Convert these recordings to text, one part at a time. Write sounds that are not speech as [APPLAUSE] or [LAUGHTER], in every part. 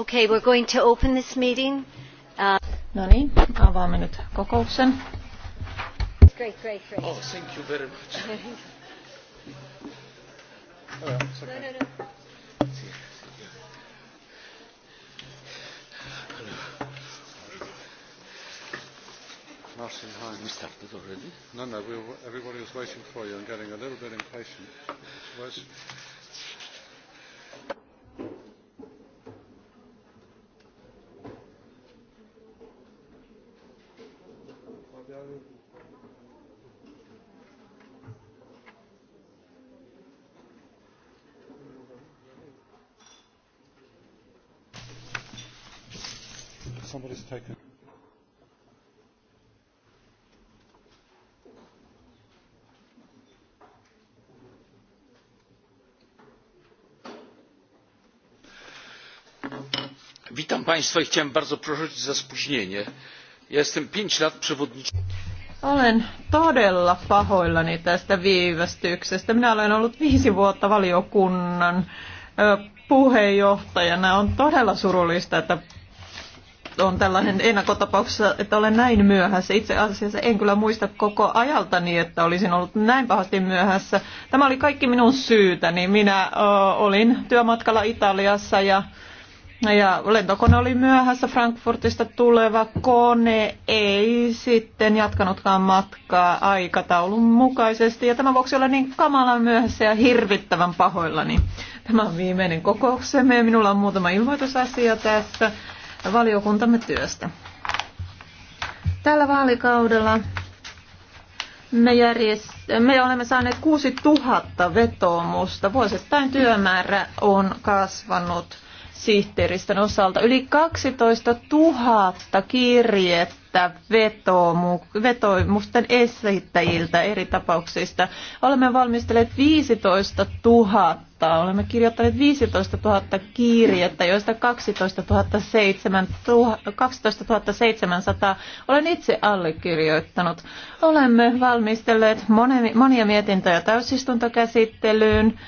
Okay, we're going to open this meeting. Uh... No niin, avaamme nyt kokouksen. Great, great, great. Oh, thank you very much. [LAUGHS] Oh, no, no, no. Martin Hines. We started already? No, no, we were, everybody was waiting for you and getting a little bit impatient. Where's, second. witam państwa i chciałem bardzo prosić za spóźnienie. Ja jestem pięć lat przewodniczącym. Olen todella pahoillani tästä viivästyksestä. Minä olen ollut viisi vuotta valiokunnan puheenjohtajana. On todella surullista, että on tällainen ennakkotapauksessa, että olen näin myöhässä. Itse asiassa en kyllä muista koko ajalta niin, että olisin ollut näin pahasti myöhässä. Tämä oli kaikki minun syytäni. Minä ö, olin työmatkalla Italiassa ja, ja lentokone oli myöhässä. Frankfurtista tuleva kone ei sitten jatkanutkaan matkaa aikataulun mukaisesti. Ja tämän vuoksi olen niin kamalan myöhässä ja hirvittävän pahoillani. Tämä on viimeinen kokouksemme. Minulla on muutama ilmoitusasia tässä valiokuntamme työstä. Tällä vaalikaudella me, järjest- me olemme saaneet 6000 vetoomusta. Vuosittain työmäärä on kasvanut sihteeristön osalta. Yli 12 000 kirjettä että vetoomusten esittäjiltä eri tapauksista. Olemme valmistelleet 15 000, olemme kirjoittaneet 15 000 kirjettä, joista 12 700, 12 700 olen itse allekirjoittanut. Olemme valmistelleet monia mietintöjä täysistuntokäsittelyyn,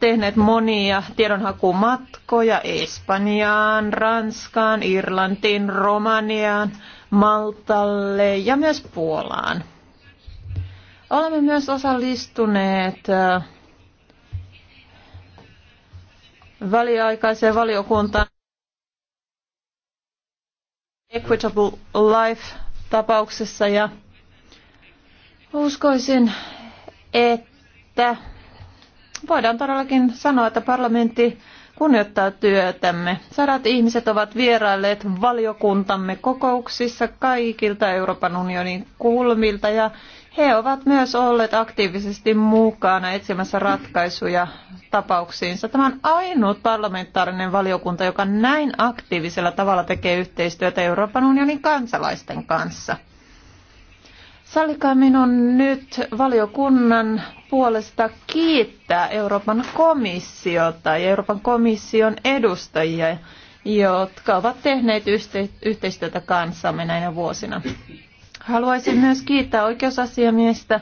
tehneet monia tiedonhakumatkoja Espanjaan, Ranskaan, Irlantiin, Romaniaan, Maltalle ja myös Puolaan. Olemme myös osallistuneet väliaikaiseen valiokuntaan Equitable Life-tapauksessa ja uskoisin, että voidaan todellakin sanoa, että parlamentti kunnioittaa työtämme. Sadat ihmiset ovat vierailleet valiokuntamme kokouksissa kaikilta Euroopan unionin kulmilta ja he ovat myös olleet aktiivisesti mukana etsimässä ratkaisuja tapauksiinsa. Tämä on ainut parlamentaarinen valiokunta, joka näin aktiivisella tavalla tekee yhteistyötä Euroopan unionin kansalaisten kanssa. Sallikaa minun nyt valiokunnan puolesta kiittää Euroopan komissiota ja Euroopan komission edustajia, jotka ovat tehneet yhteistyötä kanssamme näinä vuosina. Haluaisin myös kiittää oikeusasiamiestä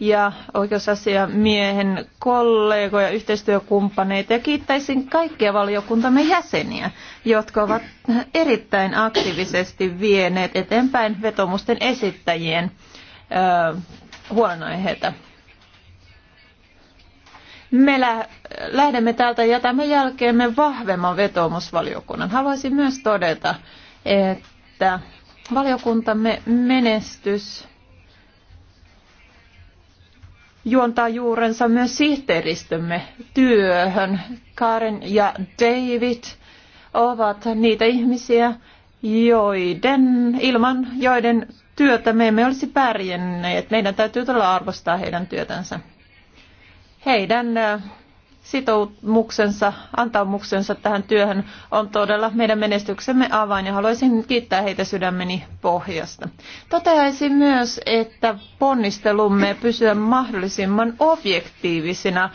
ja oikeusasiamiehen kollegoja, yhteistyökumppaneita ja kiittäisin kaikkia valiokuntamme jäseniä, jotka ovat erittäin aktiivisesti vieneet eteenpäin vetomusten esittäjien huolenaiheita. Me lähdemme täältä ja jätämme jälkeemme vahvemman vetoomusvaliokunnan. Haluaisin myös todeta, että valiokuntamme menestys juontaa juurensa myös sihteeristömme työhön. Karen ja David ovat niitä ihmisiä, joiden, ilman joiden työtä me emme olisi pärjänneet. Meidän täytyy todella arvostaa heidän työtänsä. Heidän sitoumuksensa, antaumuksensa tähän työhön on todella meidän menestyksemme avain ja haluaisin kiittää heitä sydämeni pohjasta. Toteaisin myös, että ponnistelumme pysyä mahdollisimman objektiivisina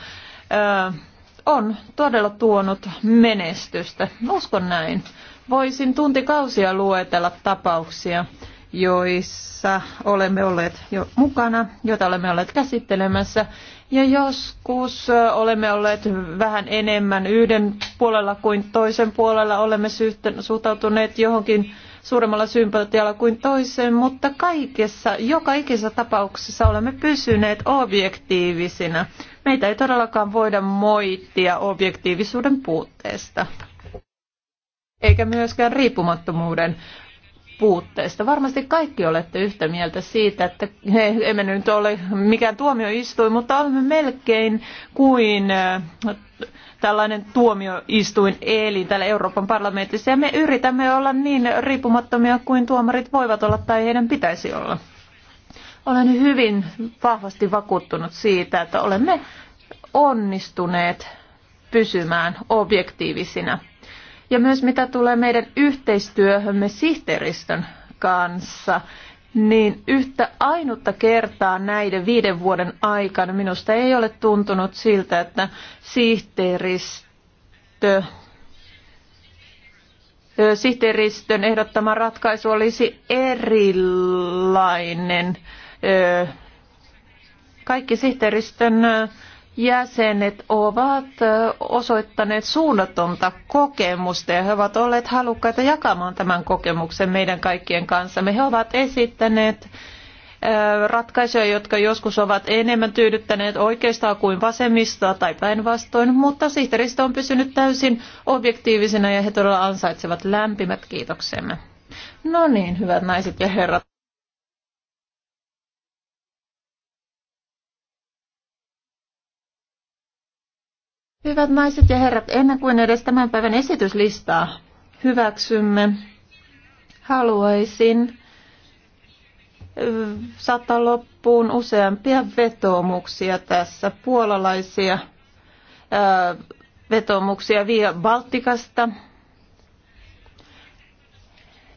on todella tuonut menestystä. Uskon näin. Voisin tuntikausia luetella tapauksia, joissa olemme olleet jo mukana, joita olemme olleet käsittelemässä. Ja joskus olemme olleet vähän enemmän yhden puolella kuin toisen puolella, olemme suhtautuneet johonkin suuremmalla sympatialla kuin toiseen, mutta kaikessa, joka ikisessä tapauksessa olemme pysyneet objektiivisina. Meitä ei todellakaan voida moittia objektiivisuuden puutteesta eikä myöskään riippumattomuuden puutteesta. Varmasti kaikki olette yhtä mieltä siitä, että emme nyt ole mikään tuomioistuin, mutta olemme melkein kuin äh, tällainen tuomioistuin eli täällä Euroopan parlamentissa ja me yritämme olla niin riippumattomia kuin tuomarit voivat olla tai heidän pitäisi olla. Olen hyvin vahvasti vakuuttunut siitä, että olemme onnistuneet pysymään objektiivisina ja myös mitä tulee meidän yhteistyöhömme sihteeristön kanssa, niin yhtä ainutta kertaa näiden viiden vuoden aikana minusta ei ole tuntunut siltä, että sihteeristö sihteeristön ehdottama ratkaisu olisi erilainen. Kaikki sihteeristön jäsenet ovat osoittaneet suunnatonta kokemusta ja he ovat olleet halukkaita jakamaan tämän kokemuksen meidän kaikkien kanssa. Me he ovat esittäneet ratkaisuja, jotka joskus ovat enemmän tyydyttäneet oikeistoa kuin vasemmistoa tai päinvastoin, mutta sihteeristö on pysynyt täysin objektiivisena ja he todella ansaitsevat lämpimät kiitoksemme. No niin, hyvät naiset ja herrat. Hyvät naiset ja herrat, ennen kuin edes tämän päivän esityslistaa hyväksymme, haluaisin saattaa loppuun useampia vetoomuksia tässä, puolalaisia vetomuksia vetoomuksia Via Baltikasta.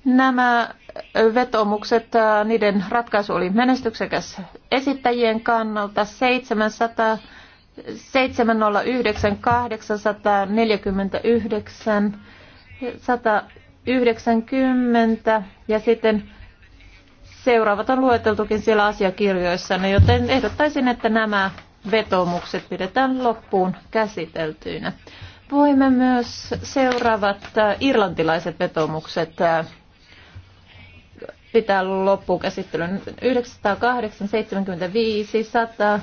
Nämä vetomukset, niiden ratkaisu oli menestyksekäs esittäjien kannalta 700 709, 849, 190 ja sitten seuraavat on lueteltukin siellä asiakirjoissa, joten ehdottaisin, että nämä vetomukset pidetään loppuun käsiteltyinä. Voimme myös seuraavat äh, irlantilaiset vetomukset äh, pitää loppuun käsittelyyn. 908, 75, 100,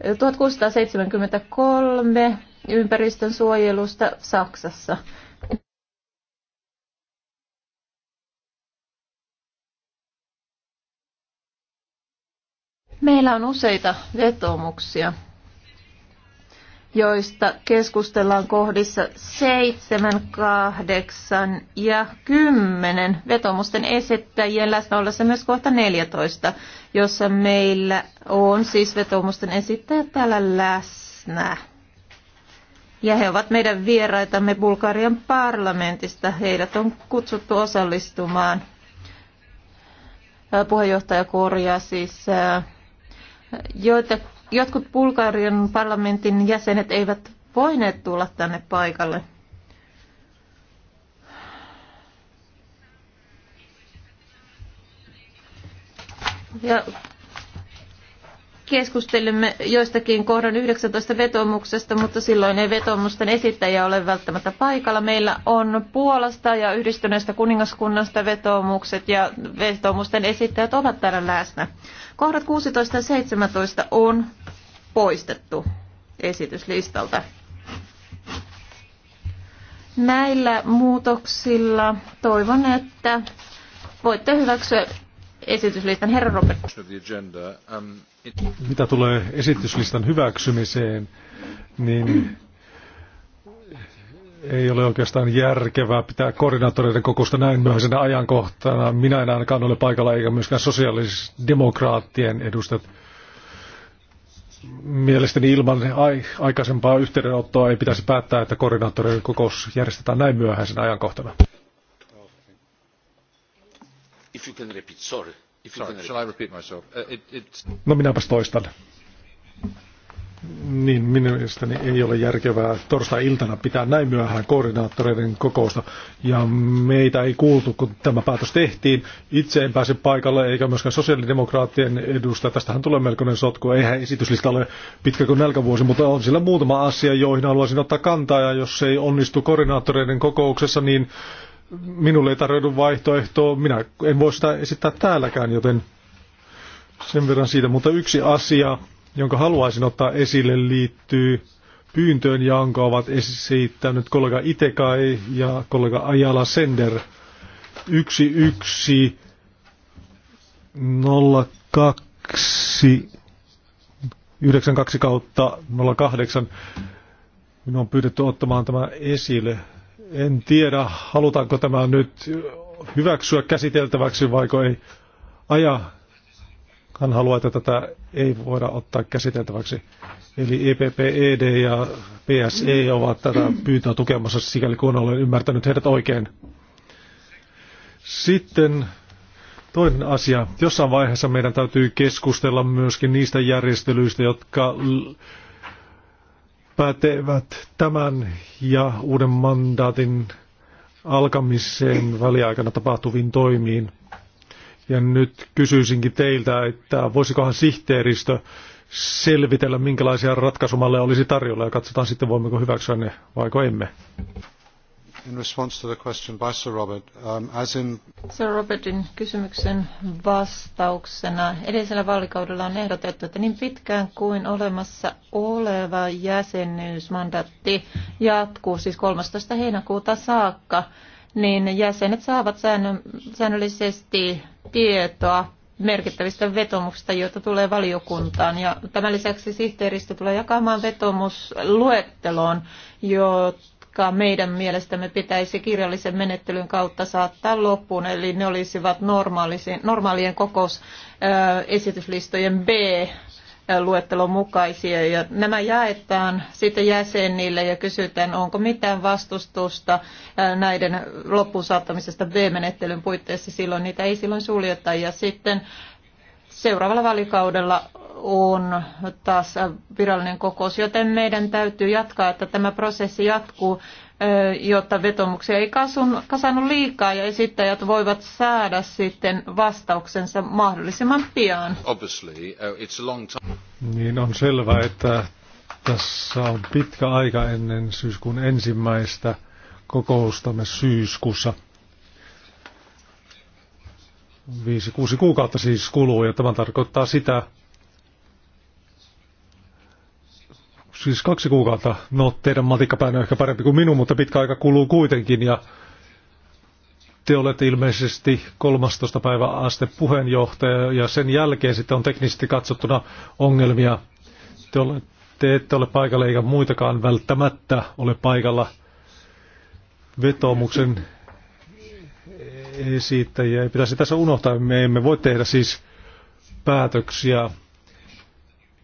1673 ympäristön suojelusta Saksassa. Meillä on useita vetomuksia joista keskustellaan kohdissa 7, 8 ja 10 vetomusten esittäjien läsnä ollessa myös kohta 14, jossa meillä on siis vetomusten esittäjät täällä läsnä. Ja he ovat meidän vieraitamme Bulgarian parlamentista. Heidät on kutsuttu osallistumaan. Puheenjohtaja korjaa siis joita Jotkut Bulgarian parlamentin jäsenet eivät voineet tulla tänne paikalle. Ja keskustelimme joistakin kohdan 19 vetomuksesta, mutta silloin ei vetomusten esittäjä ole välttämättä paikalla. Meillä on Puolasta ja yhdistyneestä kuningaskunnasta vetomukset ja vetomusten esittäjät ovat täällä läsnä. Kohdat 16 ja 17 on poistettu esityslistalta. Näillä muutoksilla toivon, että voitte hyväksyä esityslistan. Herra Robert. Mitä tulee esityslistan hyväksymiseen, niin ei ole oikeastaan järkevää pitää koordinaattoreiden kokousta näin myöhäisenä ajankohtana. Minä en ainakaan ole paikalla eikä myöskään sosiaalidemokraattien edustajat mielestäni ilman aikaisempaa yhteydenottoa ei pitäisi päättää, että koordinaattorien kokous järjestetään näin myöhäisenä ajankohtana. No minäpäs toistan niin mielestäni ei ole järkevää torstai-iltana pitää näin myöhään koordinaattoreiden kokousta. Ja meitä ei kuultu, kun tämä päätös tehtiin. Itse en pääse paikalle, eikä myöskään sosiaalidemokraattien edusta. Tästähän tulee melkoinen sotku. Eihän esityslista ole pitkä kuin nälkävuosi, mutta on sillä muutama asia, joihin haluaisin ottaa kantaa. Ja jos ei onnistu koordinaattoreiden kokouksessa, niin minulle ei tarjoudu vaihtoehtoa. Minä en voi sitä esittää täälläkään, joten sen verran siitä. Mutta yksi asia, jonka haluaisin ottaa esille, liittyy pyyntöön, jonka ovat esittänyt kollega Itekai ja kollega Ajala Sender 1102 92 kautta 08. Minun on pyydetty ottamaan tämä esille. En tiedä, halutaanko tämä nyt hyväksyä käsiteltäväksi vaiko ei. Aja hän haluaa, että tätä ei voida ottaa käsiteltäväksi. Eli EPP, e ja PSE ovat tätä pyytää tukemassa, sikäli kun olen ymmärtänyt heidät oikein. Sitten toinen asia. Jossain vaiheessa meidän täytyy keskustella myöskin niistä järjestelyistä, jotka pätevät tämän ja uuden mandaatin alkamiseen väliaikana tapahtuviin toimiin. Ja nyt kysyisinkin teiltä, että voisikohan sihteeristö selvitellä, minkälaisia ratkaisumalleja olisi tarjolla ja katsotaan sitten, voimmeko hyväksyä ne vaiko emme. In response to the question by Sir Robert, um, as in... Sir Robertin kysymyksen vastauksena edellisellä vaalikaudella on ehdotettu, että niin pitkään kuin olemassa oleva jäsenyysmandatti jatkuu, siis 13. heinäkuuta saakka, niin jäsenet saavat säännöllisesti tietoa merkittävistä vetomuksista, joita tulee valiokuntaan. Ja tämän lisäksi sihteeristö tulee jakamaan vetomusluetteloon, jotka meidän mielestämme pitäisi kirjallisen menettelyn kautta saattaa loppuun. Eli ne olisivat normaalien kokousesityslistojen B luettelon mukaisia ja nämä jaetaan sitten jäsenille ja kysytään, onko mitään vastustusta näiden loppuun saattamisesta B-menettelyn puitteissa silloin, niitä ei silloin suljeta ja sitten seuraavalla valikaudella on taas virallinen kokous, joten meidän täytyy jatkaa, että tämä prosessi jatkuu jotta vetomuksia ei kasun, kasannut liikaa ja esittäjät voivat saada sitten vastauksensa mahdollisimman pian. Uh, niin on selvää, että tässä on pitkä aika ennen syyskuun ensimmäistä kokoustamme syyskuussa. viisi kuusi kuukautta siis kuluu ja tämä tarkoittaa sitä, Siis kaksi kuukautta. No, teidän matikkapäin on ehkä parempi kuin minun, mutta pitkä aika kuluu kuitenkin. Ja te olette ilmeisesti 13. päivä aste puheenjohtaja ja sen jälkeen sitten on teknisesti katsottuna ongelmia. Te, ole, te ette ole paikalla eikä muitakaan välttämättä ole paikalla vetoomuksen esittäjiä. Ei pitäisi tässä unohtaa, me emme voi tehdä siis päätöksiä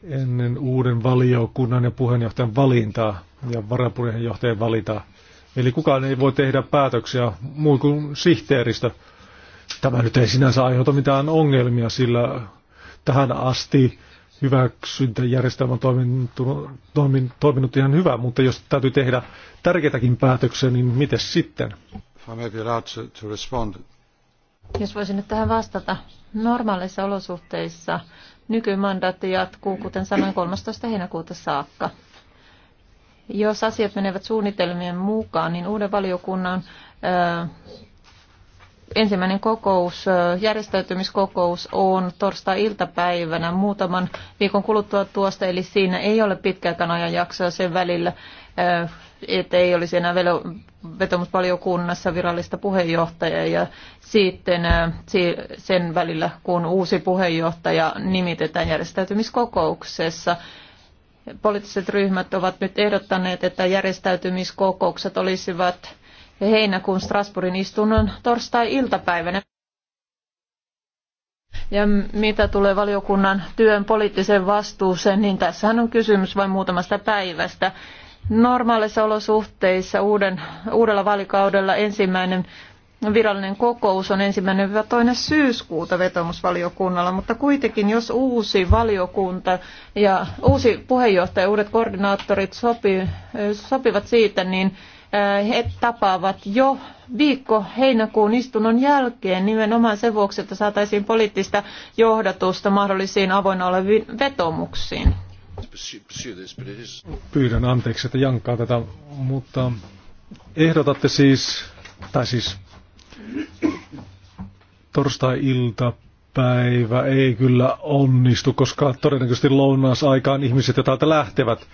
ennen uuden valiokunnan ja puheenjohtajan valintaa ja varapuheenjohtajan valintaa. Eli kukaan ei voi tehdä päätöksiä muu kuin sihteeristä. Tämä nyt ei sinänsä aiheuta mitään ongelmia, sillä tähän asti hyväksyntäjärjestelmä on toiminut, toimin, toiminut ihan hyvä, mutta jos täytyy tehdä tärkeitäkin päätöksiä, niin miten sitten? Jos voisin nyt tähän vastata. Normaalissa olosuhteissa nykymandaatti jatkuu, kuten sanoin, 13. heinäkuuta saakka. Jos asiat menevät suunnitelmien mukaan, niin uuden valiokunnan ensimmäinen kokous, järjestäytymiskokous on torstai-iltapäivänä muutaman viikon kuluttua tuosta, eli siinä ei ole pitkäkään ajanjaksoa sen välillä, ei olisi enää vetomuspaljokunnassa virallista puheenjohtajaa ja sitten sen välillä, kun uusi puheenjohtaja nimitetään järjestäytymiskokouksessa, poliittiset ryhmät ovat nyt ehdottaneet, että järjestäytymiskokoukset olisivat heinäkuun Strasbourgin istunnon torstai-iltapäivänä. Ja mitä tulee valiokunnan työn poliittiseen vastuuseen, niin tässähän on kysymys vain muutamasta päivästä normaaleissa olosuhteissa uuden, uudella valikaudella ensimmäinen virallinen kokous on ensimmäinen toinen syyskuuta vetomusvaliokunnalla, mutta kuitenkin jos uusi valiokunta ja uusi puheenjohtaja ja uudet koordinaattorit sopii, sopivat siitä, niin äh, he tapaavat jo viikko heinäkuun istunnon jälkeen nimenomaan sen vuoksi, että saataisiin poliittista johdatusta mahdollisiin avoinna oleviin vetomuksiin. Pyydän anteeksi, että jankkaa tätä, mutta ehdotatte siis, tai siis torstai-ilta päivä ei kyllä onnistu, koska todennäköisesti lounaasaikaan ihmiset jo täältä lähtevät.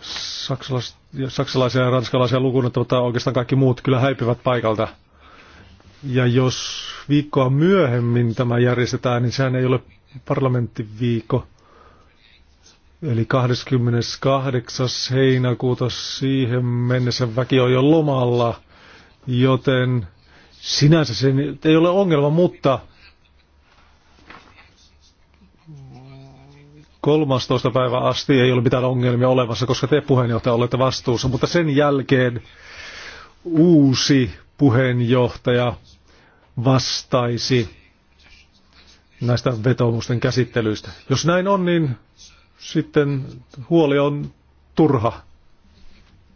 saksalaisia, saksalaisia ja ranskalaisia lukuun ottamatta oikeastaan kaikki muut kyllä häipyvät paikalta. Ja jos viikkoa myöhemmin tämä järjestetään, niin sehän ei ole parlamenttiviikko. Eli 28. heinäkuuta siihen mennessä väki on jo lomalla, joten sinänsä se ei ole ongelma, mutta 13. päivä asti ei ole mitään ongelmia olemassa, koska te puheenjohtaja olette vastuussa, mutta sen jälkeen uusi puheenjohtaja vastaisi näistä vetoomusten käsittelyistä. Jos näin on, niin sitten huoli on turha.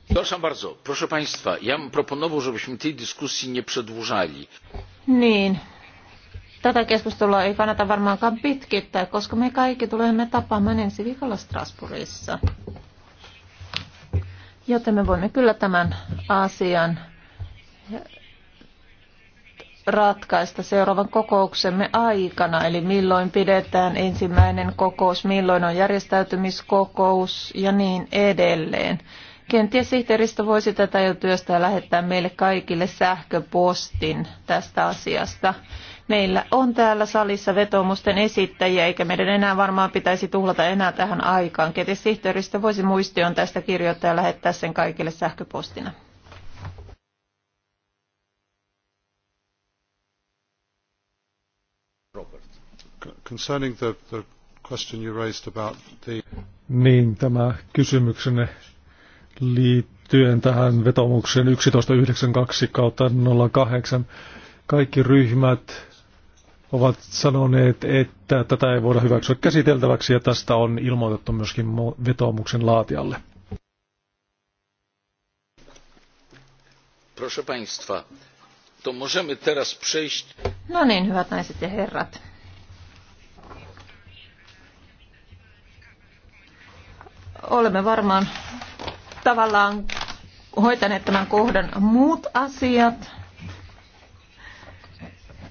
Przepraszam bardzo, proszę Państwa, ja bym proponował, żebyśmy tej dyskusji nie przedłużali. Niin, tätä keskustelua ei kannata varmaankaan pitkittää, koska me kaikki tulemme tapaamaan ensi viikolla Strasbourgissa. Joten me voimme kyllä tämän asian ratkaista seuraavan kokouksemme aikana, eli milloin pidetään ensimmäinen kokous, milloin on järjestäytymiskokous ja niin edelleen. Kenties sihteeristö voisi tätä jo työstää lähettää meille kaikille sähköpostin tästä asiasta. Meillä on täällä salissa vetomusten esittäjiä, eikä meidän enää varmaan pitäisi tuhlata enää tähän aikaan. Kenties sihteeristö voisi muistion tästä kirjoittaa ja lähettää sen kaikille sähköpostina. Concerning the, the question you raised about the... Niin, tämä kysymyksenne liittyen tähän vetomukseen 1192 kautta 08. Kaikki ryhmät ovat sanoneet, että tätä ei voida hyväksyä käsiteltäväksi ja tästä on ilmoitettu myöskin vetoomuksen laatijalle. Proszę Państwa, to możemy teraz przejść... No niin, hyvät naiset ja herrat. olemme varmaan tavallaan hoitaneet tämän kohdan muut asiat.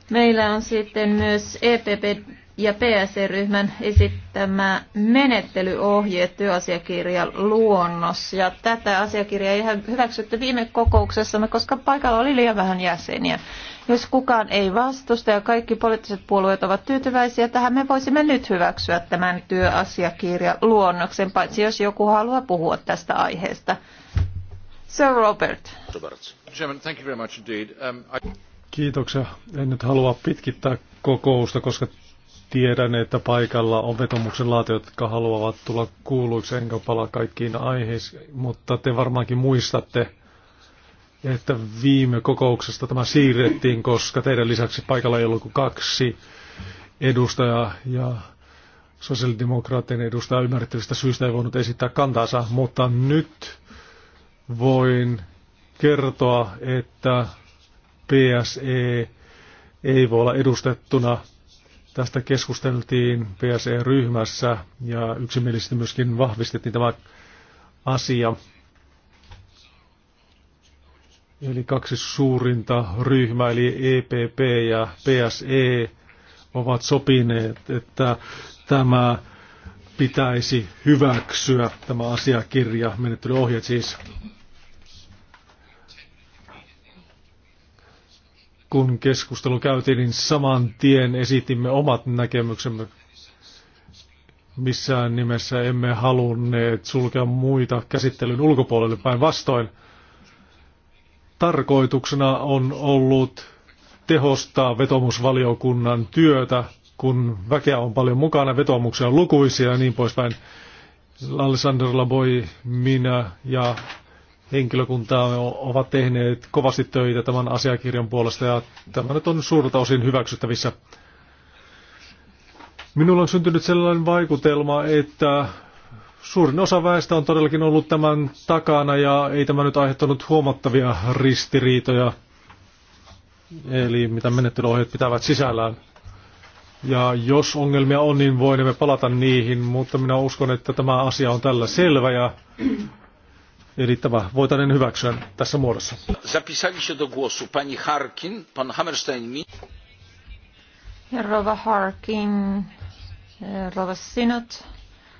Meillä on sitten myös EPP ja psc ryhmän esittämä menettelyohje työasiakirjan luonnos. Ja tätä asiakirjaa ei hyväksytty viime kokouksessa, koska paikalla oli liian vähän jäseniä. Jos kukaan ei vastusta ja kaikki poliittiset puolueet ovat tyytyväisiä tähän, me voisimme nyt hyväksyä tämän työasiakirjan luonnoksen, paitsi jos joku haluaa puhua tästä aiheesta. Sir Robert. Um, Kiitoksia. En nyt halua pitkittää kokousta, koska Tiedän, että paikalla on vetomuksen laatiot, jotka haluavat tulla kuuluiksi, enkä palaa kaikkiin aiheisiin, mutta te varmaankin muistatte, että viime kokouksesta tämä siirrettiin, koska teidän lisäksi paikalla ei ollut kuin kaksi edustajaa ja sosiaalidemokraattien edustaja ymmärrettävistä syistä ei voinut esittää kantaansa, mutta nyt voin kertoa, että PSE ei voi olla edustettuna Tästä keskusteltiin PSE-ryhmässä ja yksimielisesti myöskin vahvistettiin tämä asia. Eli kaksi suurinta ryhmää, eli EPP ja PSE, ovat sopineet, että tämä pitäisi hyväksyä, tämä asiakirja, menettelyohjeet siis. kun keskustelu käytiin, niin saman tien esitimme omat näkemyksemme. Missään nimessä emme halunneet sulkea muita käsittelyn ulkopuolelle päinvastoin. Tarkoituksena on ollut tehostaa vetomusvaliokunnan työtä, kun väkeä on paljon mukana, vetomuksia on lukuisia ja niin poispäin. Alessandro Laboi, minä ja henkilökuntaa ovat tehneet kovasti töitä tämän asiakirjan puolesta ja tämä nyt on suurta osin hyväksyttävissä. Minulla on syntynyt sellainen vaikutelma, että suurin osa väestä on todellakin ollut tämän takana ja ei tämä nyt aiheuttanut huomattavia ristiriitoja, eli mitä menettelyohjeet pitävät sisällään. Ja jos ongelmia on, niin voimme palata niihin, mutta minä uskon, että tämä asia on tällä selvä ja riittävä tämä voitaneen hyväksyä tässä muodossa. Zapisali się do głosu pani Harkin, pan Hammerstein. Rova Harkin, Rova Sinot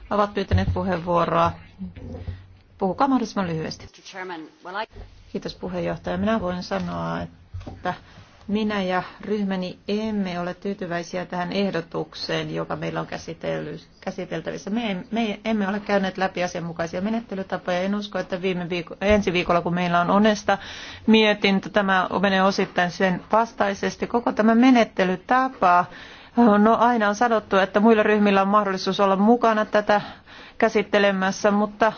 ovat pyytäneet puheenvuoroa. Puhukaa mahdollisimman lyhyesti. Kiitos puheenjohtaja. Minä voin sanoa, että minä ja ryhmäni emme ole tyytyväisiä tähän ehdotukseen, joka meillä on käsiteltävissä. Me, me emme ole käyneet läpi asianmukaisia menettelytapoja. En usko, että viime viiko, ensi viikolla, kun meillä on onesta mietintö, tämä menee osittain sen vastaisesti. Koko tämä menettelytapa, no aina on sanottu, että muilla ryhmillä on mahdollisuus olla mukana tätä käsittelemässä, mutta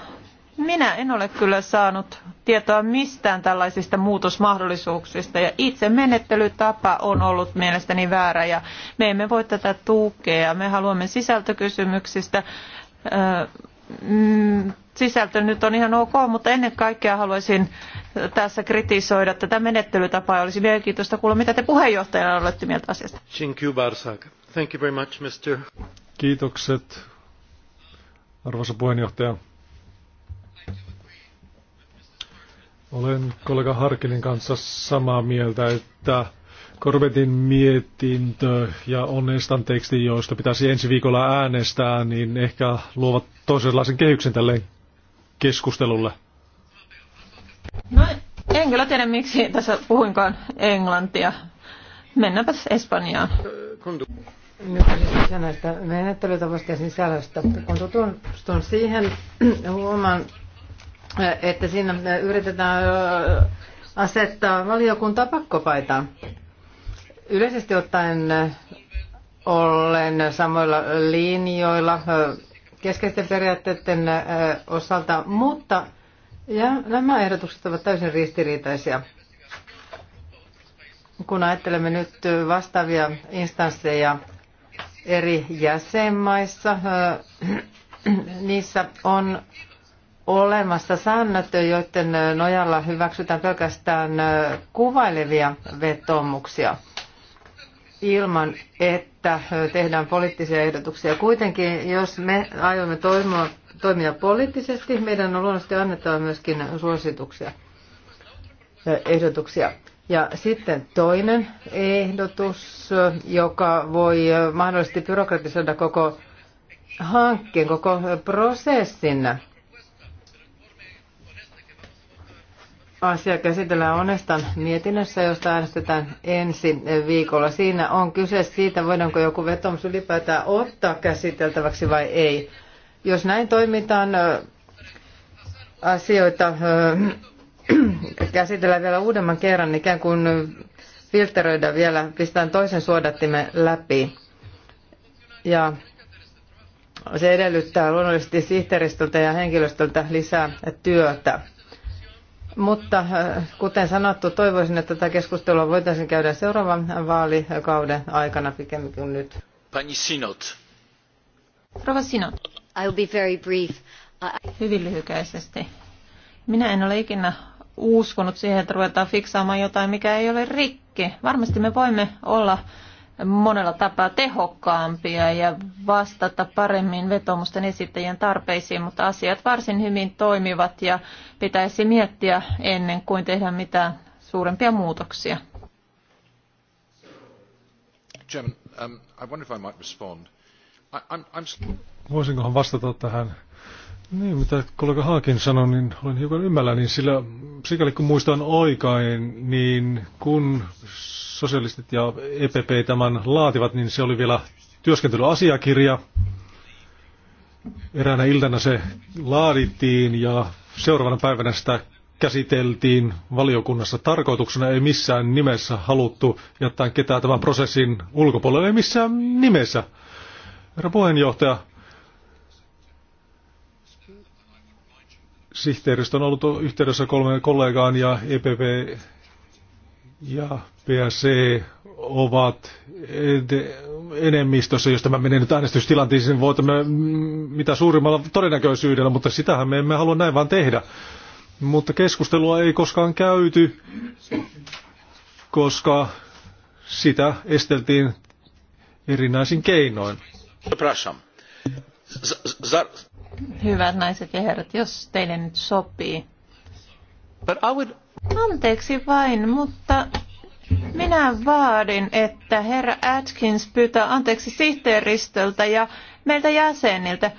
minä en ole kyllä saanut tietoa mistään tällaisista muutosmahdollisuuksista ja itse menettelytapa on ollut mielestäni väärä ja me emme voi tätä tukea. Me haluamme sisältökysymyksistä. Mm, sisältö nyt on ihan ok, mutta ennen kaikkea haluaisin tässä kritisoida tätä menettelytapaa ja olisi mielenkiintoista kuulla, mitä te puheenjohtajana olette mieltä asiasta. Thank you very much, Mr. Kiitokset, arvoisa puheenjohtaja. Olen kollega Harkinin kanssa samaa mieltä, että Korvetin mietintö ja Onnestan teksti, joista pitäisi ensi viikolla äänestää, niin ehkä luovat toisenlaisen kehyksen tälle keskustelulle. No en kyllä tiedä, miksi tässä puhuinkaan englantia. mennäpäs Espanjaan. Nyt siis näistä menettelytavasta ja sisällöstä. Kun tutustun siihen, huomaan, että siinä äh, yritetään äh, asettaa valiokuntaa pakkopaitaan. Yleisesti ottaen äh, olen samoilla linjoilla keskeisten periaatteiden osalta, mutta ja nämä ehdotukset ovat täysin ristiriitaisia. Kun ajattelemme nyt vastaavia instansseja eri jäsenmaissa, [CLEARS THROAT] niissä on olemassa säännöt, joiden nojalla hyväksytään pelkästään kuvailevia vetomuksia ilman, että tehdään poliittisia ehdotuksia. Kuitenkin, jos me aiomme toimia, toimia poliittisesti, meidän on luonnollisesti annettava myöskin suosituksia, ehdotuksia. Ja sitten toinen ehdotus, joka voi mahdollisesti byrokratisoida koko hankkeen, koko prosessin Asia käsitellään Onestan mietinnössä, josta äänestetään ensi viikolla. Siinä on kyse siitä, voidaanko joku vetomus ylipäätään ottaa käsiteltäväksi vai ei. Jos näin toimitaan, asioita [CLEARS THROAT] käsitellään vielä uudemman kerran, ikään kuin filteröidään vielä, pistetään toisen suodattimen läpi. Ja se edellyttää luonnollisesti sihteeristöltä ja henkilöstöltä lisää työtä. Mutta äh, kuten sanottu, toivoisin, että tätä keskustelua voitaisiin käydä seuraavan vaalikauden aikana pikemmin kuin nyt. Pani Sinot. Rova Sinot. I will be very brief. I... Hyvin lyhykäisesti. Minä en ole ikinä uskonut siihen, että ruvetaan fiksaamaan jotain, mikä ei ole rikki. Varmasti me voimme olla monella tapaa tehokkaampia ja vastata paremmin vetomusten esittäjien tarpeisiin, mutta asiat varsin hyvin toimivat ja pitäisi miettiä ennen kuin tehdään mitään suurempia muutoksia. Chairman, um, I wonder if I might respond. I, I'm, I'm... Voisinkohan vastata tähän? Niin, mitä kollega Haakin sanoi, niin olen hiukan ymmälläni, niin sillä sikäli kun muistan oikein, niin kun sosialistit ja EPP tämän laativat, niin se oli vielä työskentelyasiakirja. Eräänä iltana se laadittiin ja seuraavana päivänä sitä käsiteltiin valiokunnassa. Tarkoituksena ei missään nimessä haluttu jättää ketään tämän prosessin ulkopuolelle, ei missään nimessä. Herra puheenjohtaja, sihteeristö on ollut yhteydessä kolmeen kollegaan ja EPP ja PSC ovat enemmistössä, jos tämä menee nyt äänestystilanteeseen, niin voitamme mm, mitä suurimmalla todennäköisyydellä, mutta sitähän me emme halua näin vaan tehdä. Mutta keskustelua ei koskaan käyty, koska sitä esteltiin erinäisin keinoin. Hyvät naiset ja herrat, jos teille nyt sopii. But I would Anteeksi vain, mutta minä vaadin, että herra Atkins pyytää anteeksi sihteeristöltä ja meiltä jäseniltä.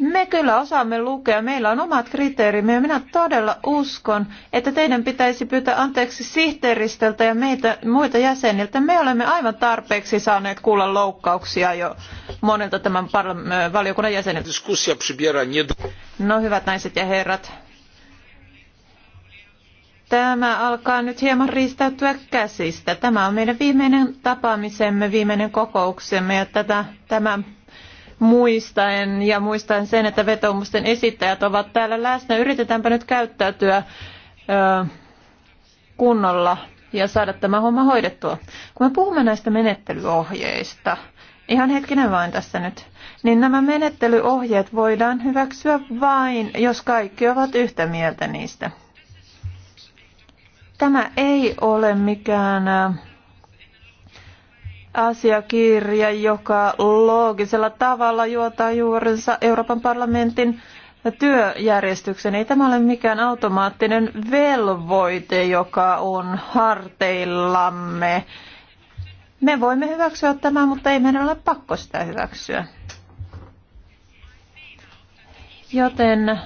Me kyllä osaamme lukea, meillä on omat kriteerimme ja minä todella uskon, että teidän pitäisi pyytää anteeksi sihteeristöltä ja meitä muita jäseniltä. Me olemme aivan tarpeeksi saaneet kuulla loukkauksia jo monilta tämän valiokunnan jäseniltä. No hyvät naiset ja herrat, Tämä alkaa nyt hieman riistäytyä käsistä. Tämä on meidän viimeinen tapaamisemme, viimeinen kokouksemme ja tätä, tämä muistaen ja muistaen sen, että vetoomusten esittäjät ovat täällä läsnä. Yritetäänpä nyt käyttäytyä ö, kunnolla ja saada tämä homma hoidettua. Kun me puhumme näistä menettelyohjeista, ihan hetkinen vain tässä nyt, niin nämä menettelyohjeet voidaan hyväksyä vain, jos kaikki ovat yhtä mieltä niistä. Tämä ei ole mikään äh, asiakirja, joka loogisella tavalla juotaa juurensa Euroopan parlamentin työjärjestyksen. Ei tämä ole mikään automaattinen velvoite, joka on harteillamme. Me voimme hyväksyä tämän, mutta ei meidän ole pakko sitä hyväksyä. Joten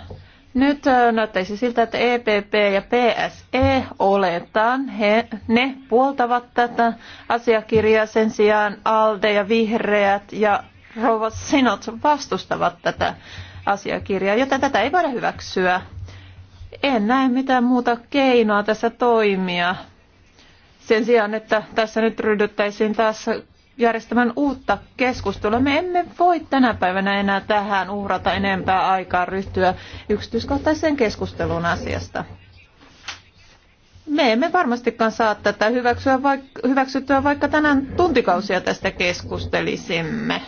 nyt näyttäisi siltä, että EPP ja PSE oletaan. He, ne puoltavat tätä asiakirjaa sen sijaan ALDE ja vihreät ja Rova Sinot vastustavat tätä asiakirjaa, joten tätä ei voida hyväksyä. En näe mitään muuta keinoa tässä toimia. Sen sijaan, että tässä nyt ryhdyttäisiin taas järjestämään uutta keskustelua. Me emme voi tänä päivänä enää tähän uhrata enempää aikaa ryhtyä yksityiskohtaiseen keskusteluun asiasta. Me emme varmastikaan saa tätä hyväksyä vaik- hyväksyttyä, vaikka tänään tuntikausia tästä keskustelisimme.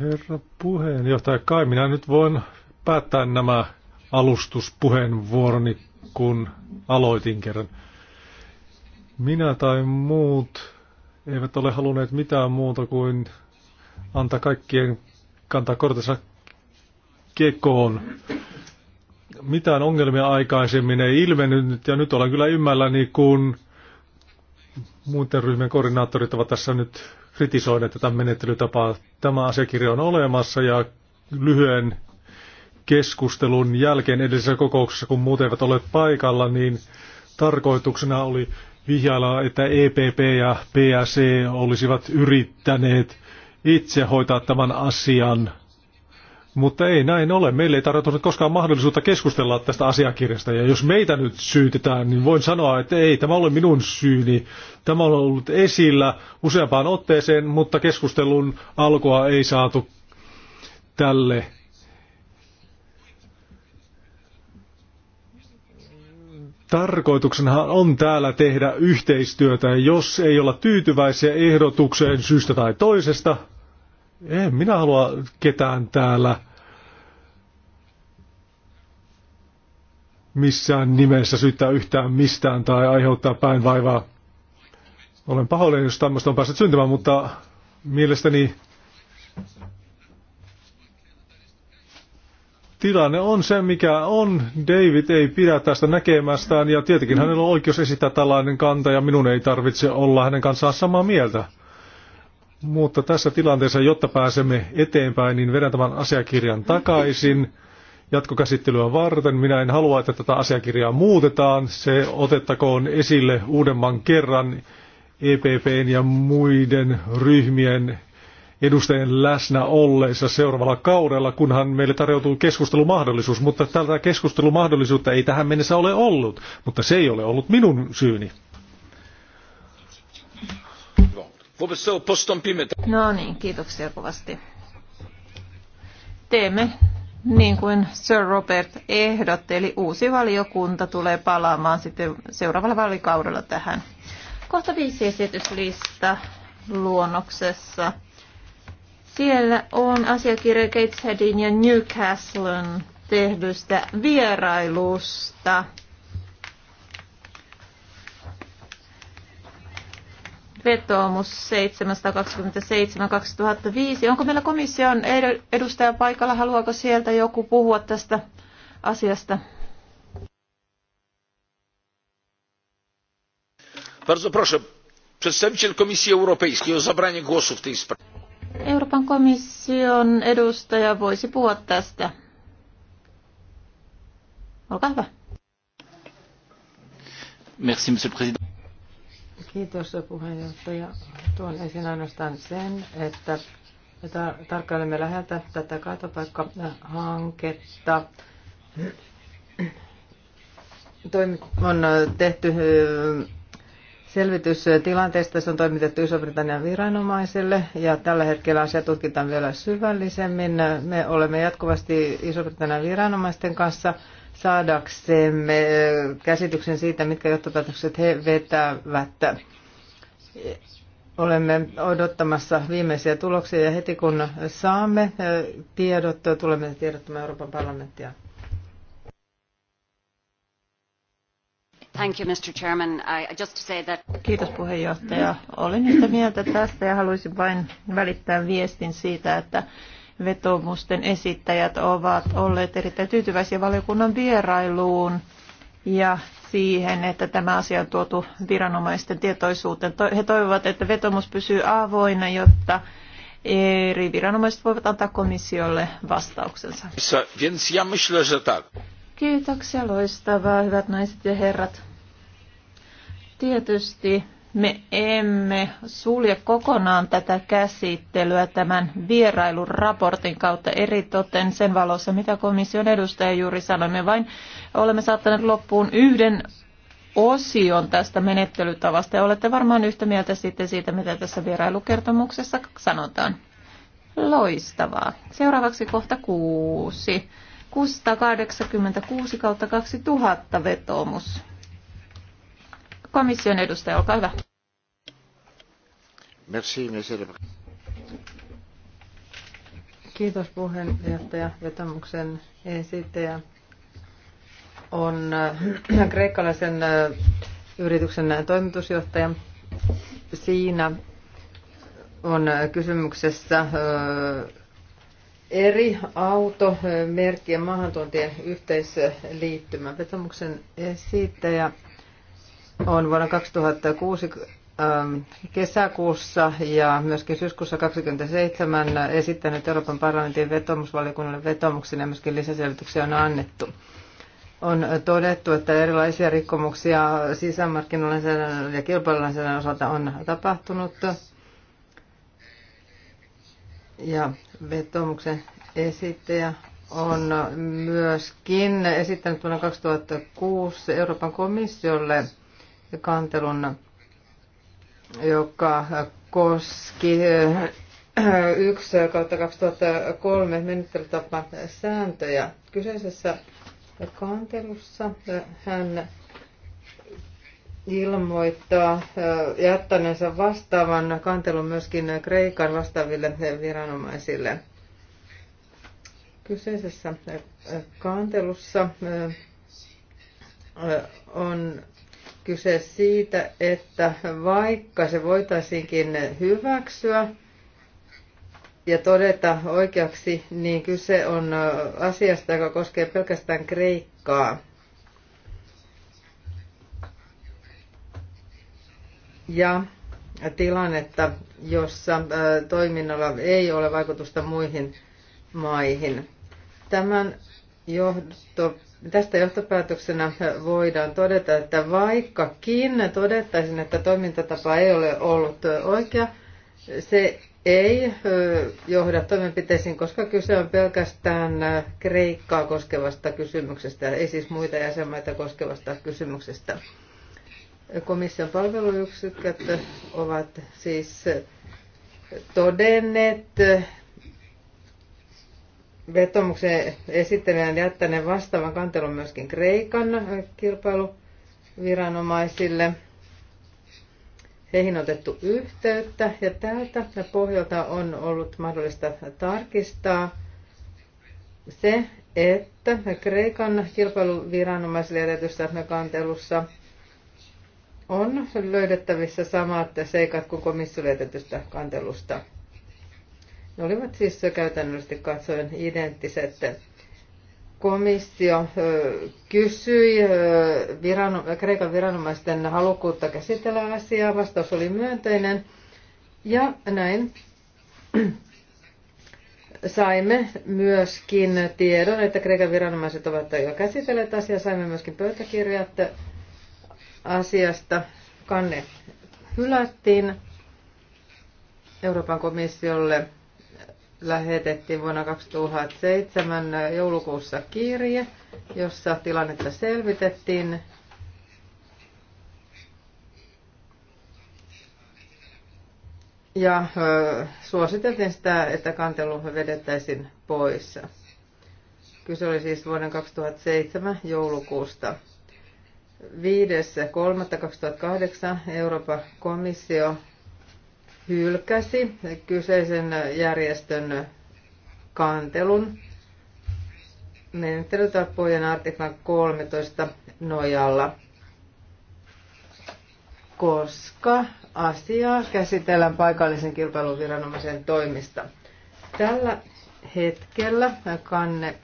Herra puheenjohtaja, kai minä nyt voin päättää nämä alustuspuheenvuoroni, kun aloitin kerran minä tai muut eivät ole halunneet mitään muuta kuin antaa kaikkien kantaa kortensa kekoon. Mitään ongelmia aikaisemmin ei ilmennyt ja nyt olen kyllä ymmälläni, kun muiden ryhmien koordinaattorit ovat tässä nyt kritisoineet tätä menettelytapaa. Tämä asiakirja on olemassa ja lyhyen keskustelun jälkeen edellisessä kokouksessa, kun muut eivät ole paikalla, niin tarkoituksena oli vihjailla, että EPP ja PSC e olisivat yrittäneet itse hoitaa tämän asian. Mutta ei näin ole. Meille ei tarjota koskaan mahdollisuutta keskustella tästä asiakirjasta. Ja jos meitä nyt syytetään, niin voin sanoa, että ei tämä ole minun syyni. Tämä on ollut esillä useampaan otteeseen, mutta keskustelun alkua ei saatu tälle Tarkoituksenhan on täällä tehdä yhteistyötä, ja jos ei olla tyytyväisiä ehdotukseen syystä tai toisesta, en minä halua ketään täällä missään nimessä syyttää yhtään mistään tai aiheuttaa päinvaivaa. Olen pahoillani, jos tämmöistä on päässyt syntymään, mutta mielestäni tilanne on se, mikä on. David ei pidä tästä näkemästään ja tietenkin hänellä on oikeus esittää tällainen kanta ja minun ei tarvitse olla hänen kanssaan samaa mieltä. Mutta tässä tilanteessa, jotta pääsemme eteenpäin, niin vedän tämän asiakirjan takaisin jatkokäsittelyä varten. Minä en halua, että tätä asiakirjaa muutetaan. Se otettakoon esille uudemman kerran EPPn ja muiden ryhmien edustajien läsnä olleissa seuraavalla kaudella, kunhan meille tarjoutuu keskustelumahdollisuus, mutta tätä keskustelumahdollisuutta ei tähän mennessä ole ollut, mutta se ei ole ollut minun syyni. No niin, kiitoksia kovasti. Teemme niin kuin Sir Robert ehdotti, eli uusi valiokunta tulee palaamaan sitten seuraavalla valikaudella tähän. Kohta viisi esityslista luonnoksessa. Siellä on asiakirja Gateshedin ja Newcastlen tehdystä vierailusta. vetoomus 727-2005. Onko meillä komission edustaja paikalla? Haluaako sieltä joku puhua tästä asiasta? Bardzo proszę, przedstawiciel Komisji Europejskiej o zabranie głosu w tej sprawie. Euroopan komission edustaja voisi puhua tästä. Olkaa hyvä. Merci, monsieur le président. Kiitos puheenjohtaja. Tuon esiin ainoastaan sen, että tarkkailemme läheltä tätä kaatopaikkahanketta. Toimi on tehty Selvitys tilanteesta se on toimitettu Iso-Britannian viranomaisille ja tällä hetkellä asia tutkitaan vielä syvällisemmin. Me olemme jatkuvasti Iso-Britannian viranomaisten kanssa saadaksemme eh, käsityksen siitä, mitkä johtopäätökset he vetävät. Olemme odottamassa viimeisiä tuloksia ja heti kun saamme eh, tiedot, tulemme tiedottamaan Euroopan parlamenttia. Kiitos puheenjohtaja. Olen yhtä mieltä tästä ja haluaisin vain välittää viestin siitä, että vetomusten esittäjät ovat olleet erittäin tyytyväisiä valiokunnan vierailuun ja siihen, että tämä asia on tuotu viranomaisten tietoisuuteen. He toivovat, että vetomus pysyy avoinna, jotta eri viranomaiset voivat antaa komissiolle vastauksensa. Więc ja myślę, że tak. Kiitoksia, loistavaa, hyvät naiset ja herrat. Tietysti me emme sulje kokonaan tätä käsittelyä tämän vierailun raportin kautta eritoten sen valossa, mitä komission edustaja juuri sanoi. Me vain olemme saattaneet loppuun yhden osion tästä menettelytavasta ja olette varmaan yhtä mieltä sitten siitä, mitä tässä vierailukertomuksessa sanotaan. Loistavaa. Seuraavaksi kohta kuusi. 686 kautta 2000 vetoomus. Komission edustaja, olkaa hyvä. Merci, monsieur. Kiitos puheenjohtaja. Vetomuksen esittäjä on äh, [CLEARS THROAT] kreikkalaisen äh, yrityksen toimitusjohtaja. Siinä on äh, kysymyksessä eri auto, ja maahantuontien yhteisliittymä. Vetomuksen esittäjä on vuonna 2006 ähm, kesäkuussa ja myöskin syyskuussa 27 esittänyt Euroopan parlamentin vetomusvaliokunnalle vetomuksen ja myöskin lisäselvityksiä on annettu. On todettu, että erilaisia rikkomuksia sisämarkkinoiden ja kilpailulainsäädännön osalta on tapahtunut. Ja vetomuksen esittäjä on myöskin esittänyt vuonna 2006 Euroopan komissiolle kantelun, joka koski 1 äh, kautta 2003 menettelytapa sääntöjä. Kyseisessä kantelussa hän ilmoittaa jättäneensä vastaavan kantelun myöskin Kreikan vastaaville viranomaisille. Kyseisessä kantelussa on kyse siitä, että vaikka se voitaisiinkin hyväksyä ja todeta oikeaksi, niin kyse on asiasta, joka koskee pelkästään Kreikkaa. ja tilannetta, jossa toiminnalla ei ole vaikutusta muihin maihin. Tämän johto, tästä johtopäätöksenä voidaan todeta, että vaikkakin todettaisiin, että toimintatapa ei ole ollut oikea, se ei johda toimenpiteisiin, koska kyse on pelkästään Kreikkaa koskevasta kysymyksestä, ei siis muita jäsenmaita koskevasta kysymyksestä. Komission palveluyksiköt ovat siis todenneet vetomuksen esittelijän jättäneen vastaavan kantelun myöskin Kreikan kilpailuviranomaisille. Heihin otettu yhteyttä ja täältä pohjalta on ollut mahdollista tarkistaa se, että Kreikan kilpailuviranomaisille jätetyssä kantelussa – on löydettävissä samat seikat kuin komission kantelusta. Ne olivat siis käytännöllisesti katsoen identtiset. Komissio kysyi viran, Kreikan viranomaisten halukkuutta käsitellä asiaa. Vastaus oli myönteinen. Ja näin [CLEARS THROAT] saimme myöskin tiedon, että Kreikan viranomaiset ovat jo käsitelleet asiaa. Saimme myöskin pöytäkirjat asiasta. Kanne hylättiin Euroopan komissiolle lähetettiin vuonna 2007 joulukuussa kirje, jossa tilannetta selvitettiin. Ja suositeltiin sitä, että kantelu vedettäisiin pois. Kyse oli siis vuoden 2007 joulukuusta. 5.3.2008 Euroopan komissio hylkäsi kyseisen järjestön kantelun menettelytapojen artiklan 13 nojalla, koska asiaa käsitellään paikallisen kilpailuviranomaisen toimista. Tällä hetkellä kanne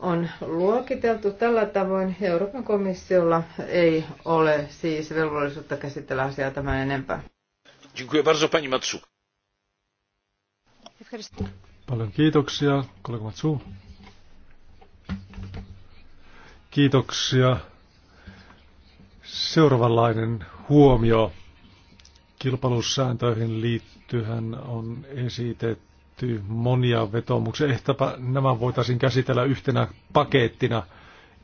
on luokiteltu tällä tavoin. Euroopan komissiolla ei ole siis velvollisuutta käsitellä asiaa tämän enempää. Dziękuję bardzo pani Matsu. Paljon kiitoksia, kollega Matsu. Kiitoksia. Seuraavanlainen huomio kilpailussääntöihin liittyen on esitetty tehty monia vetomuksia. Ehkäpä nämä voitaisiin käsitellä yhtenä pakettina,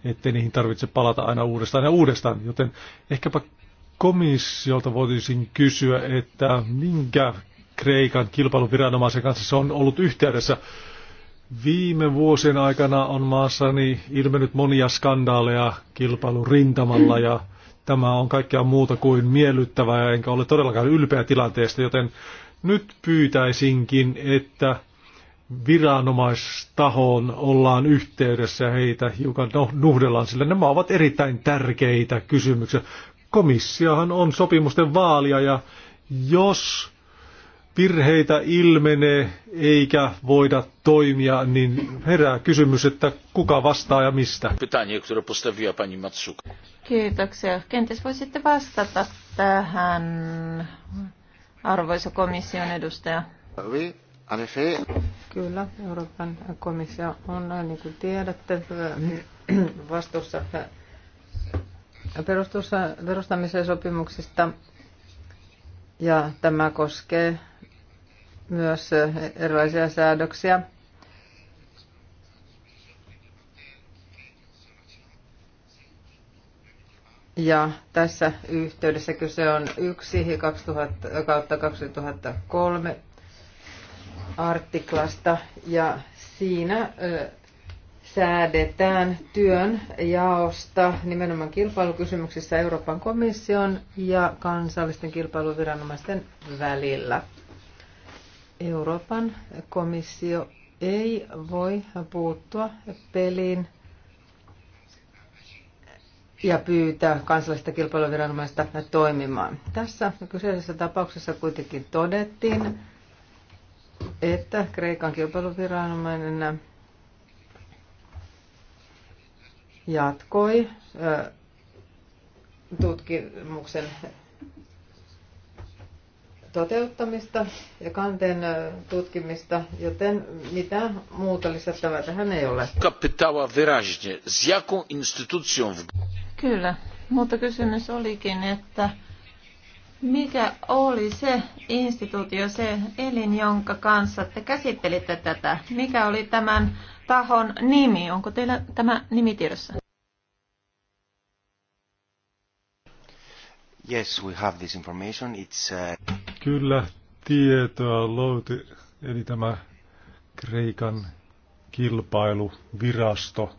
ettei niihin tarvitse palata aina uudestaan ja uudestaan. Joten ehkäpä komissiolta voitaisiin kysyä, että minkä Kreikan kilpailuviranomaisen kanssa se on ollut yhteydessä. Viime vuosien aikana on maassani ilmennyt monia skandaaleja kilpailurintamalla ja tämä on kaikkea muuta kuin miellyttävää, enkä ole todellakaan ylpeä tilanteesta, joten nyt pyytäisinkin, että viranomaistahon ollaan yhteydessä heitä hiukan no, nuhdellaan, sillä nämä ovat erittäin tärkeitä kysymyksiä. Komissiohan on sopimusten vaalia ja jos virheitä ilmenee eikä voida toimia, niin herää kysymys, että kuka vastaa ja mistä. Pytanie, które postawiła pani Matsuka. Kiitoksia. Kenties voisitte vastata tähän arvoisa komission edustaja. Kyllä, Euroopan komissio on, niin kuin tiedätte, vastuussa perustamisen sopimuksista. Ja tämä koskee myös erilaisia säädöksiä Ja tässä yhteydessä kyse on 1 2000, kautta 2003 artiklasta ja siinä säädetään työn jaosta nimenomaan kilpailukysymyksissä Euroopan komission ja kansallisten kilpailuviranomaisten välillä. Euroopan komissio ei voi puuttua peliin ja pyytää kansallista kilpailuviranomaista toimimaan. Tässä kyseisessä tapauksessa kuitenkin todettiin, että Kreikan kilpailuviranomainen jatkoi tutkimuksen toteuttamista ja kanteen tutkimista, joten mitä muuta lisättävää tähän ei ole. Pytała virajne, z jaką instytucją w... Kyllä, mutta kysymys olikin, että mikä oli se instituutio, se elin, jonka kanssa te käsittelitte tätä? Mikä oli tämän tahon nimi? Onko teillä tämä nimi tiedossa? Yes, we have this information. It's, uh... Kyllä, tietoa louti, eli tämä Kreikan kilpailuvirasto.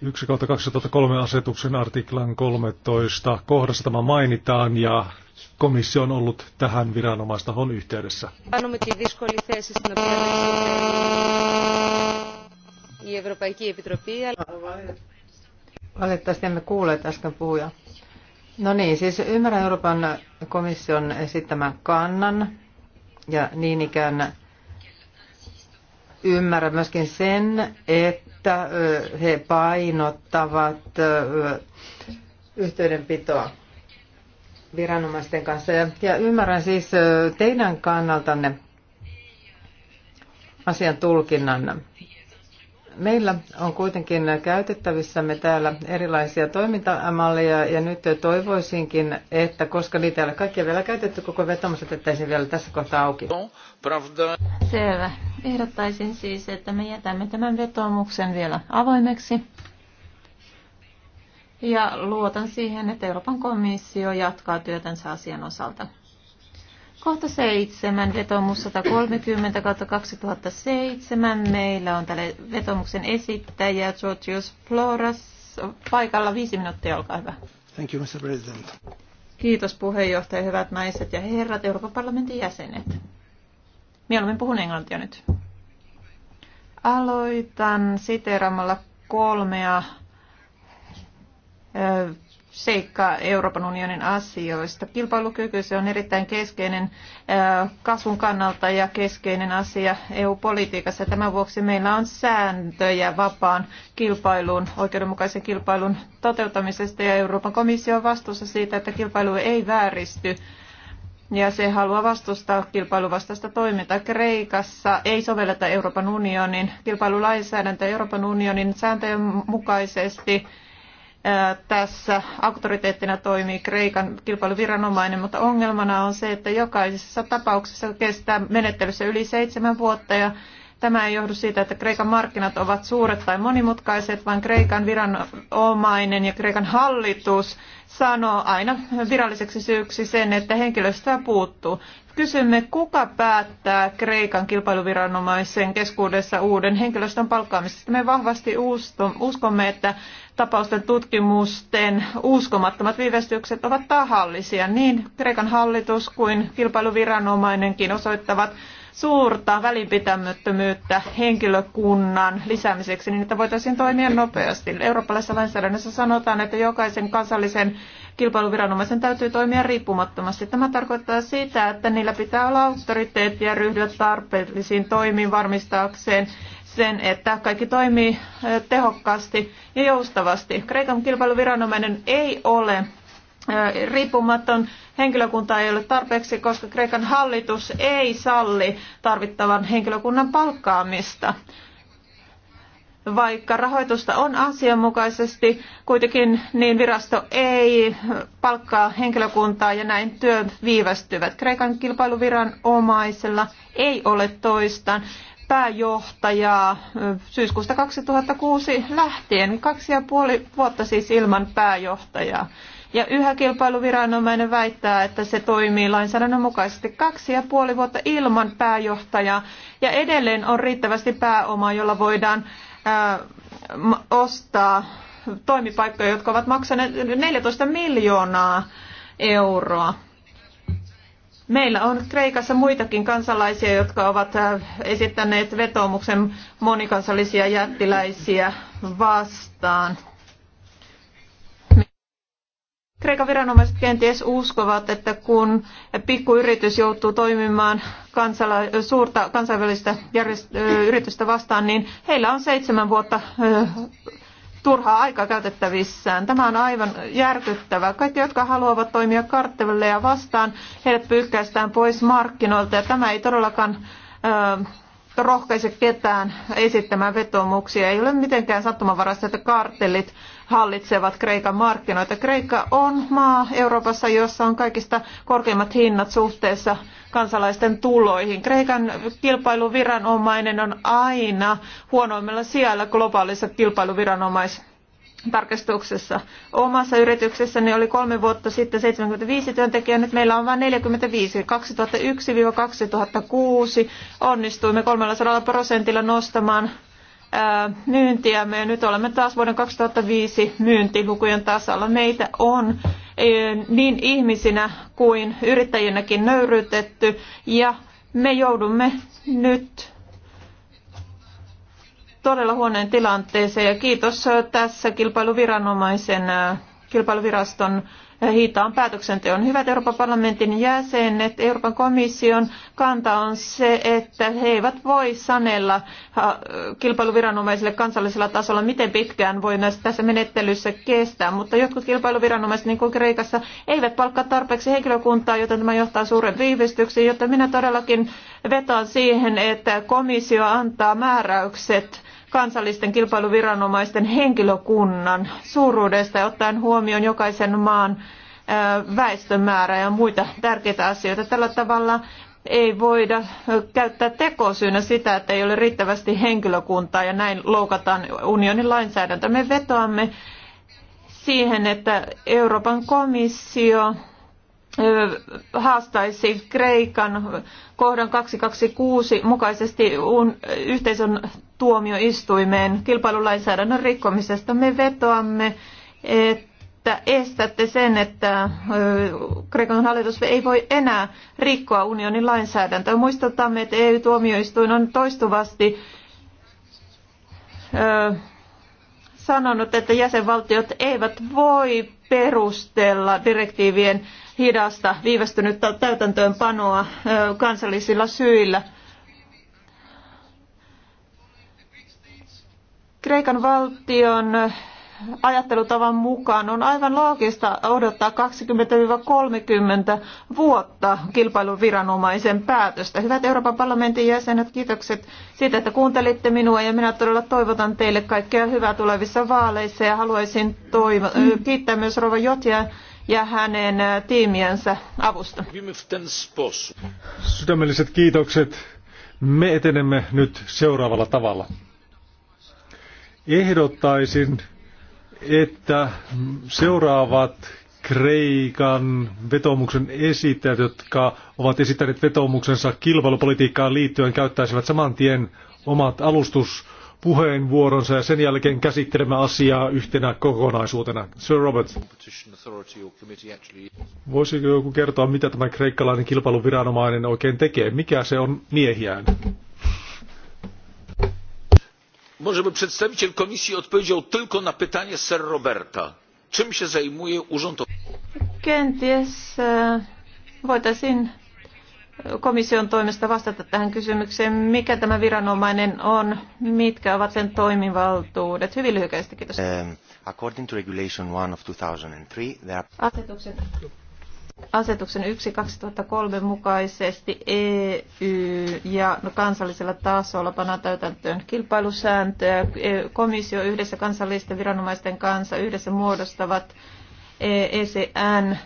1 2003 asetuksen artiklan 13 kohdassa tämä mainitaan ja komissio on ollut tähän viranomaistahon yhteydessä. Valitettavasti emme kuule äsken puhuja. No niin, siis ymmärrän Euroopan komission esittämän kannan ja niin ikään Ymmärrän myöskin sen, että he painottavat yhteydenpitoa viranomaisten kanssa. Ja ymmärrän siis teidän kannaltanne asian tulkinnan. Meillä on kuitenkin käytettävissämme täällä erilaisia toimintamalleja ja nyt toivoisinkin, että koska niitä ei ole kaikkia vielä käytetty, koko vetomus jätettäisiin vielä tässä kohtaa auki. Selvä. Ehdottaisin siis, että me jätämme tämän vetomuksen vielä avoimeksi. Ja luotan siihen, että Euroopan komissio jatkaa työtänsä asian osalta. Kohta seitsemän, vetomus 130 kautta 2007. Meillä on tälle vetomuksen esittäjä Georgios Floras paikalla. Viisi minuuttia, olkaa hyvä. Thank you, Mr. President. Kiitos puheenjohtaja, hyvät naiset ja herrat, Euroopan parlamentin jäsenet. Mieluummin puhun englantia nyt. Aloitan siteraamalla kolmea seikka Euroopan unionin asioista. Kilpailukyky se on erittäin keskeinen kasvun kannalta ja keskeinen asia EU-politiikassa. Tämän vuoksi meillä on sääntöjä vapaan kilpailun, oikeudenmukaisen kilpailun toteuttamisesta ja Euroopan komissio on vastuussa siitä, että kilpailu ei vääristy ja se haluaa vastustaa kilpailuvastaista toimintaa. Kreikassa ei sovelleta Euroopan unionin kilpailulainsäädäntöä Euroopan unionin sääntöjen mukaisesti tässä auktoriteettina toimii Kreikan kilpailuviranomainen, mutta ongelmana on se, että jokaisessa tapauksessa kestää menettelyssä yli seitsemän vuotta ja Tämä ei johdu siitä, että Kreikan markkinat ovat suuret tai monimutkaiset, vaan Kreikan viranomainen ja Kreikan hallitus sanoo aina viralliseksi syyksi sen, että henkilöstöä puuttuu. Kysymme, kuka päättää Kreikan kilpailuviranomaisen keskuudessa uuden henkilöstön palkkaamisesta. Me vahvasti uskomme, että tapausten tutkimusten uskomattomat viivästykset ovat tahallisia. Niin Kreikan hallitus kuin kilpailuviranomainenkin osoittavat suurta välinpitämättömyyttä henkilökunnan lisäämiseksi, niin että voitaisiin toimia nopeasti. Eurooppalaisessa lainsäädännössä sanotaan, että jokaisen kansallisen kilpailuviranomaisen täytyy toimia riippumattomasti. Tämä tarkoittaa sitä, että niillä pitää olla ja ryhdyä tarpeellisiin toimiin varmistaakseen sen, että kaikki toimii eh, tehokkaasti ja joustavasti. Kreikan kilpailuviranomainen ei ole riippumaton henkilökunta ei ole tarpeeksi, koska Kreikan hallitus ei salli tarvittavan henkilökunnan palkkaamista. Vaikka rahoitusta on asianmukaisesti, kuitenkin niin virasto ei palkkaa henkilökuntaa ja näin työ viivästyvät. Kreikan kilpailuviranomaisella ei ole toistaan pääjohtajaa syyskuusta 2006 lähtien, kaksi ja puoli vuotta siis ilman pääjohtajaa. Ja yhä kilpailuviranomainen väittää, että se toimii lainsäädännön mukaisesti kaksi ja puoli vuotta ilman pääjohtajaa. Ja edelleen on riittävästi pääomaa, jolla voidaan ää, ostaa toimipaikkoja, jotka ovat maksaneet 14 miljoonaa euroa. Meillä on Kreikassa muitakin kansalaisia, jotka ovat esittäneet vetoomuksen monikansallisia jättiläisiä vastaan. Kreikan viranomaiset kenties uskovat, että kun pikkuyritys joutuu toimimaan kansala- suurta kansainvälistä järjest- yritystä vastaan, niin heillä on seitsemän vuotta turhaa aikaa käytettävissään. Tämä on aivan järkyttävää. Kaikki, jotka haluavat toimia ja vastaan, heidät pyyhkäistään pois markkinoilta ja tämä ei todellakaan rohkaise ketään esittämään vetomuksia. Ei ole mitenkään sattumanvaraista, että karttelit hallitsevat Kreikan markkinoita. Kreikka on maa Euroopassa, jossa on kaikista korkeimmat hinnat suhteessa kansalaisten tuloihin. Kreikan kilpailuviranomainen on aina huonoimmilla siellä globaalissa kilpailuviranomais tarkastuksessa. Omassa yrityksessäni oli kolme vuotta sitten 75 työntekijää, nyt meillä on vain 45. 2001-2006 onnistuimme 300 prosentilla nostamaan myyntiämme ja nyt olemme taas vuoden 2005 myyntilukujen tasalla. Meitä on niin ihmisinä kuin yrittäjinäkin nöyryytetty ja me joudumme nyt todella huoneen tilanteeseen ja kiitos tässä kilpailuviranomaisen kilpailuviraston hitaan päätöksenteon. Hyvät Euroopan parlamentin jäsenet, Euroopan komission kanta on se, että he eivät voi sanella kilpailuviranomaisille kansallisella tasolla, miten pitkään voi näissä tässä menettelyssä kestää, mutta jotkut kilpailuviranomaiset, niin kuin Kreikassa, eivät palkkaa tarpeeksi henkilökuntaa, joten tämä johtaa suuren viivästyksiin, joten minä todellakin vetoan siihen, että komissio antaa määräykset kansallisten kilpailuviranomaisten henkilökunnan suuruudesta ja ottaen huomioon jokaisen maan väestömäärä ja muita tärkeitä asioita. Tällä tavalla ei voida käyttää tekosyynä sitä, että ei ole riittävästi henkilökuntaa ja näin loukataan unionin lainsäädäntöä. Me vetoamme siihen, että Euroopan komissio haastaisi Kreikan kohdan 226 mukaisesti yhteisön tuomioistuimeen kilpailulainsäädännön rikkomisesta. Me vetoamme, että estätte sen, että Kreikan hallitus ei voi enää rikkoa unionin lainsäädäntöä. Muistutamme, että EU-tuomioistuin on toistuvasti sanonut, että jäsenvaltiot eivät voi perustella direktiivien hidasta viivästynyttä täytäntöönpanoa kansallisilla syillä – Kreikan valtion ajattelutavan mukaan on aivan loogista odottaa 20-30 vuotta kilpailuviranomaisen päätöstä. Hyvät Euroopan parlamentin jäsenet, kiitokset siitä, että kuuntelitte minua ja minä todella toivotan teille kaikkea hyvää tulevissa vaaleissa ja haluaisin toivo- kiittää myös Rova Jotia ja hänen tiimiensä avusta. Sydämelliset kiitokset. Me etenemme nyt seuraavalla tavalla ehdottaisin, että seuraavat Kreikan vetomuksen esittäjät, jotka ovat esittäneet vetomuksensa kilpailupolitiikkaan liittyen, käyttäisivät saman tien omat alustuspuheenvuoronsa ja sen jälkeen käsittelemme asiaa yhtenä kokonaisuutena. Sir Robert, voisiko joku kertoa, mitä tämä kreikkalainen kilpailuviranomainen oikein tekee? Mikä se on miehiään? może by przedstawiciel komisji odpowiedział tylko na pytanie sir roberta czym się zajmuje urząd Kenties e, voitaisiin komission toimesta vastata tähän kysymykseen, mikä tämä viranomainen on, mitkä ovat sen toimivaltuudet. Hyvin lyhykäisesti, kiitos. Um, according to regulation 1 of 2003, there are... Asetuksen Asetuksen 1.2003 mukaisesti EU ja kansallisella tasolla panna täytäntöön kilpailusääntöjä. E Komissio yhdessä kansallisten viranomaisten kanssa yhdessä muodostavat ECN e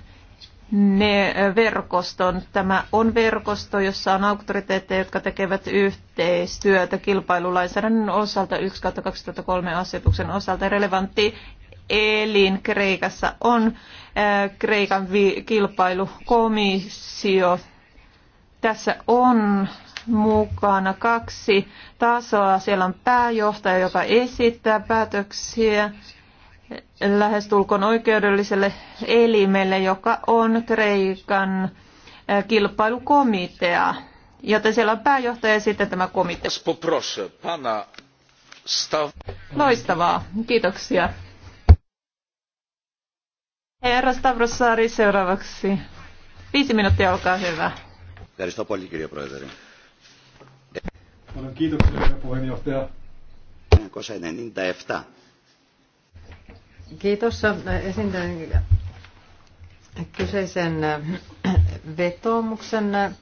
ne verkoston. Tämä on verkosto, jossa on auktoriteetteja, jotka tekevät yhteistyötä kilpailulainsäädännön osalta 1-2003 asetuksen osalta. Relevantti elin Kreikassa on Kreikan kilpailukomissio. Tässä on mukana kaksi tasoa. Siellä on pääjohtaja, joka esittää päätöksiä lähestulkoon oikeudelliselle elimelle, joka on Kreikan kilpailukomitea. Joten siellä on pääjohtaja ja sitten tämä komitea. Loistavaa. Kiitoksia. Herra Stavrosaari seuraavaksi. Viisi minuuttia, olkaa hyvä. Paljon kiitoksia, herra puheenjohtaja. 1997. Kiitos. Esitän kyseisen äh, vetoomuksen, äh,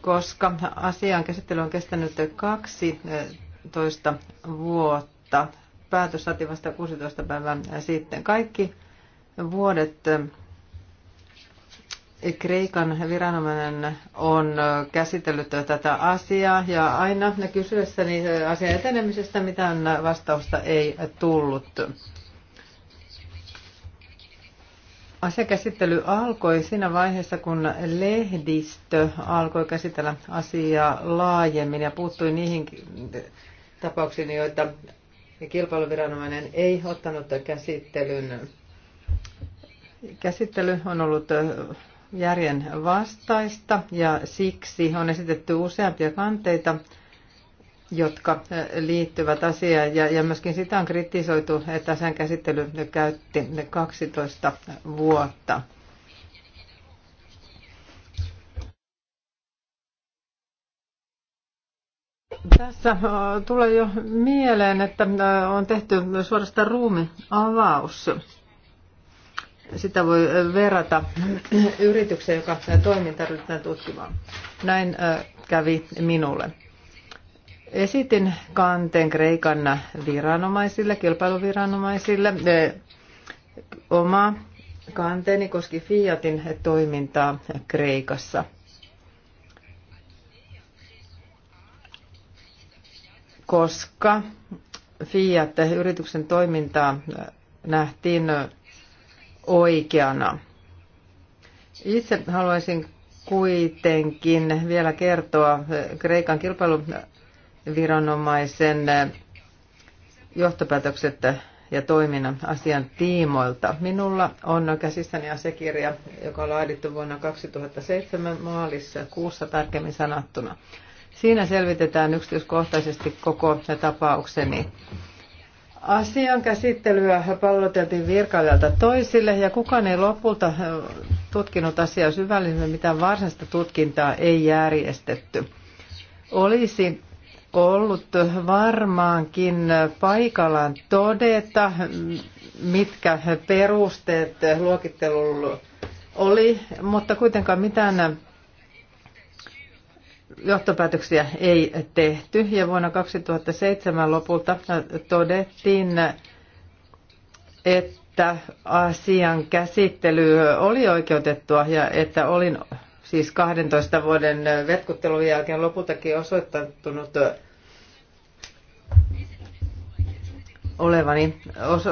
koska asian käsittely on kestänyt 12 äh, vuotta. Päätös saatiin vasta 16 päivää sitten. Kaikki vuodet Kreikan viranomainen on käsitellyt tätä asiaa ja aina ne kysyessäni asian etenemisestä mitään vastausta ei tullut. Asiakäsittely alkoi siinä vaiheessa, kun lehdistö alkoi käsitellä asiaa laajemmin ja puuttui niihin tapauksiin, joita kilpailuviranomainen ei ottanut käsittelyn Käsittely on ollut järjen vastaista ja siksi on esitetty useampia kanteita, jotka liittyvät asiaan ja, ja myöskin sitä on kritisoitu, että sen käsittely käytti 12 vuotta. Tässä tulee jo mieleen, että on tehty suorastaan ruumiavaus. avaus sitä voi verrata [CLEARS THROAT] yritykseen, joka toiminta ryhtyy tutkimaan. Näin kävi minulle. Esitin kanteen Kreikan viranomaisille, kilpailuviranomaisille. Oma kanteeni koski Fiatin toimintaa Kreikassa. Koska Fiat-yrityksen toimintaa nähtiin oikeana. Itse haluaisin kuitenkin vielä kertoa Kreikan kilpailuviranomaisen johtopäätökset ja toiminnan asian tiimoilta. Minulla on käsissäni asiakirja, joka on laadittu vuonna 2007 maalissa kuussa tarkemmin sanattuna. Siinä selvitetään yksityiskohtaisesti koko tapaukseni. Asian käsittelyä palloteltiin virkailijalta toisille ja kukaan ei lopulta tutkinut asiaa syvällisemmin, mitään varsinaista tutkintaa ei järjestetty. Olisi ollut varmaankin paikallaan todeta, mitkä perusteet luokittelulla oli, mutta kuitenkaan mitään johtopäätöksiä ei tehty ja vuonna 2007 lopulta todettiin, että asian käsittely oli oikeutettua ja että olin siis 12 vuoden vetkuttelun jälkeen lopultakin osoittanut olevani, oso,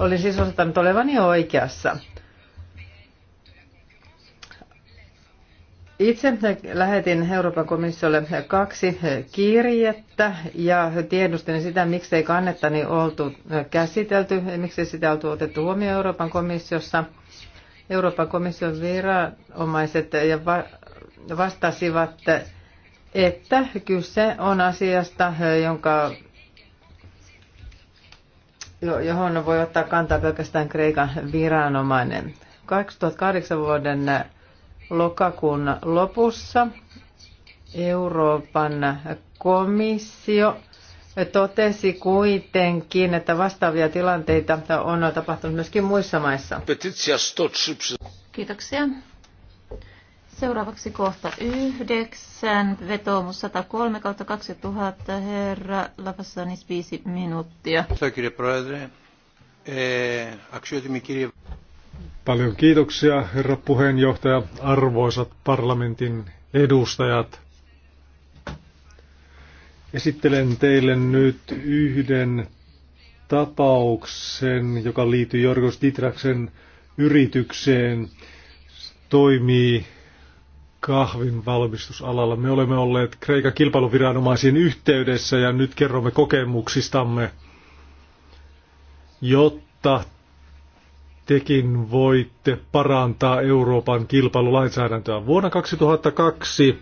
olin siis osoittanut olevani oikeassa. Itse lähetin Euroopan komissiolle kaksi kirjettä ja tiedustelin sitä, miksei kannettani oltu käsitelty, miksei sitä oltu otettu huomioon Euroopan komissiossa. Euroopan komission viranomaiset ja vastasivat, että kyse on asiasta, jonka johon voi ottaa kantaa pelkästään Kreikan viranomainen. 2008 vuoden lokakuun lopussa Euroopan komissio totesi kuitenkin, että vastaavia tilanteita on tapahtunut myöskin muissa maissa. Kiitoksia. Seuraavaksi kohta yhdeksän, vetoomus 103 kautta 2000, herra Lavassanis, viisi minuuttia. Paljon kiitoksia, herra puheenjohtaja, arvoisat parlamentin edustajat. Esittelen teille nyt yhden tapauksen, joka liittyy Jorgos Ditraksen yritykseen. Toimii kahvin valmistusalalla. Me olemme olleet Kreikan kilpailuviranomaisiin yhteydessä ja nyt kerromme kokemuksistamme, jotta tekin voitte parantaa Euroopan kilpailulainsäädäntöä. Vuonna 2002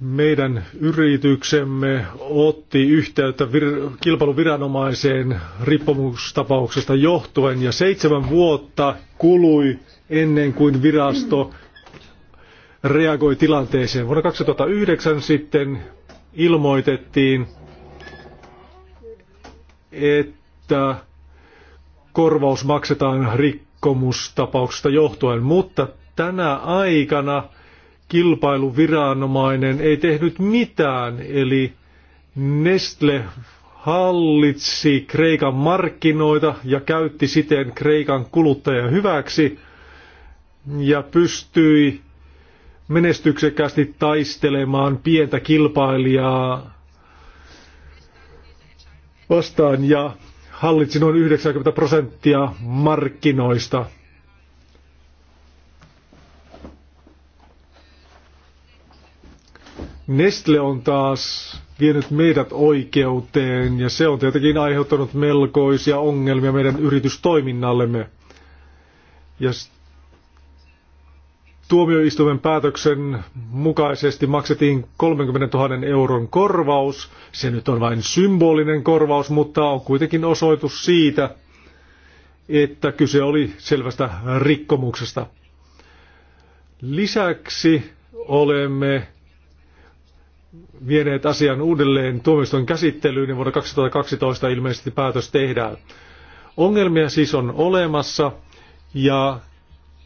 meidän yrityksemme otti yhteyttä vir- kilpailuviranomaiseen riippumustapauksesta johtuen ja seitsemän vuotta kului ennen kuin virasto reagoi tilanteeseen. Vuonna 2009 sitten ilmoitettiin, että korvaus maksetaan rikkomustapauksesta johtuen, mutta tänä aikana kilpailuviranomainen ei tehnyt mitään, eli Nestle hallitsi Kreikan markkinoita ja käytti siten Kreikan kuluttajan hyväksi ja pystyi menestyksekkäästi taistelemaan pientä kilpailijaa vastaan ja hallitsi noin 90 prosenttia markkinoista. Nestle on taas vienyt meidät oikeuteen ja se on tietenkin aiheuttanut melkoisia ongelmia meidän yritystoiminnallemme. Ja tuomioistuimen päätöksen mukaisesti maksettiin 30 000 euron korvaus. Se nyt on vain symbolinen korvaus, mutta on kuitenkin osoitus siitä, että kyse oli selvästä rikkomuksesta. Lisäksi olemme vieneet asian uudelleen tuomiston käsittelyyn ja vuonna 2012 ilmeisesti päätös tehdään. Ongelmia siis on olemassa ja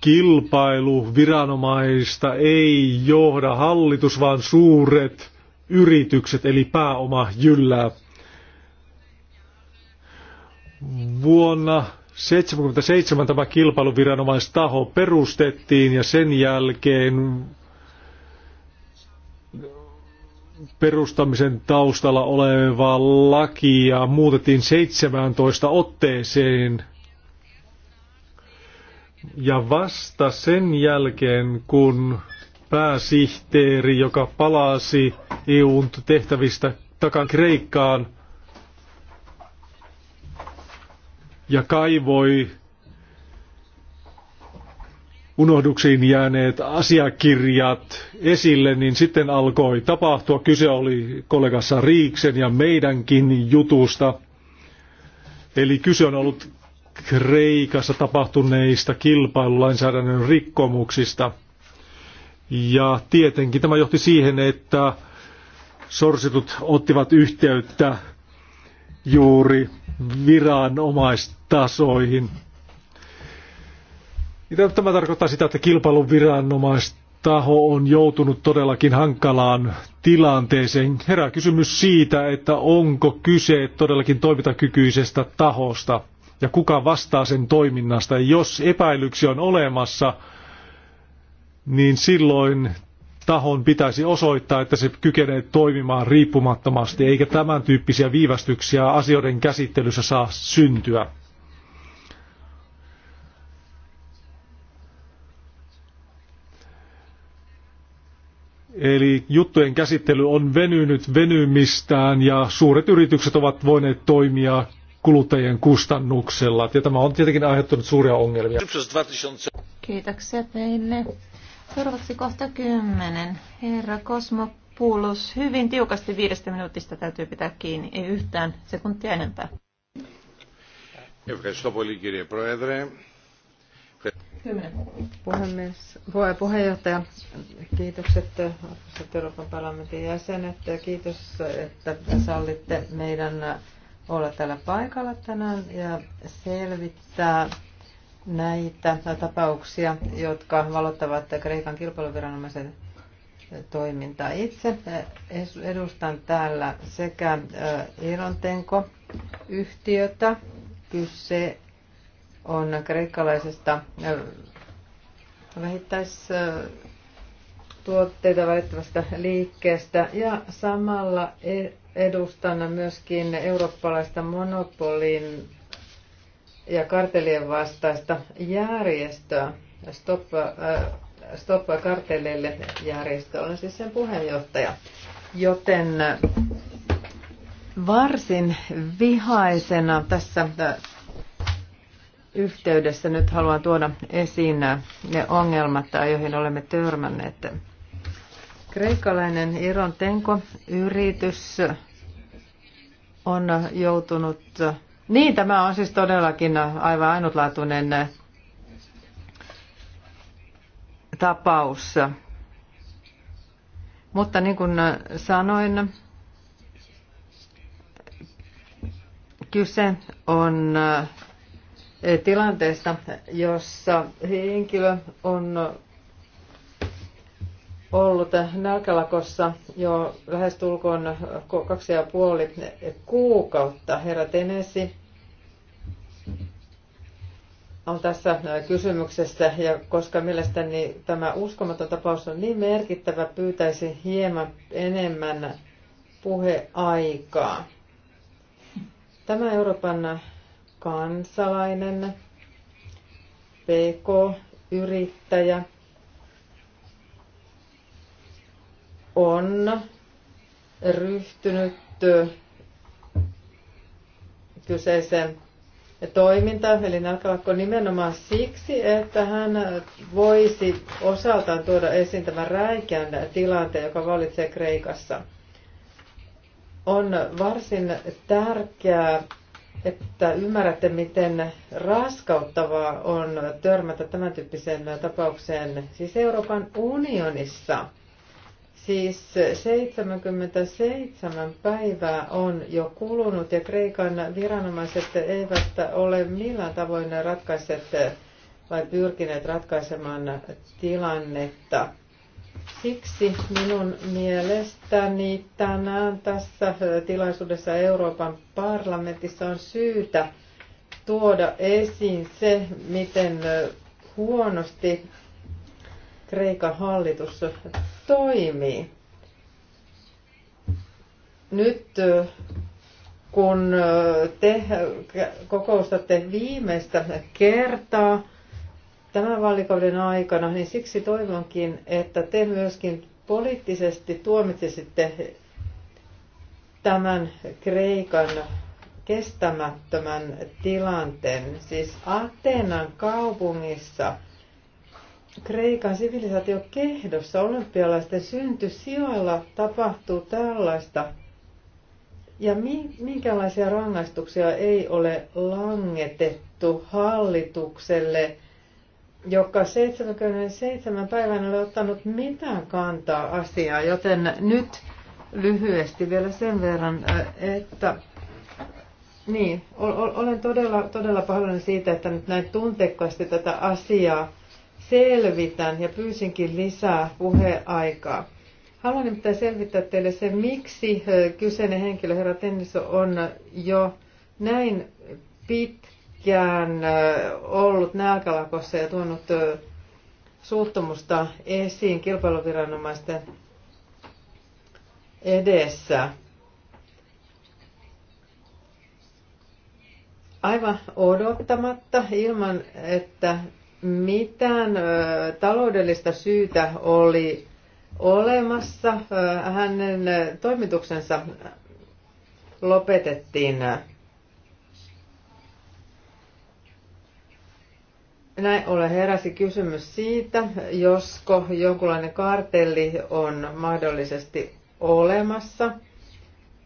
kilpailu viranomaista ei johda hallitus, vaan suuret yritykset, eli pääoma jyllää. Vuonna 1977 tämä kilpailuviranomaistaho perustettiin ja sen jälkeen perustamisen taustalla olevaa lakia muutettiin 17 otteeseen ja vasta sen jälkeen, kun pääsihteeri, joka palasi EUn tehtävistä takan Kreikkaan ja kaivoi unohduksiin jääneet asiakirjat esille, niin sitten alkoi tapahtua. Kyse oli kollegassa Riiksen ja meidänkin jutusta. Eli kyse on ollut Kreikassa tapahtuneista kilpailulainsäädännön rikkomuksista. Ja tietenkin tämä johti siihen, että sorsitut ottivat yhteyttä juuri viranomaistasoihin. Ja tämä tarkoittaa sitä, että kilpailun viranomaistaho on joutunut todellakin hankalaan tilanteeseen. Herää kysymys siitä, että onko kyse todellakin toimintakykyisestä tahosta – ja kuka vastaa sen toiminnasta. Ja jos epäilyksiä on olemassa, niin silloin tahon pitäisi osoittaa, että se kykenee toimimaan riippumattomasti, eikä tämän tyyppisiä viivästyksiä asioiden käsittelyssä saa syntyä. Eli juttujen käsittely on venynyt venymistään ja suuret yritykset ovat voineet toimia kuluttajien kustannuksella. Ja tämä on tietenkin aiheuttanut suuria ongelmia. Kiitoksia teille. Seuraavaksi kohta 10. Herra Kosmopoulos, hyvin tiukasti viidestä minuutista täytyy pitää kiinni, ei yhtään sekuntia enempää. Ευχαριστώ πολύ Puhemies, puheenjohtaja, kiitokset Euroopan parlamentin jäsenet ja kiitos, että sallitte meidän olla täällä paikalla tänään ja selvittää näitä tapauksia, jotka valottavat Kreikan kilpailuviranomaisen toimintaa. Itse edustan täällä sekä äh, Irontenko-yhtiötä, kyse on kreikkalaisesta äh, vähittäistuotteita välittävästä liikkeestä ja samalla e- edustan myöskin eurooppalaista monopolin ja kartelien vastaista järjestöä, Stop, äh, Stop järjestö, olen siis sen puheenjohtaja. Joten varsin vihaisena tässä äh, yhteydessä nyt haluan tuoda esiin ne ongelmat, joihin olemme törmänneet Kreikkalainen Iron Tenko-yritys on joutunut... Niin, tämä on siis todellakin aivan ainutlaatuinen tapaus. Mutta niin kuin sanoin, kyse on tilanteesta, jossa henkilö on ollut nälkälakossa jo lähes tulkoon kaksi ja puoli kuukautta. Herra Tenesi on tässä kysymyksessä ja koska mielestäni tämä uskomaton tapaus on niin merkittävä, pyytäisi hieman enemmän puheaikaa. Tämä Euroopan kansalainen, PK-yrittäjä, on ryhtynyt kyseisen toimintaan, eli nälkälakko nimenomaan siksi, että hän voisi osaltaan tuoda esiin tämän räikeän tilanteen, joka valitsee Kreikassa. On varsin tärkeää, että ymmärrätte, miten raskauttavaa on törmätä tämän tyyppiseen tapaukseen siis Euroopan unionissa – Siis 77 päivää on jo kulunut ja Kreikan viranomaiset eivät ole millään tavoin ratkaiset vai pyrkineet ratkaisemaan tilannetta. Siksi minun mielestäni tänään tässä tilaisuudessa Euroopan parlamentissa on syytä tuoda esiin se, miten huonosti Kreikan hallitus toimii. Nyt kun te kokoustatte viimeistä kertaa tämän vaalikauden aikana, niin siksi toivonkin, että te myöskin poliittisesti tuomitsisitte tämän Kreikan kestämättömän tilanteen. Siis Ateenan kaupungissa – Kreikan sivilisaatio kehdossa olympialaisten syntysijoilla tapahtuu tällaista. Ja minkälaisia rangaistuksia ei ole langetettu hallitukselle, joka 77 päivän ole ottanut mitään kantaa asiaa, joten nyt lyhyesti vielä sen verran, äh, että niin, olen todella, todella pahoillani siitä, että nyt näin tunteikkaasti tätä asiaa selvitän ja pyysinkin lisää puheaikaa. Haluan nimittäin selvittää teille se, miksi kyseinen henkilö, herra Tenniso, on jo näin pitkään ollut nälkälakossa ja tuonut suuttumusta esiin kilpailuviranomaisten edessä. Aivan odottamatta, ilman että mitään taloudellista syytä oli olemassa. Hänen toimituksensa lopetettiin. Näin ole heräsi kysymys siitä, josko jonkunlainen kartelli on mahdollisesti olemassa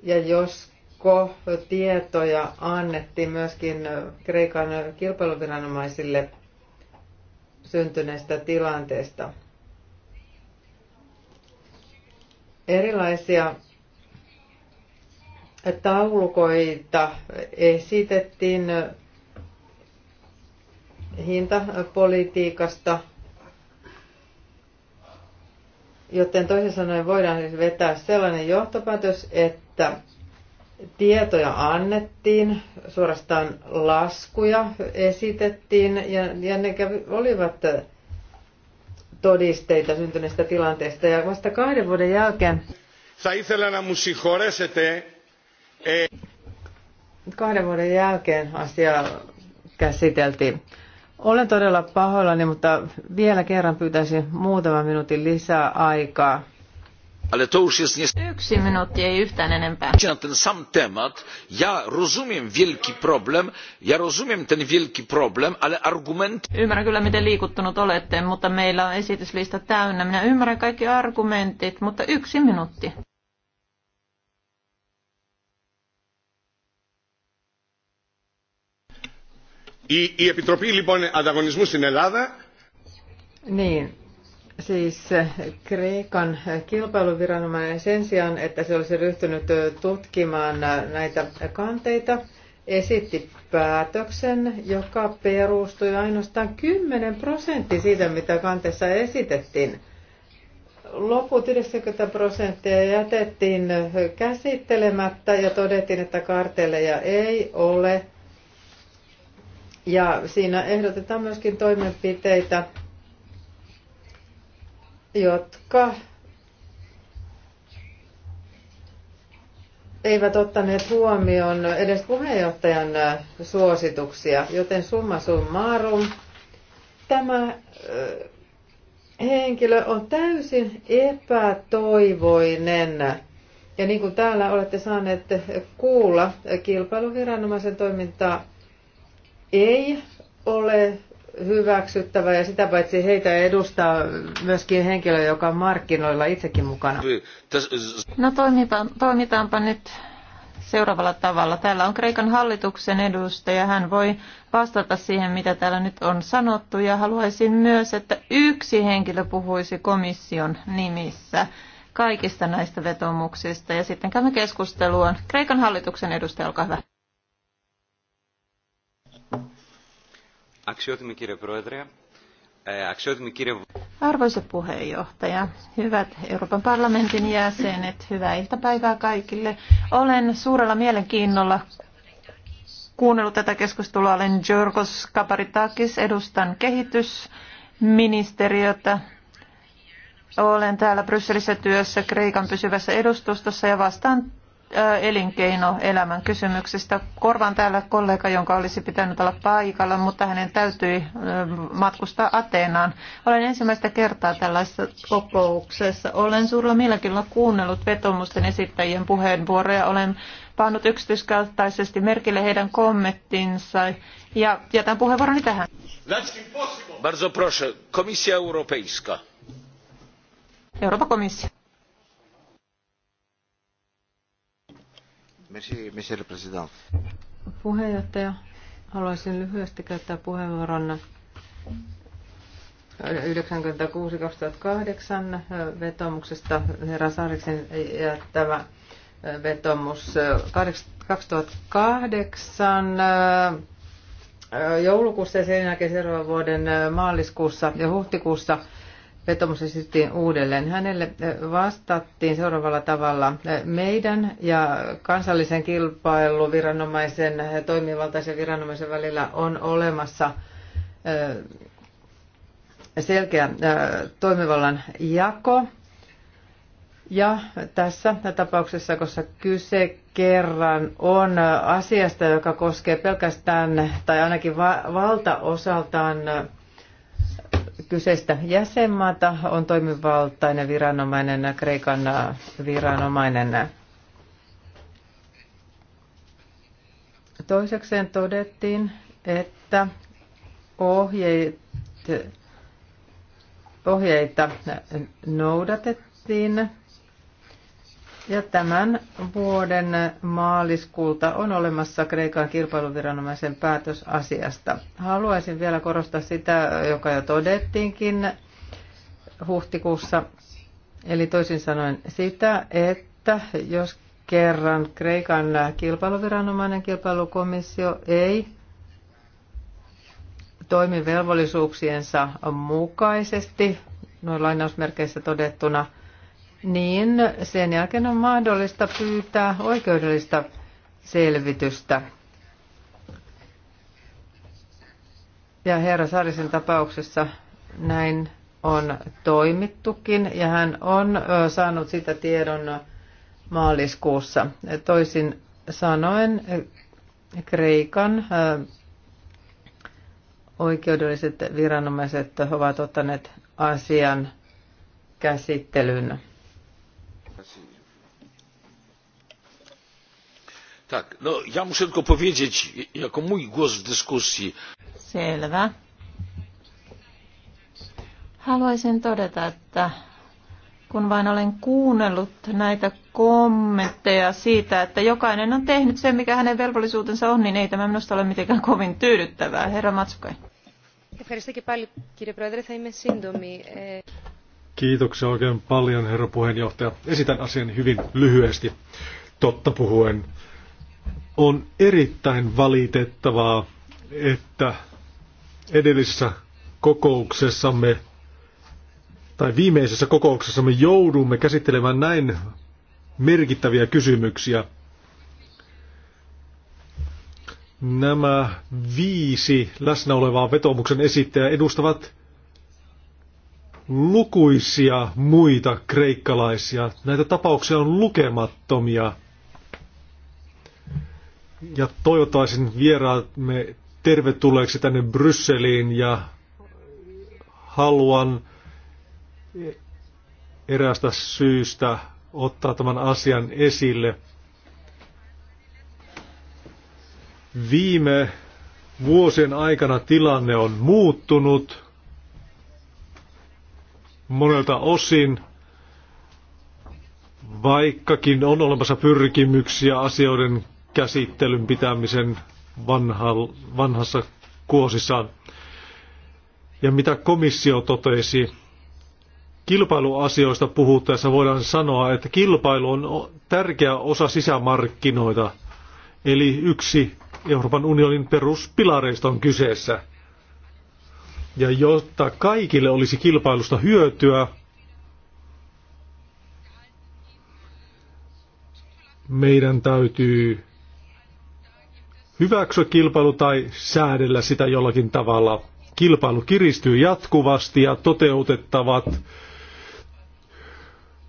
ja josko tietoja annettiin myöskin Kreikan kilpailuviranomaisille – syntyneestä tilanteesta. Erilaisia taulukoita esitettiin hintapolitiikasta, joten toisin sanoen voidaan vetää sellainen johtopäätös, että tietoja annettiin, suorastaan laskuja esitettiin ja, ja ne kävi, olivat todisteita syntyneestä tilanteesta ja vasta kahden vuoden jälkeen kahden vuoden jälkeen asia käsiteltiin. Olen todella pahoillani, mutta vielä kerran pyytäisin muutaman minuutin lisää aikaa ale to już jest niestety... Yksi minuutti, ei yhtään enempää. ...na ten sam temat. Ja rozumiem wielki problem, ja rozumiem ten wielki problem, ale argumenty... Ymmärrän kyllä, miten liikuttunut olette, mutta meillä on esityslista täynnä. Minä ymmärrän kaikki argumentit, mutta yksi minuutti. Η, η Επιτροπή λοιπόν Ανταγωνισμού στην Ελλάδα... Niin, Siis Kreikan kilpailuviranomainen sen sijaan, että se olisi ryhtynyt tutkimaan näitä kanteita, esitti päätöksen, joka perustui ainoastaan 10 prosenttia siitä, mitä kanteessa esitettiin. Loput 90 prosenttia jätettiin käsittelemättä ja todettiin, että karteleja ei ole. Ja siinä ehdotetaan myöskin toimenpiteitä jotka eivät ottaneet huomioon edes puheenjohtajan suosituksia, joten summa summarum tämä henkilö on täysin epätoivoinen. Ja niin kuin täällä olette saaneet kuulla, kilpailuviranomaisen toiminta ei ole hyväksyttävä ja sitä paitsi heitä edustaa myöskin henkilö, joka on markkinoilla itsekin mukana. No toimipa, toimitaanpa nyt seuraavalla tavalla. Täällä on Kreikan hallituksen edustaja. Hän voi vastata siihen, mitä täällä nyt on sanottu. Ja haluaisin myös, että yksi henkilö puhuisi komission nimissä kaikista näistä vetomuksista. Ja sitten käymme keskusteluun. Kreikan hallituksen edustaja, olkaa hyvä. Αξιότιμη κύριε Πρόεδρε, αξιότιμη κύριε... Arvoisa puheenjohtaja, hyvät Euroopan parlamentin jäsenet, hyvää iltapäivää kaikille. Olen suurella mielenkiinnolla kuunnellut tätä keskustelua. Olen Georgos Kaparitakis, edustan kehitysministeriötä. Olen täällä Brysselissä työssä Kreikan pysyvässä edustustossa ja vastaan Äh, elinkeinoelämän kysymyksistä. Korvaan täällä kollega, jonka olisi pitänyt olla paikalla, mutta hänen täytyi äh, matkustaa Ateenaan. Olen ensimmäistä kertaa tällaisessa kokouksessa. Olen suurella mielenkiinnolla kuunnellut vetomusten esittäjien puheenvuoroja. Olen pannut yksityiskohtaisesti merkille heidän kommenttinsa ja jätän puheenvuoroni tähän. Bardzo proszę, Komisja Europejska. Euroopan komissio. Merci, monsieur le président. Puheenjohtaja, haluaisin lyhyesti käyttää puheenvuoron 96-2008 äh, vetomuksesta herra Saariksen jättämä äh, vetomus 2008 äh, joulukuussa ja sen jälkeen seuraavan vuoden maaliskuussa ja huhtikuussa – vetomus esitettiin uudelleen. Hänelle vastattiin seuraavalla tavalla. Meidän ja kansallisen kilpailuviranomaisen toimivaltaisen viranomaisen välillä on olemassa selkeä toimivallan jako. Ja tässä tapauksessa, koska kyse kerran on asiasta, joka koskee pelkästään tai ainakin valtaosaltaan kyseistä jäsenmaata on toimivaltainen viranomainen, Kreikan äh, viranomainen. Toisekseen todettiin, että ohjeet, ohjeita noudatettiin ja tämän vuoden maaliskuulta on olemassa Kreikan kilpailuviranomaisen päätös asiasta. Haluaisin vielä korostaa sitä, joka jo todettiinkin huhtikuussa, eli toisin sanoen sitä, että jos kerran Kreikan kilpailuviranomainen kilpailukomissio ei toimi velvollisuuksiensa mukaisesti, noin lainausmerkeissä todettuna – niin sen jälkeen on mahdollista pyytää oikeudellista selvitystä. Ja herra Sarisen tapauksessa näin on toimittukin ja hän on saanut sitä tiedon maaliskuussa. Toisin sanoen Kreikan oikeudelliset viranomaiset ovat ottaneet asian käsittelyn. No, ja muszę tylko powiedzieć, jako mój głos w dyskusji. Haluaisin todeta, että kun vain olen kuunnellut näitä kommentteja siitä, että jokainen on tehnyt sen, mikä hänen velvollisuutensa on, niin ei tämä minusta ole mitenkään kovin tyydyttävää. Herra Matsukai. Kiitoksia oikein paljon, herra puheenjohtaja. Esitän asian hyvin lyhyesti, totta puhuen. On erittäin valitettavaa, että edellisessä kokouksessamme tai viimeisessä kokouksessamme joudumme käsittelemään näin merkittäviä kysymyksiä. Nämä viisi läsnä olevaa vetomuksen esittäjää edustavat lukuisia muita kreikkalaisia. Näitä tapauksia on lukemattomia ja toivotaisin vieraamme tervetulleeksi tänne Brysseliin ja haluan eräästä syystä ottaa tämän asian esille. Viime vuosien aikana tilanne on muuttunut monelta osin, vaikkakin on olemassa pyrkimyksiä asioiden käsittelyn pitämisen vanha, vanhassa kuosissaan. Ja mitä komissio totesi, kilpailuasioista puhuttaessa voidaan sanoa, että kilpailu on tärkeä osa sisämarkkinoita, eli yksi Euroopan unionin peruspilareista on kyseessä. Ja jotta kaikille olisi kilpailusta hyötyä, meidän täytyy hyväksyä kilpailu tai säädellä sitä jollakin tavalla. Kilpailu kiristyy jatkuvasti ja toteutettavat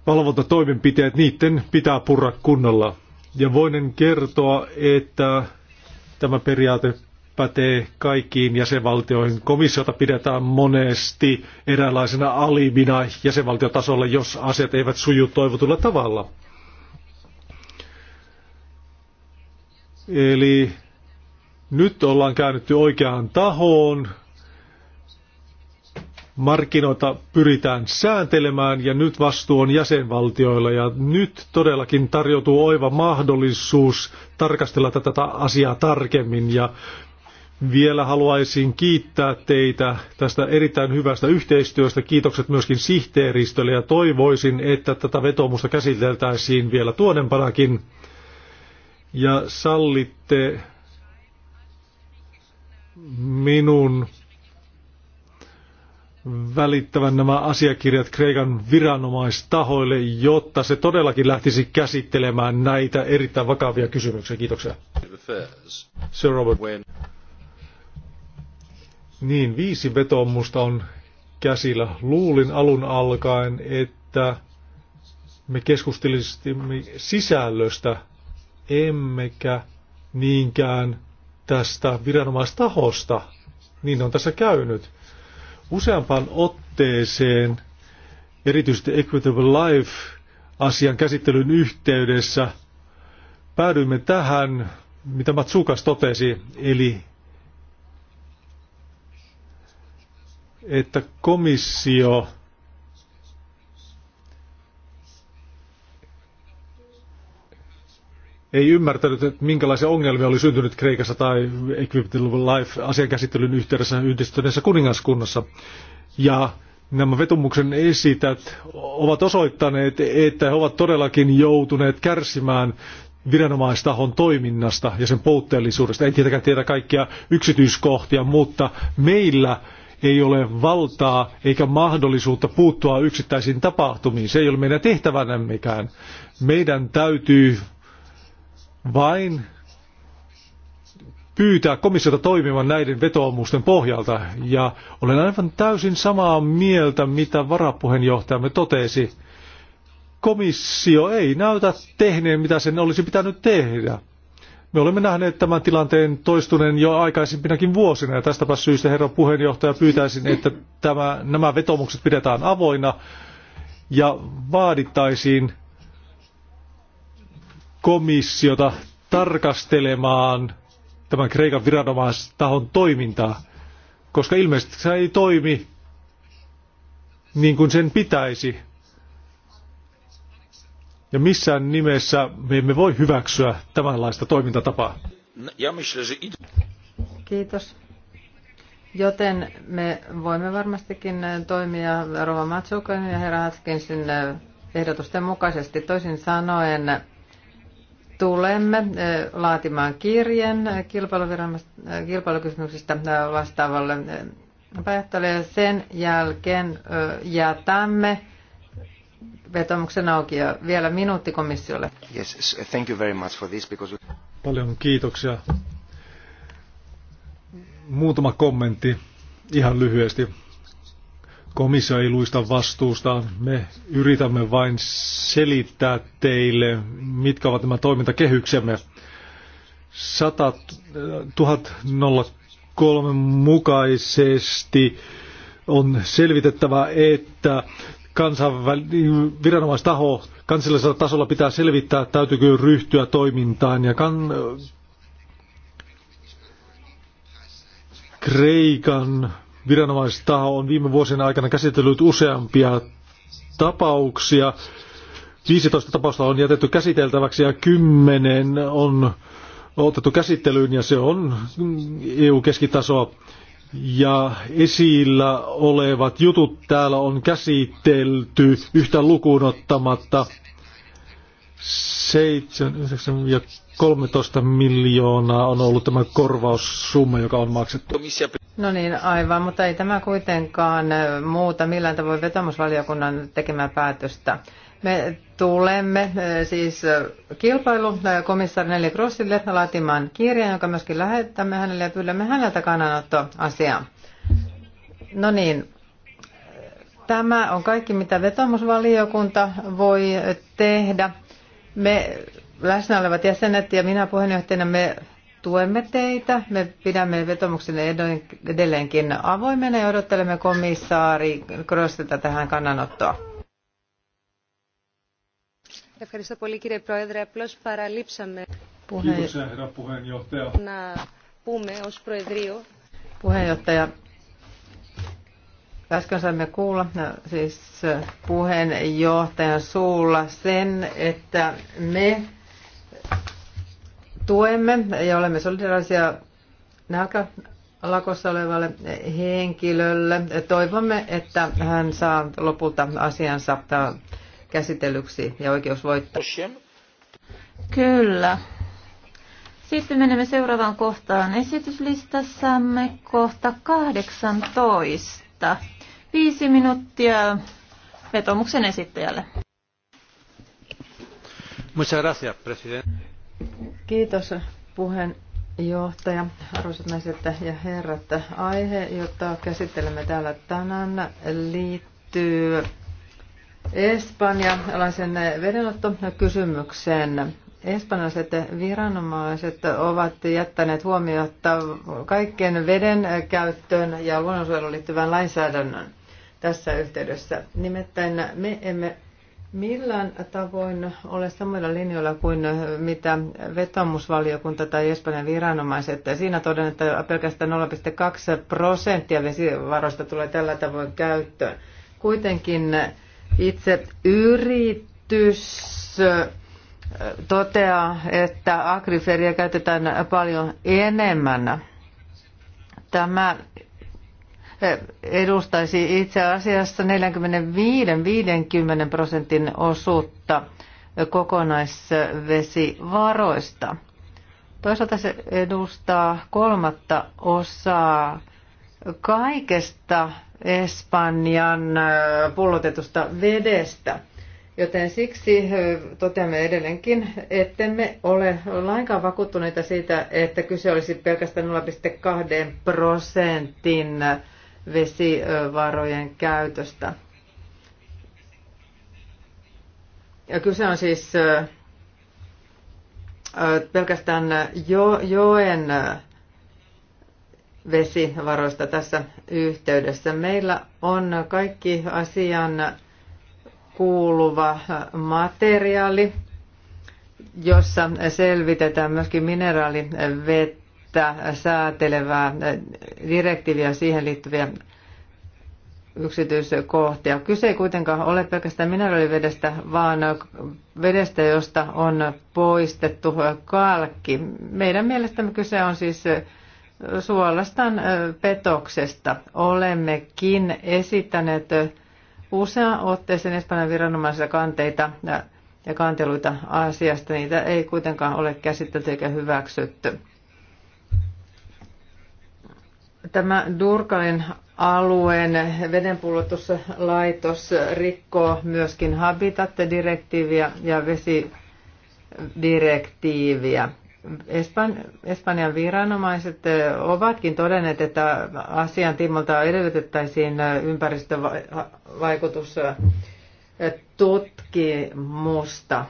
valvontatoimenpiteet, niiden pitää purra kunnolla. Ja voinen kertoa, että tämä periaate pätee kaikkiin jäsenvaltioihin. Komissiota pidetään monesti eräänlaisena alibina jäsenvaltiotasolla, jos asiat eivät suju toivotulla tavalla. Eli nyt ollaan käännetty oikeaan tahoon. Markkinoita pyritään sääntelemään ja nyt vastuu on jäsenvaltioilla ja nyt todellakin tarjoutuu oiva mahdollisuus tarkastella tätä asiaa tarkemmin ja vielä haluaisin kiittää teitä tästä erittäin hyvästä yhteistyöstä. Kiitokset myöskin sihteeristölle ja toivoisin, että tätä vetomusta käsiteltäisiin vielä tuonempanakin. Ja sallitte minun välittävän nämä asiakirjat Kreikan viranomaistahoille, jotta se todellakin lähtisi käsittelemään näitä erittäin vakavia kysymyksiä. Kiitoksia. Sir Robert. Niin, viisi vetomusta on käsillä. Luulin alun alkaen, että me keskustelisimme sisällöstä, emmekä niinkään tästä viranomaistahosta, niin on tässä käynyt. Useampaan otteeseen, erityisesti Equitable Life-asian käsittelyn yhteydessä, päädyimme tähän, mitä Matsukas totesi, eli että komissio ei ymmärtänyt, että minkälaisia ongelmia oli syntynyt Kreikassa tai Equipment Life asiakäsittelyn yhteydessä yhdistyneessä kuningaskunnassa. Ja nämä vetumuksen esitäjät ovat osoittaneet, että he ovat todellakin joutuneet kärsimään viranomaistahon toiminnasta ja sen puutteellisuudesta. En tietenkään tiedä kaikkia yksityiskohtia, mutta meillä ei ole valtaa eikä mahdollisuutta puuttua yksittäisiin tapahtumiin. Se ei ole meidän tehtävänämmekään. Meidän täytyy vain pyytää komissiota toimimaan näiden vetoomusten pohjalta. Ja olen aivan täysin samaa mieltä, mitä varapuheenjohtajamme totesi. Komissio ei näytä tehneen, mitä sen olisi pitänyt tehdä. Me olemme nähneet tämän tilanteen toistuneen jo aikaisempinakin vuosina ja tästäpä syystä herra puheenjohtaja pyytäisin, että tämä, nämä vetomukset pidetään avoina ja vaadittaisiin komissiota tarkastelemaan tämän Kreikan viranomaistahon toimintaa, koska ilmeisesti se ei toimi niin kuin sen pitäisi. Ja missään nimessä me emme voi hyväksyä tämänlaista toimintatapaa. Kiitos. Joten me voimme varmastikin toimia Rova Matsukan ja herra Hatkinsin ehdotusten mukaisesti. Toisin sanoen tulemme laatimaan kirjeen kilpailukysymyksistä vastaavalle päättäjälle ja sen jälkeen jätämme vetomuksen auki ja vielä minuutti komissiolle. Yes, thank you very much for this because... Paljon kiitoksia. Muutama kommentti ihan lyhyesti Komissio ei luista vastuusta. Me yritämme vain selittää teille, mitkä ovat nämä toimintakehyksemme. 100 003 mukaisesti on selvitettävä, että kansainvälinen viranomaistaho kansallisella tasolla pitää selvittää, täytyykö ryhtyä toimintaan. Ja kan, Kreikan viranomaistaho on viime vuosien aikana käsitellyt useampia tapauksia. 15 tapausta on jätetty käsiteltäväksi ja 10 on otettu käsittelyyn ja se on EU-keskitasoa. Ja esillä olevat jutut täällä on käsitelty yhtä lukuun ottamatta 7, 9 ja 13 miljoonaa on ollut tämä korvaussumma, joka on maksettu. No niin, aivan, mutta ei tämä kuitenkaan muuta millään tavoin vetomusvaliokunnan tekemää päätöstä. Me tulemme siis komissaari Nelly Grossille laatimaan kirjan, jonka myöskin lähetämme hänelle ja pyydämme häneltä kannanotto asiaan. No niin, tämä on kaikki mitä vetomusvaliokunta voi tehdä. Me läsnä olevat jäsenet ja minä puheenjohtajana me tuemme teitä. Me pidämme vetomuksen edelleenkin avoimena ja odottelemme komissaari Krostilta tähän kannanottoa. Ευχαριστώ πολύ κύριε Πρόεδρε. Απλώς παραλείψαμε να πούμε ως Προεδρείο. Puheenjohtaja, äsken saimme kuulla äh, siis äh, puheenjohtajan suulla sen, että me tuemme ja olemme solidaarisia nälkälakossa olevalle henkilölle. Toivomme, että hän saa lopulta asiansa käsitellyksi ja oikeus voittaa. Kyllä. Sitten menemme seuraavaan kohtaan esityslistassamme, kohta 18. Viisi minuuttia vetomuksen esittäjälle. Muchas gracias, presidente. Kiitos puheenjohtaja, arvoisat naiset ja herrat. Aihe, jota käsittelemme täällä tänään, liittyy espanjalaisen vedenottokysymykseen. Espanjalaiset viranomaiset ovat jättäneet huomiota kaikkien veden käyttöön ja luonnonsuojeluun liittyvän lainsäädännön tässä yhteydessä. Nimittäin me emme Millään tavoin ole samoilla linjoilla kuin mitä vetomusvaliokunta tai Espanjan viranomaiset. Siinä toden, että pelkästään 0,2 prosenttia vesivaroista tulee tällä tavoin käyttöön. Kuitenkin itse yritys toteaa, että agriferia käytetään paljon enemmän. Tämä edustaisi itse asiassa 45-50 prosentin osuutta kokonaisvesivaroista. Toisaalta se edustaa kolmatta osaa kaikesta Espanjan äh, pullotetusta vedestä. Joten siksi äh, toteamme edelleenkin, ettemme ole lainkaan vakuuttuneita siitä, että kyse olisi pelkästään 0,2 prosentin vesivarojen käytöstä. Ja kyse on siis pelkästään jo, joen vesivaroista tässä yhteydessä. Meillä on kaikki asian kuuluva materiaali, jossa selvitetään myöskin mineraalivettä yhtä säätelevää direktiiviä siihen liittyviä yksityiskohtia. Kyse ei kuitenkaan ole pelkästään mineraalivedestä, vaan vedestä, josta on poistettu kalkki. Meidän mielestämme kyse on siis suolastan petoksesta. Olemmekin esittäneet usean otteeseen Espanjan viranomaisia kanteita ja kanteluita asiasta. Niitä ei kuitenkaan ole käsitelty eikä hyväksytty. Tämä Durkalin alueen vedenpullotuslaitos rikkoo myöskin Habitat-direktiiviä ja vesidirektiiviä. Espanjan viranomaiset ovatkin todenneet, että asian tiimolta edellytettäisiin tutkimusta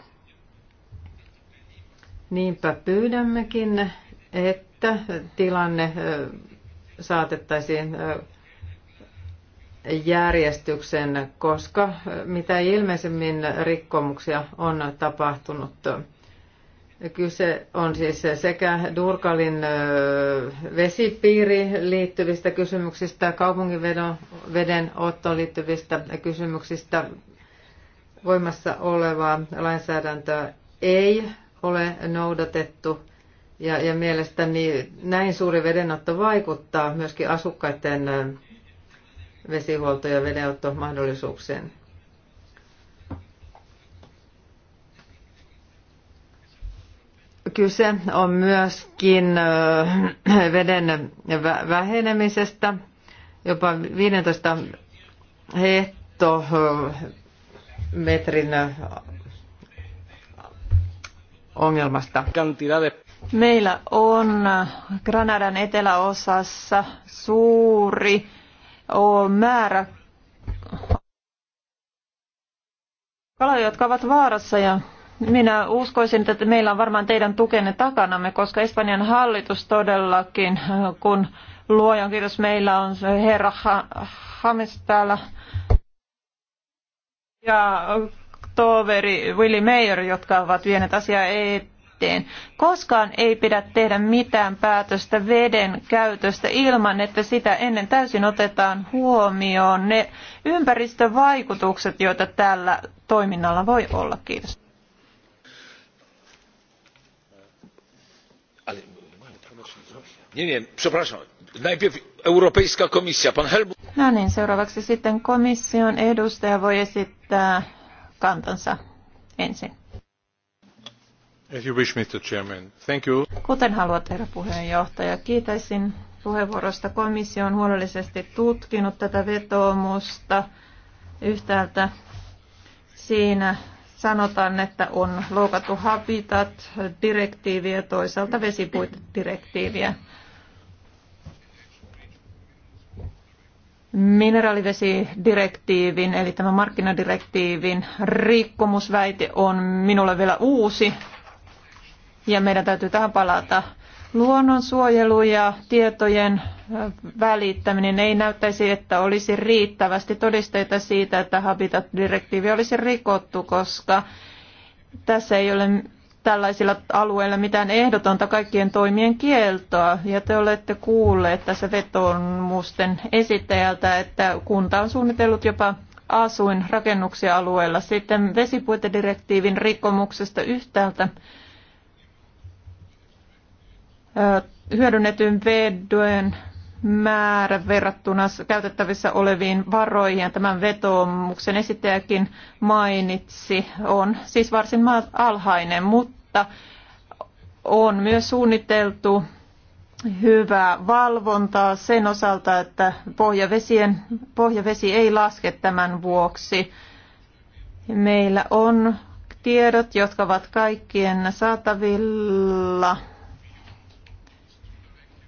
Niinpä pyydämmekin, että tilanne saatettaisiin järjestyksen, koska mitä ilmeisemmin rikkomuksia on tapahtunut. Kyse on siis sekä Durkalin vesipiiriin liittyvistä kysymyksistä, kaupunginveden ottoon liittyvistä kysymyksistä. Voimassa olevaa lainsäädäntöä ei ole noudatettu – ja, ja mielestäni näin suuri vedenotto vaikuttaa myöskin asukkaiden vesihuolto- ja vedenottomahdollisuuksiin. Kyse on myöskin veden vähenemisestä jopa 15 hehtometrin ongelmasta. Cantidades Meillä on Granadan eteläosassa suuri määrä kaloja, jotka ovat vaarassa ja minä uskoisin, että meillä on varmaan teidän tukenne takanamme, koska Espanjan hallitus todellakin, kun luojan kiitos meillä on herra Hames täällä ja toveri Willy Mayer, jotka ovat vienet asiaa eteenpäin jätteen. Koskaan ei pidä tehdä mitään päätöstä veden käytöstä ilman, että sitä ennen täysin otetaan huomioon ne ympäristövaikutukset, joita tällä toiminnalla voi olla. Kiitos. No niin, seuraavaksi sitten komission edustaja voi esittää kantansa ensin. Kuten haluat, herra puheenjohtaja. Kiitäisin puheenvuorosta. Komissio on huolellisesti tutkinut tätä vetoomusta yhtäältä. Siinä sanotaan, että on loukattu Habitat-direktiiviä, toisaalta vesipuitedirektiiviä. Mineraalivesidirektiivin eli tämän markkinadirektiivin rikkomusväite on minulle vielä uusi ja meidän täytyy tähän palata. Luonnonsuojelu ja tietojen välittäminen ei näyttäisi, että olisi riittävästi todisteita siitä, että Habitat-direktiivi olisi rikottu, koska tässä ei ole tällaisilla alueilla mitään ehdotonta kaikkien toimien kieltoa. Ja te olette kuulleet tässä vetomusten esittäjältä, että kunta on suunnitellut jopa asuinrakennuksia alueella. Sitten vesipuitedirektiivin rikkomuksesta yhtäältä hyödynnetyn vedon määrä verrattuna käytettävissä oleviin varoihin. Tämän vetoomuksen esittäjäkin mainitsi on siis varsin alhainen, mutta on myös suunniteltu hyvää valvontaa sen osalta, että pohjavesien, pohjavesi ei laske tämän vuoksi. Meillä on tiedot, jotka ovat kaikkien saatavilla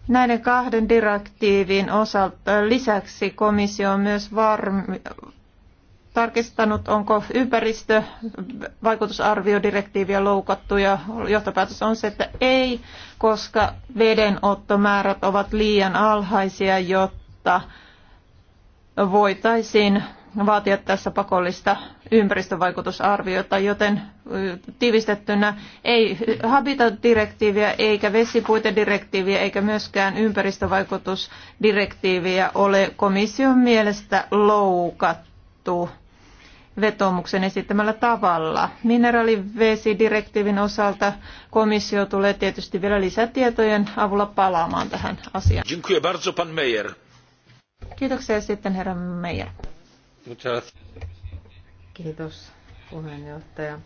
Näiden kahden direktiivin osalta lisäksi komissio on myös varmi, tarkistanut, onko ympäristövaikutusarviodirektiiviä loukattu ja johtopäätös on se, että ei, koska vedenottomäärät ovat liian alhaisia, jotta voitaisiin vaatia tässä pakollista ympäristövaikutusarviota, joten tiivistettynä ei Habitat-direktiiviä eikä vesipuitedirektiiviä eikä myöskään ympäristövaikutusdirektiiviä ole komission mielestä loukattu vetoomuksen esittämällä tavalla. Mineraalivesidirektiivin osalta komissio tulee tietysti vielä lisätietojen avulla palaamaan tähän asiaan. Kiitoksia sitten herra Meijer. Kiitos puheenjohtaja.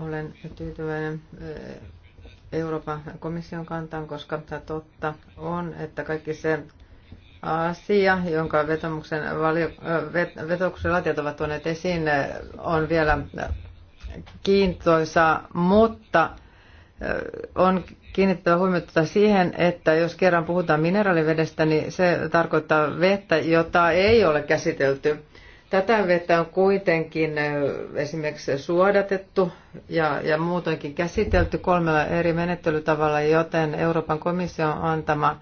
Olen tyytyväinen eh, Euroopan komission kantaan, koska totta on, että kaikki se asia, jonka vetomuksen valio, eh, vetoksen latiat ovat tuoneet esiin, eh, on vielä kiintoisa, mutta on kiinnittää huomiota siihen, että jos kerran puhutaan mineraalivedestä, niin se tarkoittaa vettä, jota ei ole käsitelty. Tätä vettä on kuitenkin esimerkiksi suodatettu ja, ja muutoinkin käsitelty kolmella eri menettelytavalla, joten Euroopan komission antama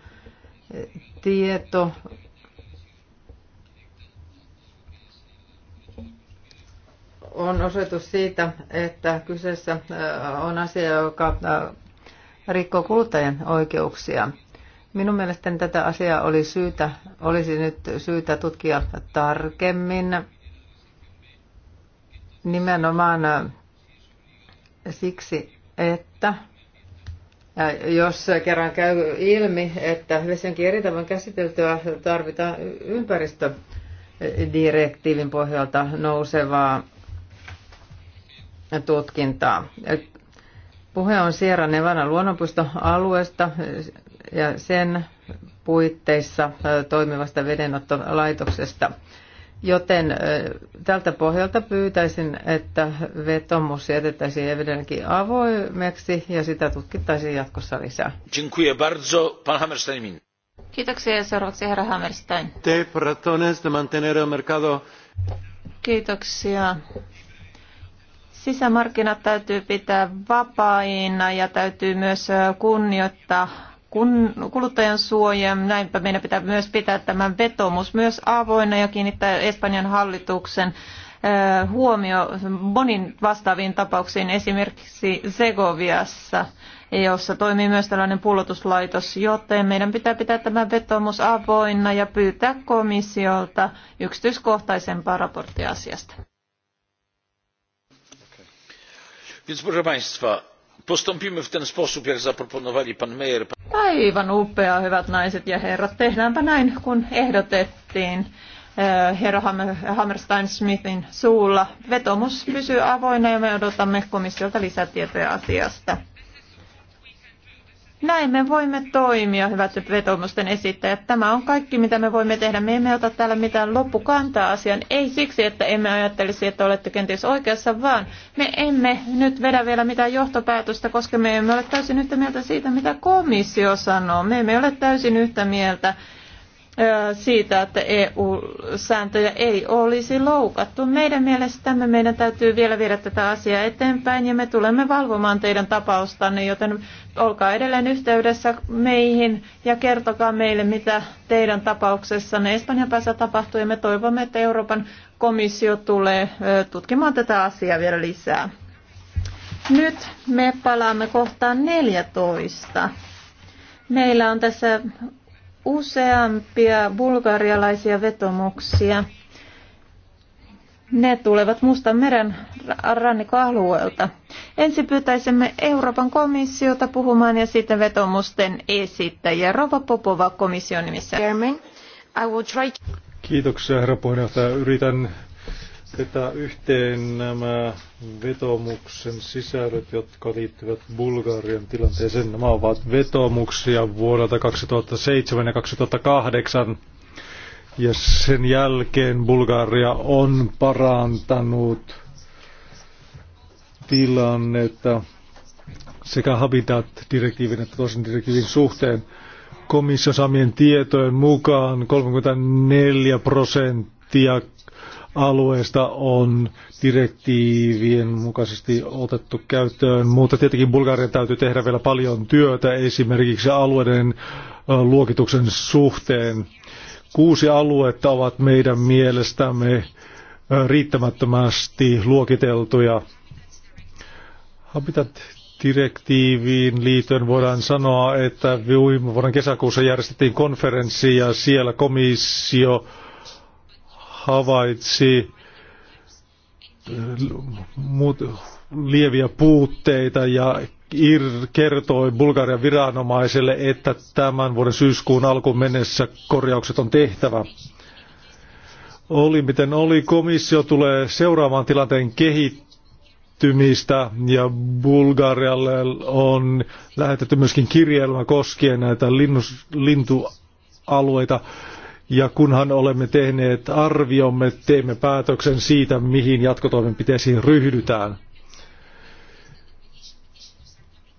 tieto on osoitus siitä, että kyseessä äh, on asia, joka äh, rikkoo kuluttajien oikeuksia. Minun mielestäni tätä asiaa oli syytä, olisi nyt syytä tutkia tarkemmin nimenomaan äh, siksi, että jos kerran käy ilmi, että vesienkin eri tavoin käsiteltyä tarvitaan ympäristödirektiivin pohjalta nousevaa tutkintaa. Puhe on Sierra Nevada luonnonpuistoalueesta ja sen puitteissa toimivasta vedenottolaitoksesta. Joten tältä pohjalta pyytäisin, että vetomus jätettäisiin edelleenkin avoimeksi ja sitä tutkittaisiin jatkossa lisää. Dziękuję bardzo, pan Hammerstein. Kiitoksia ja seuraavaksi herra Hammerstein. Te de el mercado. Kiitoksia. Sisämarkkinat täytyy pitää vapaina ja täytyy myös kunnioittaa kun kuluttajan suoja, näinpä meidän pitää myös pitää tämän vetomus myös avoinna ja kiinnittää Espanjan hallituksen huomio monin vastaaviin tapauksiin, esimerkiksi Segoviassa, jossa toimii myös tällainen pullotuslaitos, joten meidän pitää pitää tämä vetomus avoinna ja pyytää komissiolta yksityiskohtaisempaa raporttia asiasta. Więc proszę Państwa, postąpimy w ten sposób, jak zaproponowali pan Meyer. Aivan upea, hyvät naiset ja herrat. Tehdäänpä näin, kun ehdotettiin eh, herra Hammerstein Smithin suulla. Vetomus pysyy avoinna ja me odotamme komissiolta lisätietoja asiasta. Näin me voimme toimia, hyvät vetomusten esittäjät. Tämä on kaikki, mitä me voimme tehdä. Me emme ota täällä mitään loppukantaa asian. Ei siksi, että emme ajattelisi, että olette kenties oikeassa, vaan me emme nyt vedä vielä mitään johtopäätöstä, koska me emme ole täysin yhtä mieltä siitä, mitä komissio sanoo. Me emme ole täysin yhtä mieltä siitä, että EU-sääntöjä ei olisi loukattu. Meidän mielestämme meidän täytyy vielä viedä tätä asiaa eteenpäin ja me tulemme valvomaan teidän tapaustanne, joten olkaa edelleen yhteydessä meihin ja kertokaa meille, mitä teidän tapauksessanne Espanjan päässä tapahtuu ja me toivomme, että Euroopan komissio tulee tutkimaan tätä asiaa vielä lisää. Nyt me palaamme kohtaan 14. Meillä on tässä useampia bulgarialaisia vetomuksia. Ne tulevat Mustan meren rannikoalueelta. Ensin pyytäisimme Euroopan komissiota puhumaan ja sitten vetomusten esittäjä Rova Popova komission nimissä. Kiitoksia herra puheenjohtaja. Yritän tätä yhteen nämä vetomuksen sisällöt, jotka liittyvät Bulgarian tilanteeseen. Nämä ovat vetomuksia vuodelta 2007 ja 2008. Ja sen jälkeen Bulgaria on parantanut tilannetta sekä Habitat-direktiivin että toisen direktiivin suhteen. Komission saamien tietojen mukaan 34 prosenttia alueesta on direktiivien mukaisesti otettu käyttöön, mutta tietenkin Bulgarian täytyy tehdä vielä paljon työtä esimerkiksi alueiden luokituksen suhteen. Kuusi aluetta ovat meidän mielestämme riittämättömästi luokiteltuja. Habitat-direktiiviin liittyen voidaan sanoa, että viime vuoden kesäkuussa järjestettiin konferenssi ja siellä komissio havaitsi lieviä puutteita ja IR kertoi Bulgarian viranomaiselle, että tämän vuoden syyskuun alkuun mennessä korjaukset on tehtävä. Oli miten oli, komissio tulee seuraamaan tilanteen kehittymistä ja Bulgarialle on lähetetty myöskin kirjelmä koskien näitä linnus, lintualueita. Ja kunhan olemme tehneet arviomme, teemme päätöksen siitä, mihin jatkotoimenpiteisiin ryhdytään.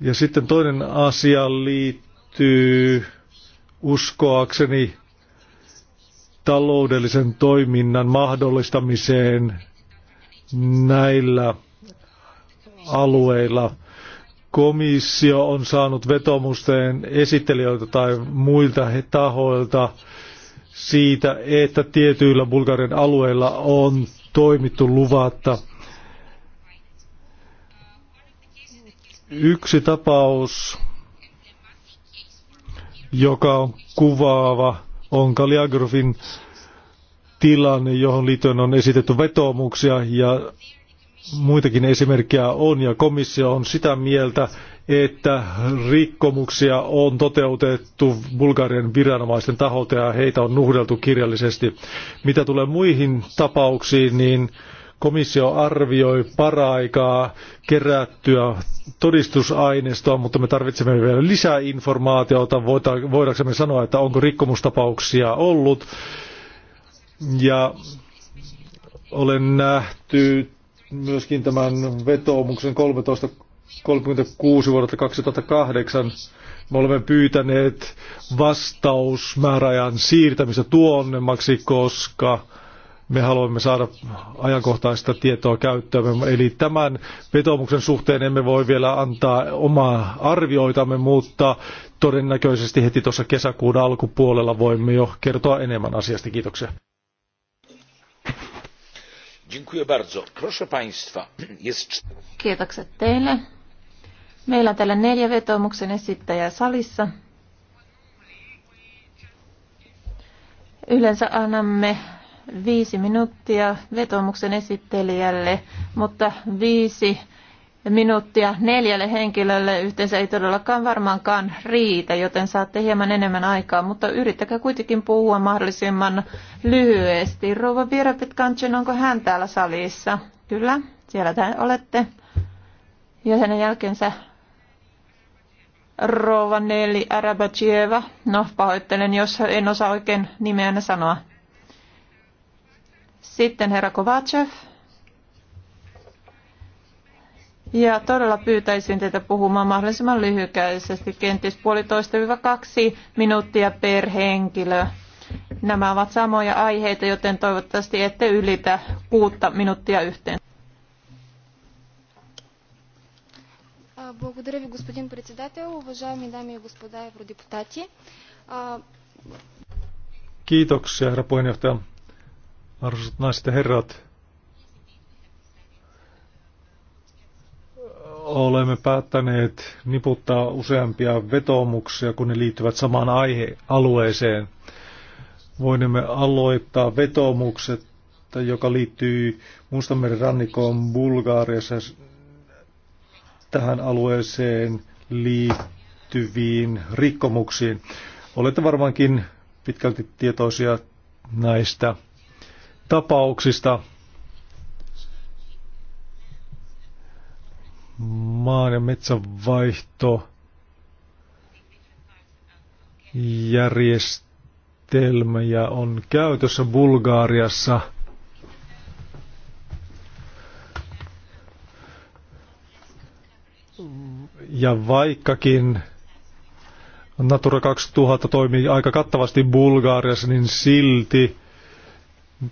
Ja sitten toinen asia liittyy uskoakseni taloudellisen toiminnan mahdollistamiseen näillä alueilla. Komissio on saanut vetomusten esittelijöiltä tai muilta tahoilta siitä, että tietyillä Bulgarian alueilla on toimittu luvatta. Yksi tapaus, joka on kuvaava, on Kaliagrofin tilanne, johon liittyen on esitetty vetoomuksia ja muitakin esimerkkejä on ja komissio on sitä mieltä, että rikkomuksia on toteutettu Bulgarian viranomaisten taholta ja heitä on nuhdeltu kirjallisesti. Mitä tulee muihin tapauksiin, niin komissio arvioi paraikaa kerättyä todistusaineistoa, mutta me tarvitsemme vielä lisää informaatiota, me sanoa, että onko rikkomustapauksia ollut. Ja olen nähty myöskin tämän vetoomuksen 1336 vuodelta 2008. Me olemme pyytäneet vastausmääräajan siirtämistä tuonnemmaksi, koska me haluamme saada ajankohtaista tietoa käyttöön. Eli tämän vetomuksen suhteen emme voi vielä antaa omaa arvioitamme, mutta todennäköisesti heti tuossa kesäkuun alkupuolella voimme jo kertoa enemmän asiasta. Kiitoksia. Dziękuję bardzo. Proszę Państwa, [CLEARS THROAT] jest... Kiitokset teille. Meillä on täällä neljä vetomuksen esittäjää salissa. Yleensä annamme viisi minuuttia vetomuksen esittelijälle, mutta viisi minuuttia neljälle henkilölle yhteensä ei todellakaan varmaankaan riitä, joten saatte hieman enemmän aikaa, mutta yrittäkää kuitenkin puhua mahdollisimman lyhyesti. Rouva Viera Pitkanchen, onko hän täällä salissa? Kyllä, siellä te olette. Ja hänen jälkeensä Rouva Neli Arabachieva. No, pahoittelen, jos en osaa oikein nimeänä sanoa. Sitten herra Kovacev. Ja todella pyytäisin teitä puhumaan mahdollisimman lyhykäisesti, kenties puolitoista kaksi minuuttia per henkilö. Nämä ovat samoja aiheita, joten toivottavasti ette ylitä kuutta minuuttia yhteen. Благодаря ви, господин председател. Уважаеми дами и господа евродепутати. Kiitoksia, herra puheenjohtaja. Arvoisat naiset ja herrat, olemme päättäneet niputtaa useampia vetoomuksia, kun ne liittyvät samaan aihealueeseen. Voimme aloittaa vetoomukset, joka liittyy Mustanmeren rannikkoon Bulgaariassa tähän alueeseen liittyviin rikkomuksiin. Olette varmaankin pitkälti tietoisia näistä tapauksista. maan ja järjestelmä ja on käytössä Bulgaariassa. Ja vaikkakin Natura 2000 toimii aika kattavasti Bulgaariassa, niin silti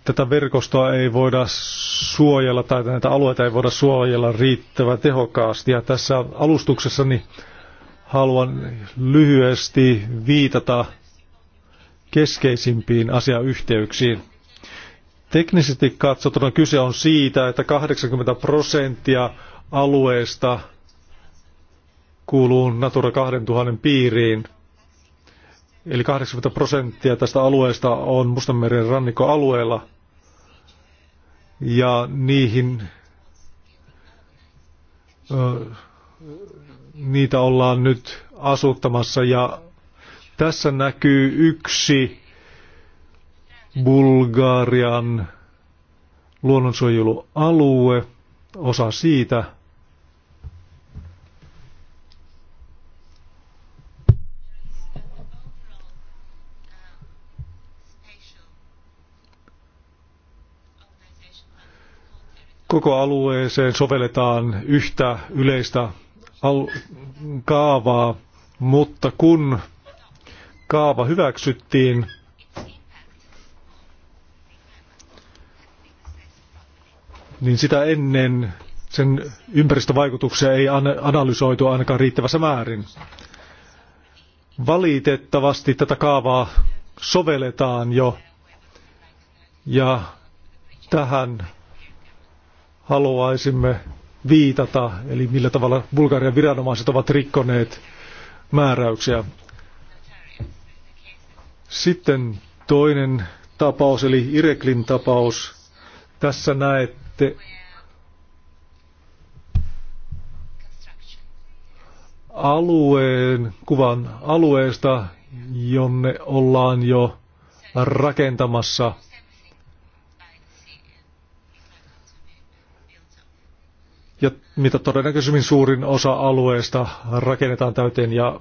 tätä verkostoa ei voida suojella tai näitä alueita ei voida suojella riittävän tehokkaasti. Ja tässä alustuksessani haluan lyhyesti viitata keskeisimpiin asiayhteyksiin. Teknisesti katsottuna kyse on siitä, että 80 prosenttia alueesta kuuluu Natura 2000 piiriin – Eli 80 prosenttia tästä alueesta on Mustanmeren rannikkoalueella. Ja niihin ö, niitä ollaan nyt asuttamassa. Ja tässä näkyy yksi Bulgarian luonnonsuojelualue, osa siitä – koko alueeseen sovelletaan yhtä yleistä kaavaa, mutta kun kaava hyväksyttiin, niin sitä ennen sen ympäristövaikutuksia ei analysoitu ainakaan riittävässä määrin. Valitettavasti tätä kaavaa sovelletaan jo ja tähän haluaisimme viitata, eli millä tavalla Bulgarian viranomaiset ovat rikkoneet määräyksiä. Sitten toinen tapaus, eli Ireklin tapaus. Tässä näette alueen, kuvan alueesta, jonne ollaan jo rakentamassa – ja mitä todennäköisemmin suurin osa alueesta rakennetaan täyteen ja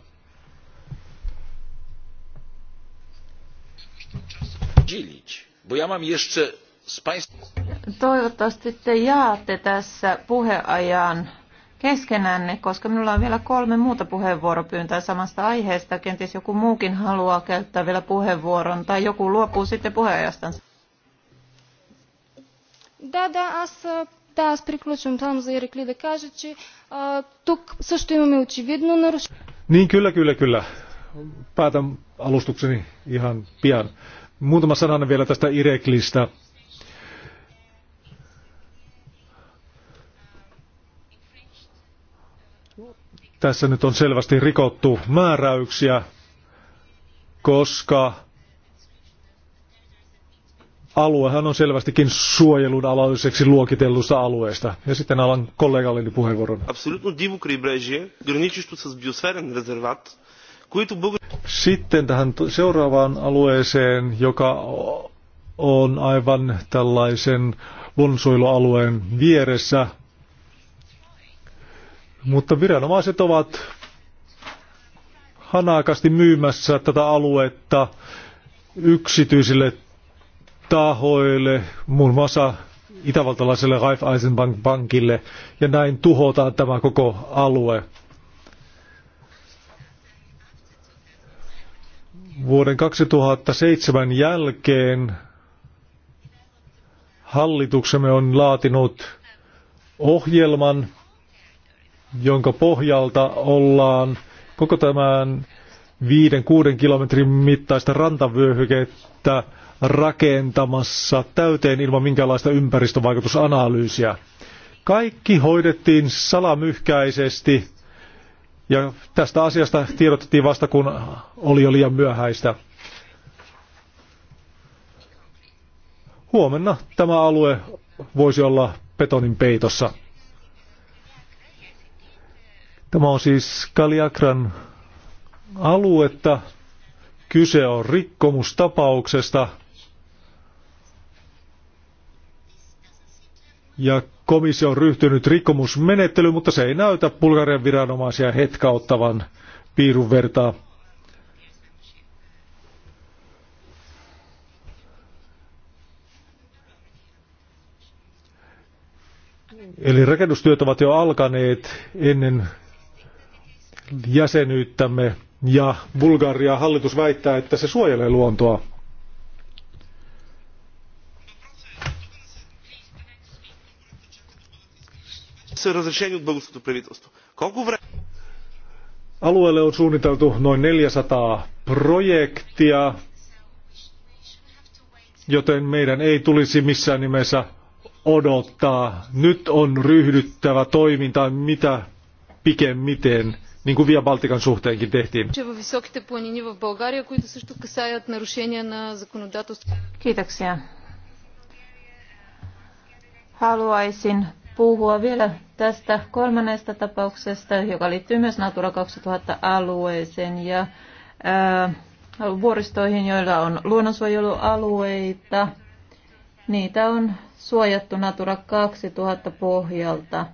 Toivottavasti te jaatte tässä puheajan keskenänne, koska minulla on vielä kolme muuta puheenvuoropyyntöä samasta aiheesta. Kenties joku muukin haluaa käyttää vielä puheenvuoron tai joku luopuu sitten puheajastansa. Da, da, as да, Аз приключвам там за Ирекли да кажа, че а, тук също имаме очевидно нарушение. Niin kyllä, kyllä, kyllä. Päätän alustukseni ihan pian. Muutama sananen vielä tästä Ireklistä. Tässä nyt on selvästi rikottu määräyksiä, koska aluehan on selvästikin suojelun alaiseksi luokitellusta alueesta. Ja sitten alan kollegalleni puheenvuoron. Sitten tähän seuraavaan alueeseen, joka on aivan tällaisen luonnonsuojelualueen vieressä. Mutta viranomaiset ovat hanakasti myymässä tätä aluetta yksityisille tahoille, muun muassa itävaltalaiselle pankille, ja näin tuhotaan tämä koko alue. Vuoden 2007 jälkeen hallituksemme on laatinut ohjelman, jonka pohjalta ollaan koko tämän 5-6 kilometrin mittaista rantavyöhykettä rakentamassa täyteen ilman minkäänlaista ympäristövaikutusanalyysiä. Kaikki hoidettiin salamyhkäisesti ja tästä asiasta tiedotettiin vasta kun oli jo liian myöhäistä. Huomenna tämä alue voisi olla betonin peitossa. Tämä on siis Kaliakran aluetta. Kyse on rikkomustapauksesta – ja komissio on ryhtynyt rikkomusmenettelyyn, mutta se ei näytä Bulgarian viranomaisia hetkauttavan piirun vertaa. Eli rakennustyöt ovat jo alkaneet ennen jäsenyyttämme ja Bulgaria hallitus väittää, että se suojelee luontoa. Alueelle on suunniteltu noin 400 projektia, joten meidän ei tulisi missään nimessä odottaa. Nyt on ryhdyttävä toimintaan mitä pikemmiten, niin kuin Via Baltikan suhteenkin tehtiin. Kiitoksia. Haluaisin puhua vielä tästä kolmannesta tapauksesta, joka liittyy myös Natura 2000-alueeseen ja ää, vuoristoihin, joilla on luonnonsuojelualueita. Niitä on suojattu Natura 2000 pohjalta.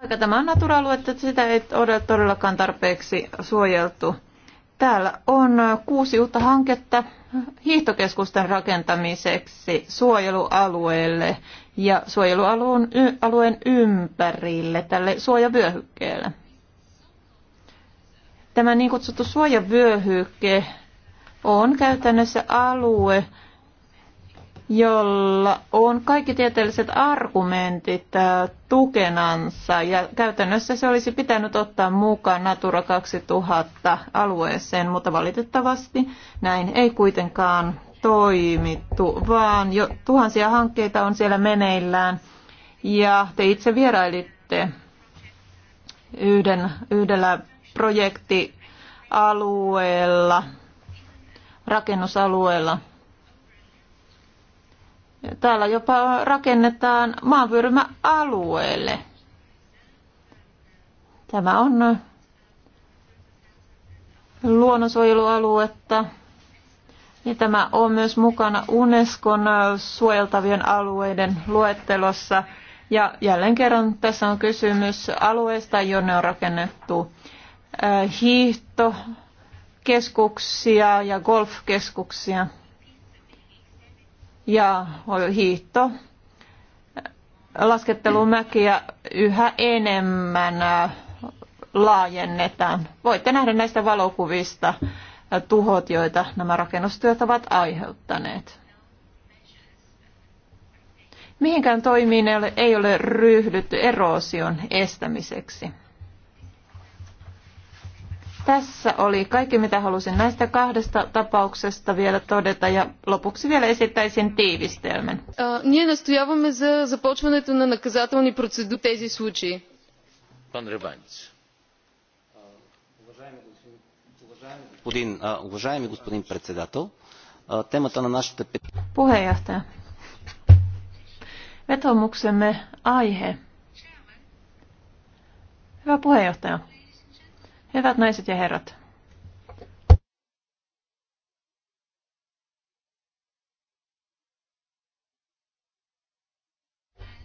Vaikka tämä on natura-aluetta, sitä ei ole todellakaan tarpeeksi suojeltu. Täällä on kuusi uutta hanketta hiihtokeskusten rakentamiseksi suojelualueelle ja suojelualueen ympärille tälle suojavyöhykkeelle. Tämä niin kutsuttu suojavyöhyke on käytännössä alue, jolla on kaikki tieteelliset argumentit äh, tukenansa ja käytännössä se olisi pitänyt ottaa mukaan Natura 2000 alueeseen, mutta valitettavasti näin ei kuitenkaan toimittu, vaan jo tuhansia hankkeita on siellä meneillään ja te itse vierailitte yhden, yhdellä projektialueella, rakennusalueella – Täällä jopa rakennetaan alueelle. Tämä on luonnonsuojelualuetta. Ja tämä on myös mukana Unescon suojeltavien alueiden luettelossa. Ja jälleen kerran tässä on kysymys alueesta, jonne on rakennettu äh, hiihtokeskuksia ja golfkeskuksia ja hiihto laskettelumäkiä yhä enemmän äh, laajennetaan. Voitte nähdä näistä valokuvista äh, tuhot, joita nämä rakennustyöt ovat aiheuttaneet. Mihinkään toimiin ei ole ryhdytty eroosion estämiseksi. Tässä oli kaikki, mitä halusin näistä kahdesta tapauksesta vielä todeta ja lopuksi vielä esittäisin tiivistelmän. Ние настояваме за започването на наказателни процедури тези случаи. Пан Реванец. Уважаеми господин председател, темата на нашата... Puheenjohtaja. Vetomuksemme aihe. Hyvä puheenjohtaja. Hyvät naiset ja herrat.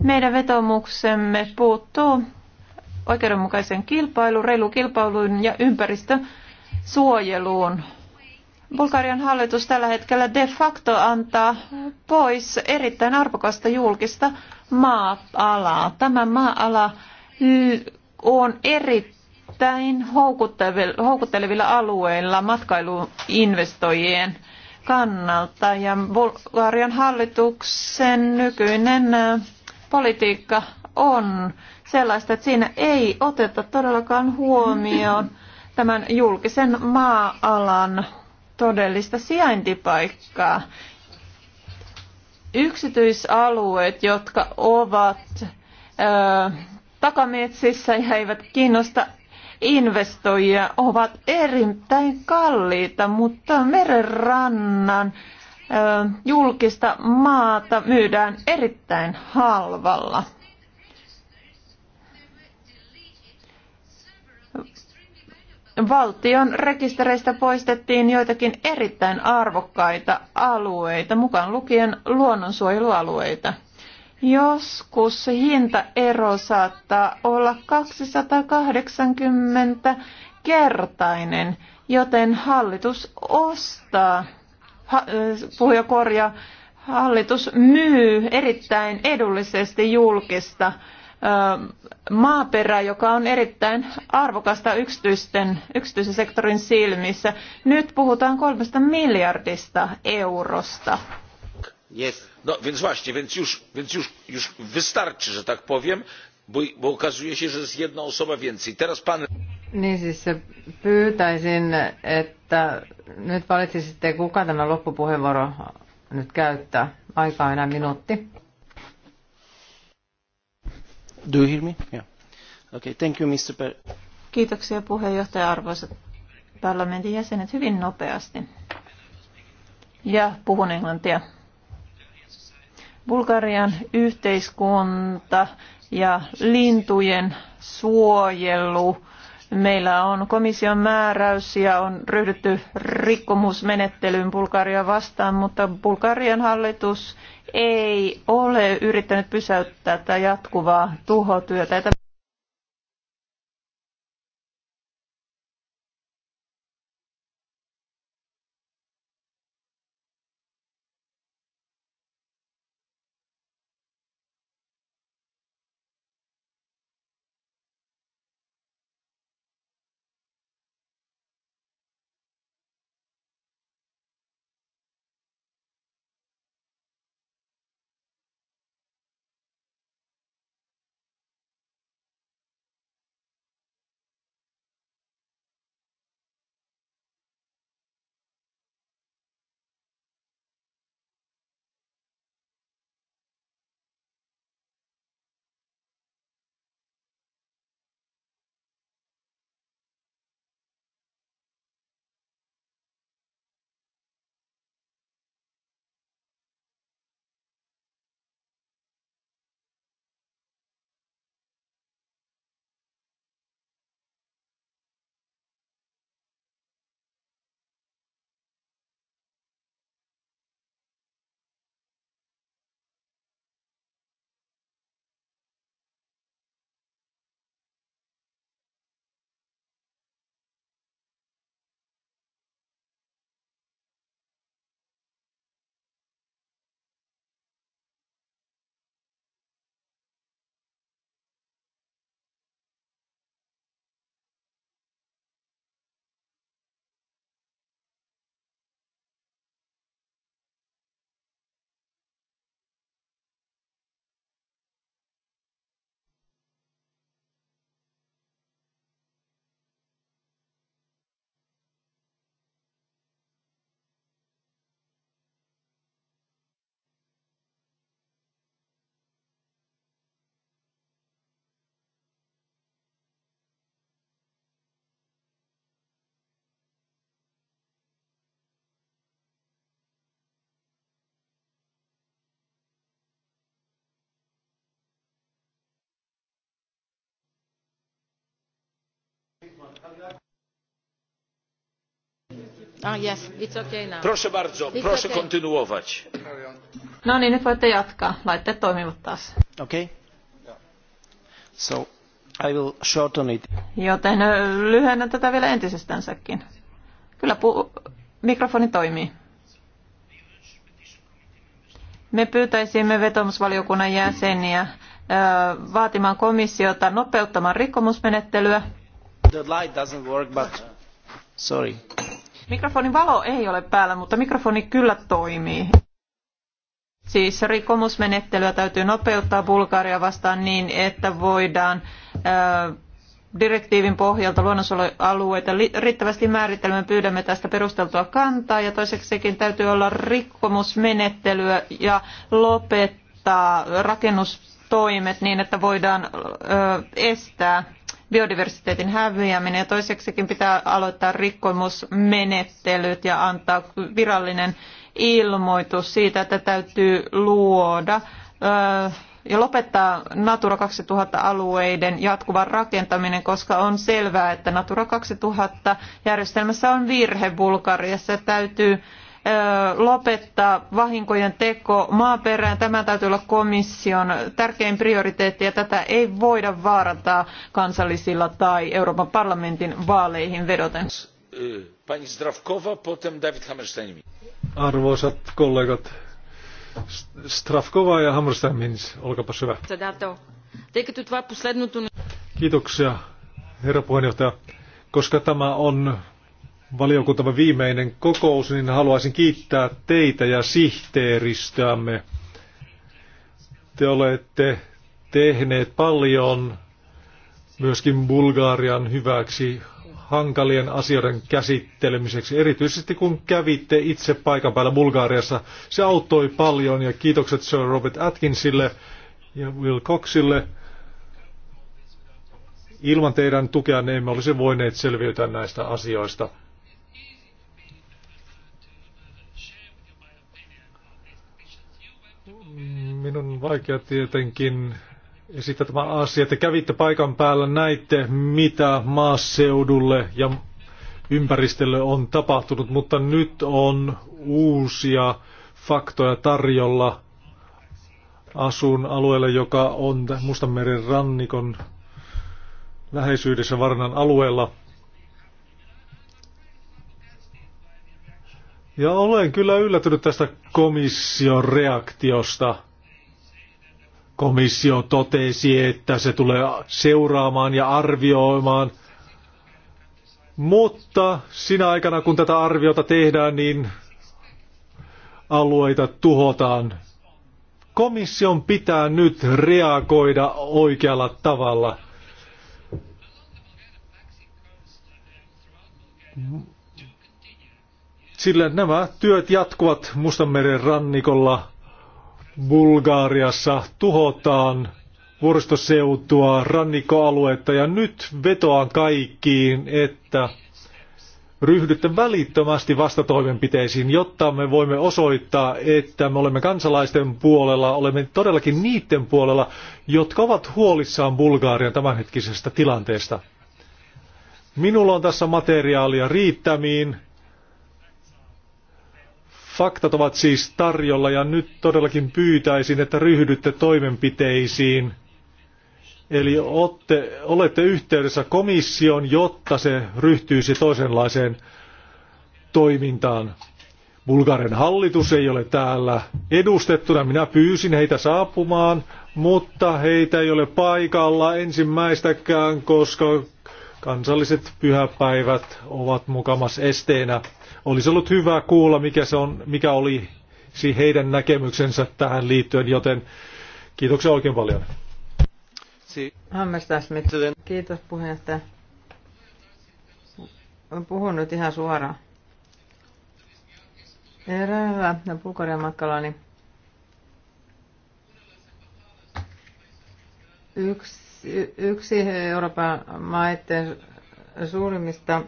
Meidän vetomuksemme puuttuu oikeudenmukaisen kilpailuun, reilu kilpailuun ja ympäristösuojeluun. Bulgarian hallitus tällä hetkellä de facto antaa pois erittäin arvokasta julkista maa-alaa. Tämä maa-ala on erittäin erittäin houkuttelevilla alueilla matkailuinvestoijien kannalta ja Bulgarian hallituksen nykyinen politiikka on sellaista, että siinä ei oteta todellakaan huomioon tämän julkisen maa-alan todellista sijaintipaikkaa. Yksityisalueet, jotka ovat ö, takametsissä ja eivät kiinnosta investoijia ovat erittäin kalliita, mutta merenrannan julkista maata myydään erittäin halvalla. Valtion rekistereistä poistettiin joitakin erittäin arvokkaita alueita, mukaan lukien luonnonsuojelualueita. Joskus hintaero saattaa olla 280 kertainen, joten hallitus ostaa, ha, puhuja korjaa, hallitus myy erittäin edullisesti julkista maaperää, joka on erittäin arvokasta yksityisten, yksityisen sektorin silmissä. Nyt puhutaan kolmesta miljardista eurosta. No więc właśnie, więc, już, wystarczy, że tak powiem, bo, okazuje się, że jest jedna osoba więcej. Teraz pan... Niin siis pyytäisin, että nyt valitsisitte, kuka tämä loppupuheenvuoro nyt käyttää. Aikaa enää minuutti. Do you hear me? Yeah. Okay, thank you, Mr. Per... Kiitoksia puheenjohtaja, arvoisat parlamentin jäsenet, hyvin nopeasti. Ja puhun englantia. Bulgarian yhteiskunta ja lintujen suojelu. Meillä on komission määräys ja on ryhdytty rikkomusmenettelyyn Bulgaria vastaan, mutta Bulgarian hallitus ei ole yrittänyt pysäyttää tätä jatkuvaa tuhotyötä. Oh, yes. It's okay now. Proszę bardzo, It's proszę okay. kontynuować. No niin, nyt voitte jatkaa. Laitteet toimivat taas. Okay. So, I will shorten it. Joten lyhennän tätä vielä entisestäänsäkin. Kyllä pu- mikrofoni toimii. Me pyytäisimme vetomusvaliokunnan jäseniä vaatimaan komissiota nopeuttamaan rikkomusmenettelyä The light doesn't work, but... Uh, sorry. Mikrofonin valo ei ole päällä, mutta mikrofoni kyllä toimii. Siis rikomusmenettelyä täytyy nopeuttaa Bulgaria vastaan niin, että voidaan äh, direktiivin pohjalta luonnonsuojelualueita riittävästi määritelmään pyydämme tästä perusteltua kantaa ja toiseksi sekin täytyy olla rikkomusmenettelyä ja lopettaa rakennustoimet niin, että voidaan äh, estää biodiversiteetin häviäminen ja toiseksikin pitää aloittaa rikkomusmenettelyt ja antaa virallinen ilmoitus siitä, että täytyy luoda ja lopettaa Natura 2000-alueiden jatkuva rakentaminen, koska on selvää, että Natura 2000-järjestelmässä on virhe Bulgariassa. Täytyy lopettaa vahinkojen teko maaperään. Tämä täytyy olla komission tärkein prioriteetti ja tätä ei voida vaarantaa kansallisilla tai Euroopan parlamentin vaaleihin vedoten. Pani Zdravkova, potem David Hammerstein. Arvoisat kollegat, Strafkova ja Hammerstein, olkapa hyvä. Kiitoksia, herra puheenjohtaja. Koska tämä on valiokuntamme viimeinen kokous, niin haluaisin kiittää teitä ja sihteeristöämme. Te olette tehneet paljon myöskin Bulgarian hyväksi hankalien asioiden käsittelemiseksi, erityisesti kun kävitte itse paikan päällä Bulgariassa. Se auttoi paljon ja kiitokset Sir Robert Atkinsille ja Will Coxille. Ilman teidän tukea ne emme olisi voineet selviytyä näistä asioista. minun vaikea tietenkin esittää tämä asia, että kävitte paikan päällä, näitte mitä maaseudulle ja ympäristölle on tapahtunut, mutta nyt on uusia faktoja tarjolla. Asun alueelle, joka on Mustanmeren rannikon läheisyydessä Varnan alueella – Ja olen kyllä yllätynyt tästä komission reaktiosta. Komissio totesi, että se tulee seuraamaan ja arvioimaan. Mutta sinä aikana, kun tätä arviota tehdään, niin alueita tuhotaan. Komission pitää nyt reagoida oikealla tavalla sillä nämä työt jatkuvat Mustanmeren rannikolla. Bulgaariassa tuhotaan vuoristoseutua, rannikkoaluetta ja nyt vetoan kaikkiin, että ryhdytte välittömästi vastatoimenpiteisiin, jotta me voimme osoittaa, että me olemme kansalaisten puolella, olemme todellakin niiden puolella, jotka ovat huolissaan Bulgaarian tämänhetkisestä tilanteesta. Minulla on tässä materiaalia riittämiin. Faktat ovat siis tarjolla ja nyt todellakin pyytäisin, että ryhdytte toimenpiteisiin. Eli olette yhteydessä komissioon, jotta se ryhtyisi toisenlaiseen toimintaan. Bulgarian hallitus ei ole täällä edustettuna. Minä pyysin heitä saapumaan, mutta heitä ei ole paikalla ensimmäistäkään, koska Kansalliset pyhäpäivät ovat mukamas esteenä. Olisi ollut hyvä kuulla, mikä, se on, mikä oli heidän näkemyksensä tähän liittyen, joten kiitoksia oikein paljon. Kiitos puheenjohtaja. Puhun nyt ihan suoraan. Eräällä Bulgarian matkalla niin yksi yksi Euroopan maiden suurimmista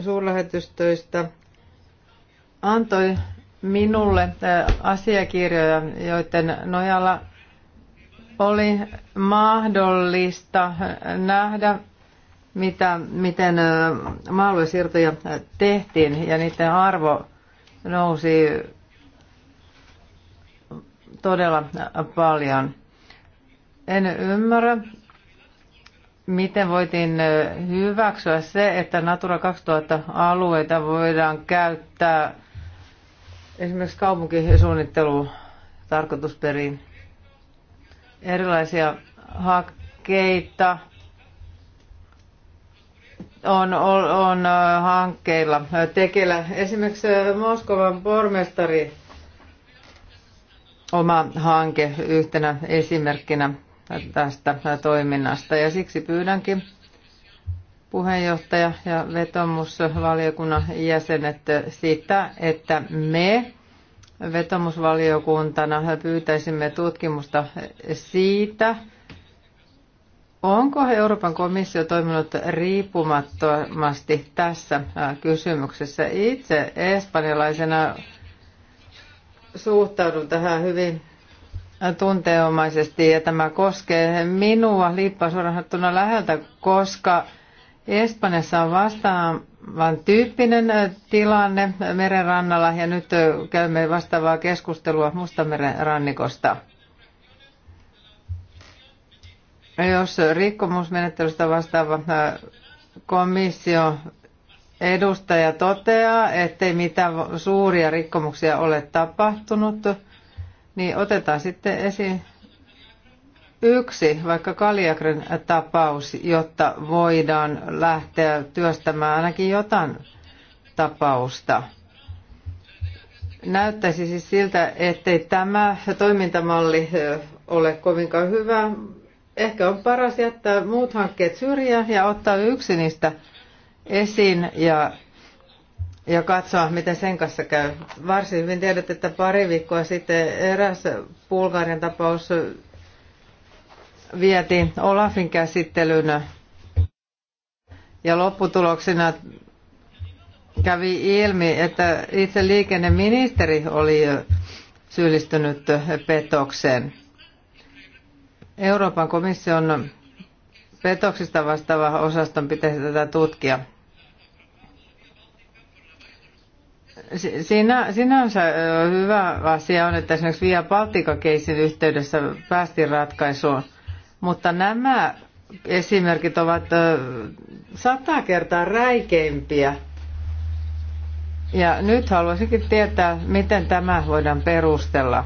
suurlähetystöistä antoi minulle asiakirjoja, joiden nojalla oli mahdollista nähdä, mitä, miten maaluesiirtoja tehtiin ja niiden arvo nousi todella paljon. En ymmärrä, miten voitiin hyväksyä se, että Natura 2000-alueita voidaan käyttää esimerkiksi kaupunkisuunnittelutarkoitusperiin erilaisia hakkeita on, on, on hankkeilla tekellä. Esimerkiksi Moskovan pormestari oma hanke yhtenä esimerkkinä tästä toiminnasta. Ja siksi pyydänkin puheenjohtaja ja vetomusvaliokunnan jäsenet sitä, että me vetomusvaliokuntana pyytäisimme tutkimusta siitä, Onko Euroopan komissio toiminut riippumattomasti tässä kysymyksessä? Itse espanjalaisena suhtaudun tähän hyvin tunteomaisesti ja tämä koskee minua liippaa suoraan läheltä, koska Espanjassa on vastaavan tyyppinen äh, tilanne merenrannalla ja nyt äh, käymme vastaavaa keskustelua Mustameren rannikosta. Jos rikkomusmenettelystä vastaava äh, komissio edustaja toteaa, ettei mitään suuria rikkomuksia ole tapahtunut, niin otetaan sitten esiin yksi, vaikka Kaliakren tapaus, jotta voidaan lähteä työstämään ainakin jotain tapausta. Näyttäisi siis siltä, ettei tämä toimintamalli ole kovinkaan hyvä. Ehkä on paras jättää muut hankkeet syrjään ja ottaa yksi niistä esiin ja, ja katsoa, miten sen kanssa käy. Varsin hyvin tiedät, että pari viikkoa sitten eräs Bulgarian tapaus vietiin Olafin käsittelyn ja lopputuloksena kävi ilmi, että itse liikenneministeri oli syyllistynyt petokseen. Euroopan komission petoksista vastaava osaston pitäisi tätä tutkia. Sinä, sinänsä hyvä asia on, että esimerkiksi Via Baltica-keisin yhteydessä päästiin ratkaisuun, mutta nämä esimerkit ovat sata kertaa räikeimpiä. Ja nyt haluaisinkin tietää, miten tämä voidaan perustella.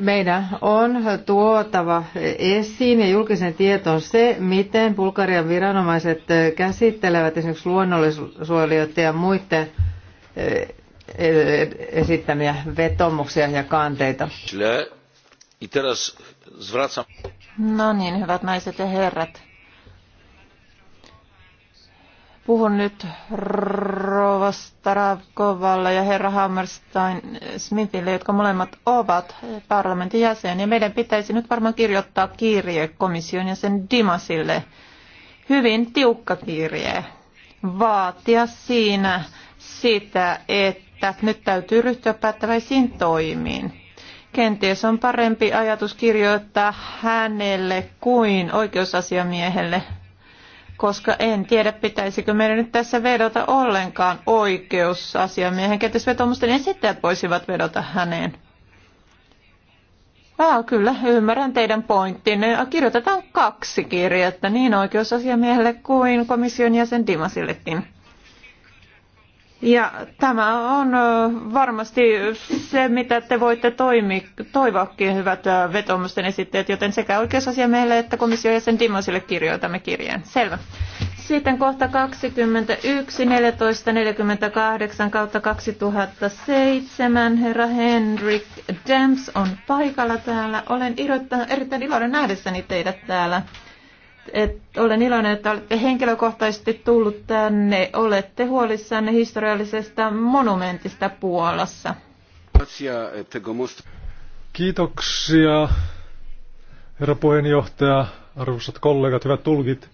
Meidän on tuotava esiin ja julkisen tietoon se, miten Bulgarian viranomaiset käsittelevät esimerkiksi luonnollisuolijoiden ja muiden esittämiä vetomuksia ja kanteita. No niin, hyvät naiset ja herrat puhun nyt Rova Staravkovalle ja herra Hammerstein Smithille, jotka molemmat ovat parlamentin jäseniä. Meidän pitäisi nyt varmaan kirjoittaa kirje komission ja sen Dimasille. Hyvin tiukka kirje. Vaatia siinä sitä, että nyt täytyy ryhtyä päättäväisiin toimiin. Kenties on parempi ajatus kirjoittaa hänelle kuin oikeusasiamiehelle koska en tiedä, pitäisikö meidän nyt tässä vedota ollenkaan oikeusasiamiehen, ketäs vetomusten esittäjät voisivat vedota häneen. Ah, kyllä, ymmärrän teidän pointtinne. Kirjoitetaan kaksi kirjettä, niin oikeusasiamiehelle kuin komission jäsen Dimasillekin. Ja tämä on varmasti se, mitä te voitte toivoakin, hyvät vetomusten esitteet, joten sekä oikeusasiamiehelle että komission jäsen Dimosille kirjoitamme kirjeen. Selvä. Sitten kohta 21, 14, 48 kautta 2007. Herra Henrik Dems on paikalla täällä. Olen erittäin iloinen nähdessäni teidät täällä et, olen iloinen, että olette henkilökohtaisesti tullut tänne. Olette huolissanne historiallisesta monumentista Puolassa. Eh, Kiitoksia, herra puheenjohtaja, arvoisat kollegat, hyvät tulkit.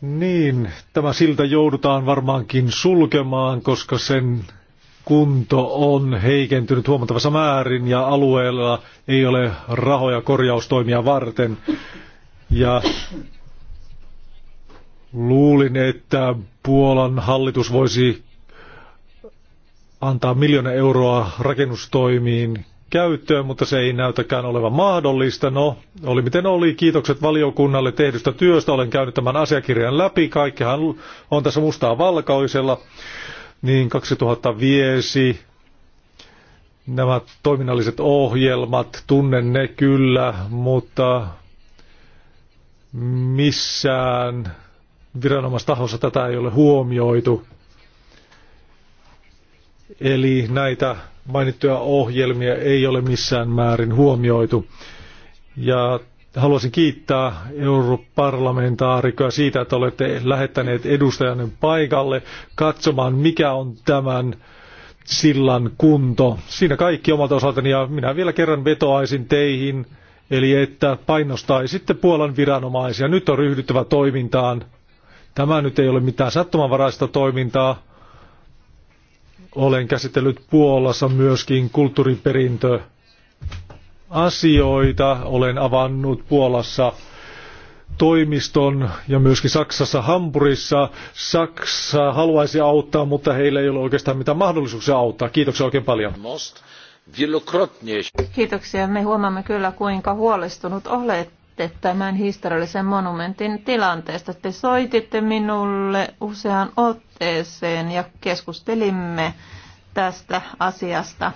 Niin, tämä siltä joudutaan varmaankin sulkemaan, koska sen kunto on heikentynyt huomattavassa määrin ja alueella ei ole rahoja korjaustoimia varten. Ja luulin, että Puolan hallitus voisi antaa miljoona euroa rakennustoimiin käyttöön, mutta se ei näytäkään olevan mahdollista. No, oli miten oli. Kiitokset valiokunnalle tehdystä työstä. Olen käynyt tämän asiakirjan läpi. Kaikkihan on tässä mustaa valkoisella. Niin 2005 nämä toiminnalliset ohjelmat, tunnen ne kyllä, mutta missään viranomaistahossa tätä ei ole huomioitu. Eli näitä mainittuja ohjelmia ei ole missään määrin huomioitu. Ja haluaisin kiittää europarlamentaarikoja siitä, että olette lähettäneet edustajanne paikalle katsomaan, mikä on tämän sillan kunto. Siinä kaikki omalta osaltani ja minä vielä kerran vetoaisin teihin – Eli että painostaa sitten Puolan viranomaisia. Nyt on ryhdyttävä toimintaan. Tämä nyt ei ole mitään sattumanvaraista toimintaa. Olen käsitellyt Puolassa myöskin kulttuuriperintö asioita. Olen avannut Puolassa toimiston ja myöskin Saksassa Hampurissa. Saksa haluaisi auttaa, mutta heillä ei ole oikeastaan mitään mahdollisuuksia auttaa. Kiitoksia oikein paljon. Most. Kiitoksia. Me huomaamme kyllä, kuinka huolestunut olette tämän historiallisen monumentin tilanteesta. Te soititte minulle useaan otteeseen ja keskustelimme tästä asiasta.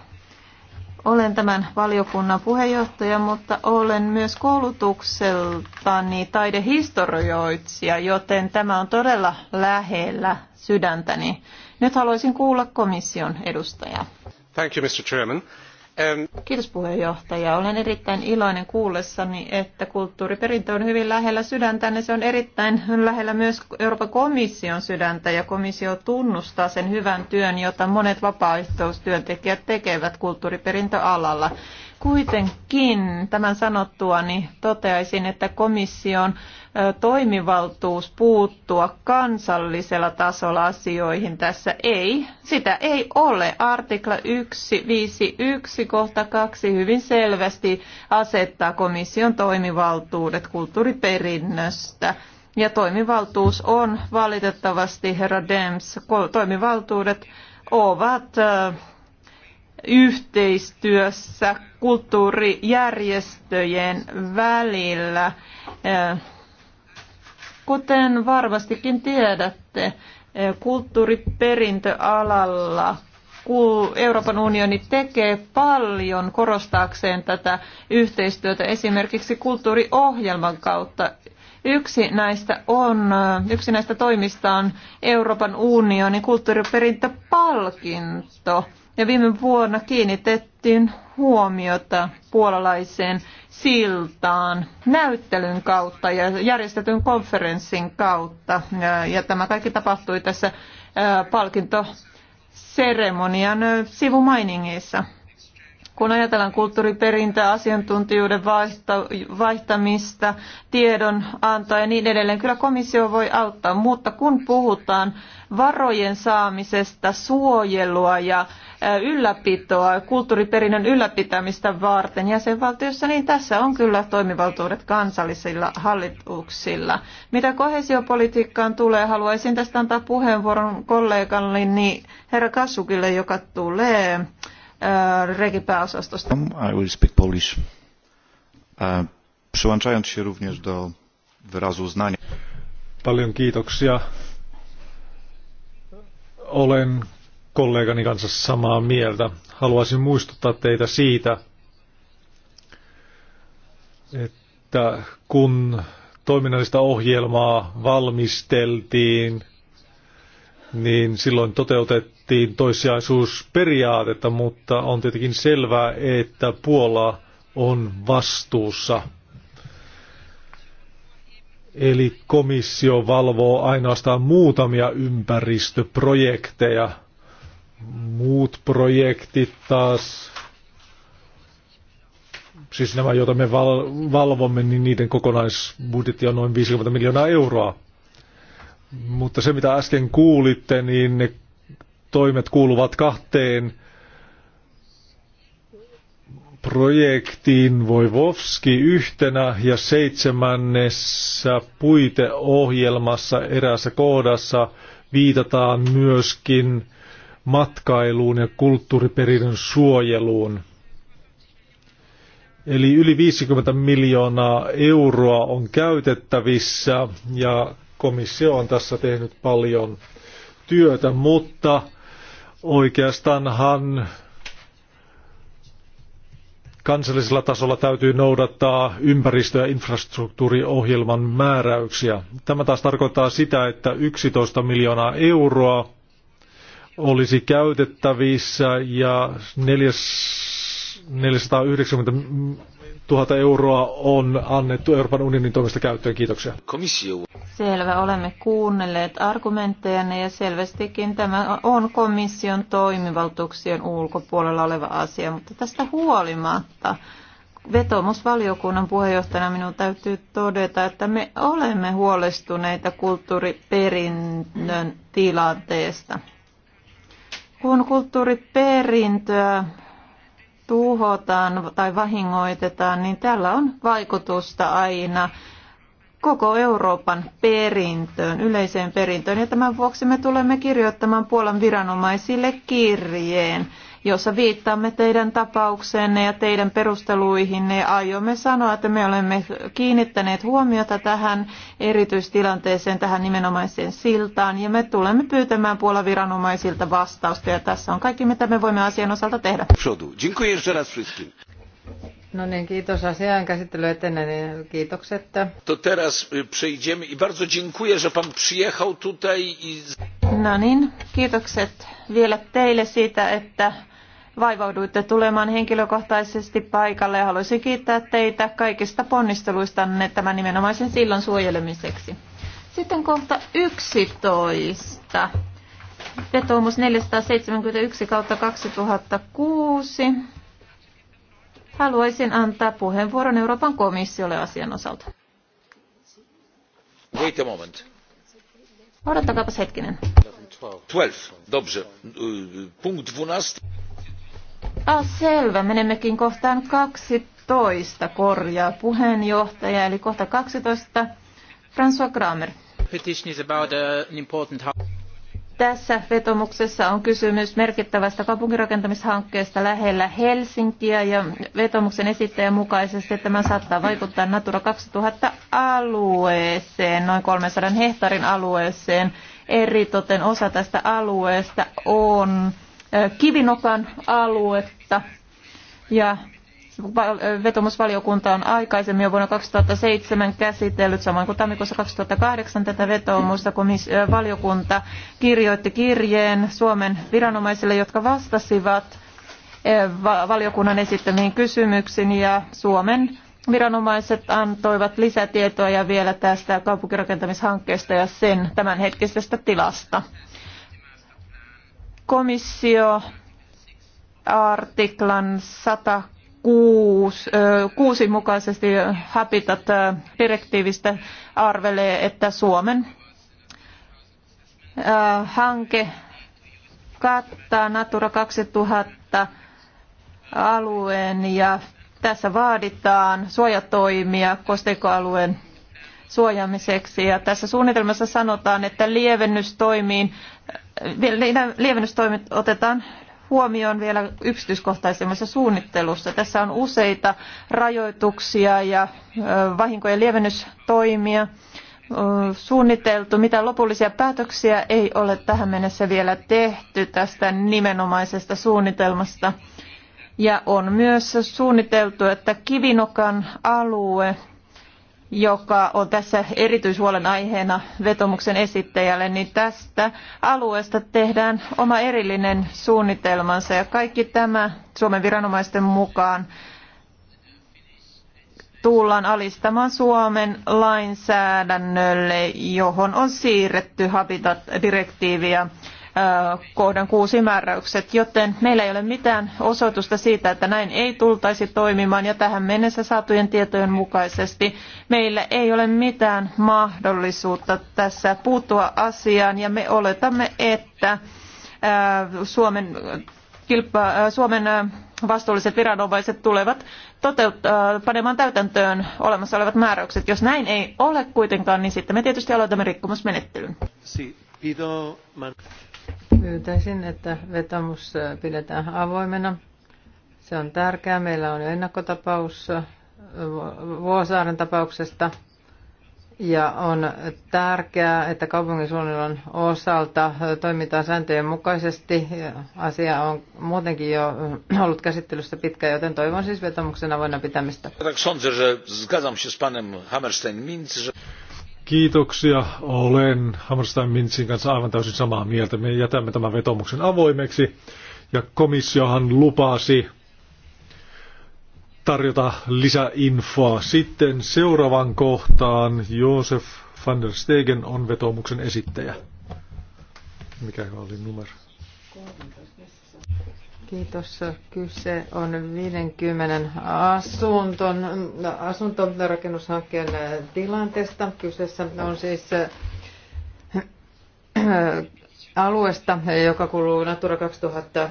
Olen tämän valiokunnan puheenjohtaja, mutta olen myös koulutukseltani taidehistorioitsija, joten tämä on todella lähellä sydäntäni. Nyt haluaisin kuulla komission edustajaa. Um, Kiitos puheenjohtaja. Olen erittäin iloinen kuullessani, että kulttuuriperintö on hyvin lähellä sydäntänne. Se on erittäin lähellä myös Euroopan komission sydäntä ja komissio tunnustaa sen hyvän työn, jota monet vapaaehtoistyöntekijät tekevät kulttuuriperintöalalla. Kuitenkin tämän sanottuani toteaisin, että komission toimivaltuus puuttua kansallisella tasolla asioihin tässä ei. Sitä ei ole. Artikla 151 kohta 2 hyvin selvästi asettaa komission toimivaltuudet kulttuuriperinnöstä. Ja toimivaltuus on valitettavasti, herra Dems, toimivaltuudet ovat yhteistyössä kulttuurijärjestöjen välillä. Eh, kuten varmastikin tiedätte, eh, kulttuuriperintöalalla Euroopan unioni tekee paljon korostaakseen tätä yhteistyötä esimerkiksi kulttuuriohjelman kautta. Yksi näistä, on, eh, yksi näistä toimista on Euroopan unionin kulttuuriperintöpalkinto. Ja viime vuonna kiinnitettiin huomiota puolalaiseen siltaan näyttelyn kautta ja järjestetyn konferenssin kautta. Ja tämä kaikki tapahtui tässä palkintoseremonian sivumainingeissa. Kun ajatellaan kulttuuriperintöä, asiantuntijuuden vaihto, vaihtamista, tiedon antoa ja niin edelleen, kyllä komissio voi auttaa, mutta kun puhutaan varojen saamisesta, suojelua ja ylläpitoa, kulttuuriperinnön ylläpitämistä varten jäsenvaltiossa, niin tässä on kyllä toimivaltuudet kansallisilla hallituksilla. Mitä kohesiopolitiikkaan tulee, haluaisin tästä antaa puheenvuoron kollegalleni herra Kasukille, joka tulee regipääosastosta. Um, I will speak Polish. Uh, przyłączając się również do wyrazu uznania. Paljon kiitoksia. Olen kollegani kanssa samaa mieltä. Haluaisin muistuttaa teitä siitä, että kun toiminnallista ohjelmaa valmisteltiin, niin silloin toteutettiin toissijaisuusperiaatetta, mutta on tietenkin selvää, että Puola on vastuussa. Eli komissio valvoo ainoastaan muutamia ympäristöprojekteja – Muut projektit taas, siis nämä, joita me val- valvomme, niin niiden kokonaisbudjetti on noin 50 miljoonaa euroa. Mutta se, mitä äsken kuulitte, niin ne toimet kuuluvat kahteen projektiin Voivovski yhtenä ja seitsemännessä puiteohjelmassa eräässä kohdassa viitataan myöskin matkailuun ja kulttuuriperinnön suojeluun. Eli yli 50 miljoonaa euroa on käytettävissä ja komissio on tässä tehnyt paljon työtä, mutta oikeastaanhan kansallisella tasolla täytyy noudattaa ympäristö- ja infrastruktuuriohjelman määräyksiä. Tämä taas tarkoittaa sitä, että 11 miljoonaa euroa olisi käytettävissä ja 490 000 euroa on annettu Euroopan unionin toimesta käyttöön. Kiitoksia. Komissio. Selvä, olemme kuunnelleet argumenttejanne ja selvästikin tämä on komission toimivaltuuksien ulkopuolella oleva asia, mutta tästä huolimatta vetomusvaliokunnan puheenjohtajana minun täytyy todeta, että me olemme huolestuneita kulttuuriperinnön tilanteesta. Kun kulttuuriperintöä tuhotaan tai vahingoitetaan, niin tällä on vaikutusta aina koko Euroopan perintöön, yleiseen perintöön. Ja tämän vuoksi me tulemme kirjoittamaan Puolan viranomaisille kirjeen jossa viittaamme teidän tapaukseenne ja teidän perusteluihinne ja aiomme sanoa, että me olemme kiinnittäneet huomiota tähän erityistilanteeseen, tähän nimenomaiseen siltaan ja me tulemme pyytämään Puolan viranomaisilta vastausta ja tässä on kaikki mitä me voimme asian osalta tehdä. No niin, kiitos asian käsittely etenee, kiitokset. To teraz przejdziemy i bardzo dziękuję, że pan przyjechał tutaj i... No niin, kiitokset vielä teille siitä, että vaivauduitte tulemaan henkilökohtaisesti paikalle ja haluaisin kiittää teitä kaikista ponnisteluistanne tämän nimenomaisen sillan suojelemiseksi. Sitten kohta 11. Vetoomus 471 kautta 2006. Haluaisin antaa puheenvuoron Euroopan komissiolle asian osalta. Wait a moment. Odottakaapas hetkinen. 12. Dobrze. Punkt 12. Ah, selvä. Menemmekin kohtaan 12 korjaa puheenjohtaja, eli kohta 12. François Kramer. Uh, Tässä vetomuksessa on kysymys merkittävästä kaupunkirakentamishankkeesta lähellä Helsinkiä ja vetomuksen esittäjän mukaisesti tämä saattaa vaikuttaa Natura 2000 alueeseen, noin 300 hehtaarin alueeseen. Eritoten osa tästä alueesta on Kivinokan aluetta ja vetomusvaliokunta on aikaisemmin jo vuonna 2007 käsitellyt, samoin kuin tammikuussa 2008 tätä vetoomusta valiokunta kirjoitti kirjeen Suomen viranomaisille, jotka vastasivat valiokunnan esittämiin kysymyksiin ja Suomen viranomaiset antoivat lisätietoja vielä tästä kaupunkirakentamishankkeesta ja sen tämänhetkisestä tilasta. Komissio artiklan 106 mukaisesti Habitat-direktiivistä arvelee, että Suomen hanke kattaa Natura 2000 alueen ja tässä vaaditaan suojatoimia kosteikkoalueen suojaamiseksi. Ja tässä suunnitelmassa sanotaan, että lievennystoimiin, lievennystoimet otetaan huomioon vielä yksityiskohtaisemmassa suunnittelussa. Tässä on useita rajoituksia ja vahinkojen lievennystoimia suunniteltu. Mitä lopullisia päätöksiä ei ole tähän mennessä vielä tehty tästä nimenomaisesta suunnitelmasta. Ja on myös suunniteltu, että Kivinokan alue joka on tässä erityishuolen aiheena vetomuksen esittäjälle, niin tästä alueesta tehdään oma erillinen suunnitelmansa ja kaikki tämä Suomen viranomaisten mukaan tullaan alistamaan Suomen lainsäädännölle, johon on siirretty Habitat-direktiiviä kohdan kuusi määräykset, joten meillä ei ole mitään osoitusta siitä, että näin ei tultaisi toimimaan ja tähän mennessä saatujen tietojen mukaisesti meillä ei ole mitään mahdollisuutta tässä puuttua asiaan ja me oletamme, että äh, Suomen, kilpa, äh, Suomen äh, vastuulliset viranomaiset tulevat panemaan täytäntöön olemassa olevat määräykset. Jos näin ei ole kuitenkaan, niin sitten me tietysti aloitamme rikkomusmenettelyn. Pyytäisin, että vetomus äh, pidetään avoimena. Se on tärkeää. Meillä on ennakkotapaus äh, Vuosaaren tapauksesta. Ja on tärkeää, että kaupunkisuunnitelman osalta äh, toimitaan sääntöjen mukaisesti. Asia on muutenkin jo ollut käsittelyssä pitkään, joten toivon siis vetomuksen avoinna pitämistä. Kiitoksia. Olen Hammerstein Mintzin kanssa aivan täysin samaa mieltä. Me jätämme tämän vetomuksen avoimeksi ja komissiohan lupasi tarjota lisäinfoa. Sitten seuraavan kohtaan Josef van der Stegen on vetomuksen esittäjä. Mikä oli numero? 13. Kiitos. Kyse on 50 asunton, asuntorakennushankkeen tilanteesta. Kyseessä on siis äh, alueesta, joka kuuluu Natura 2000 äh,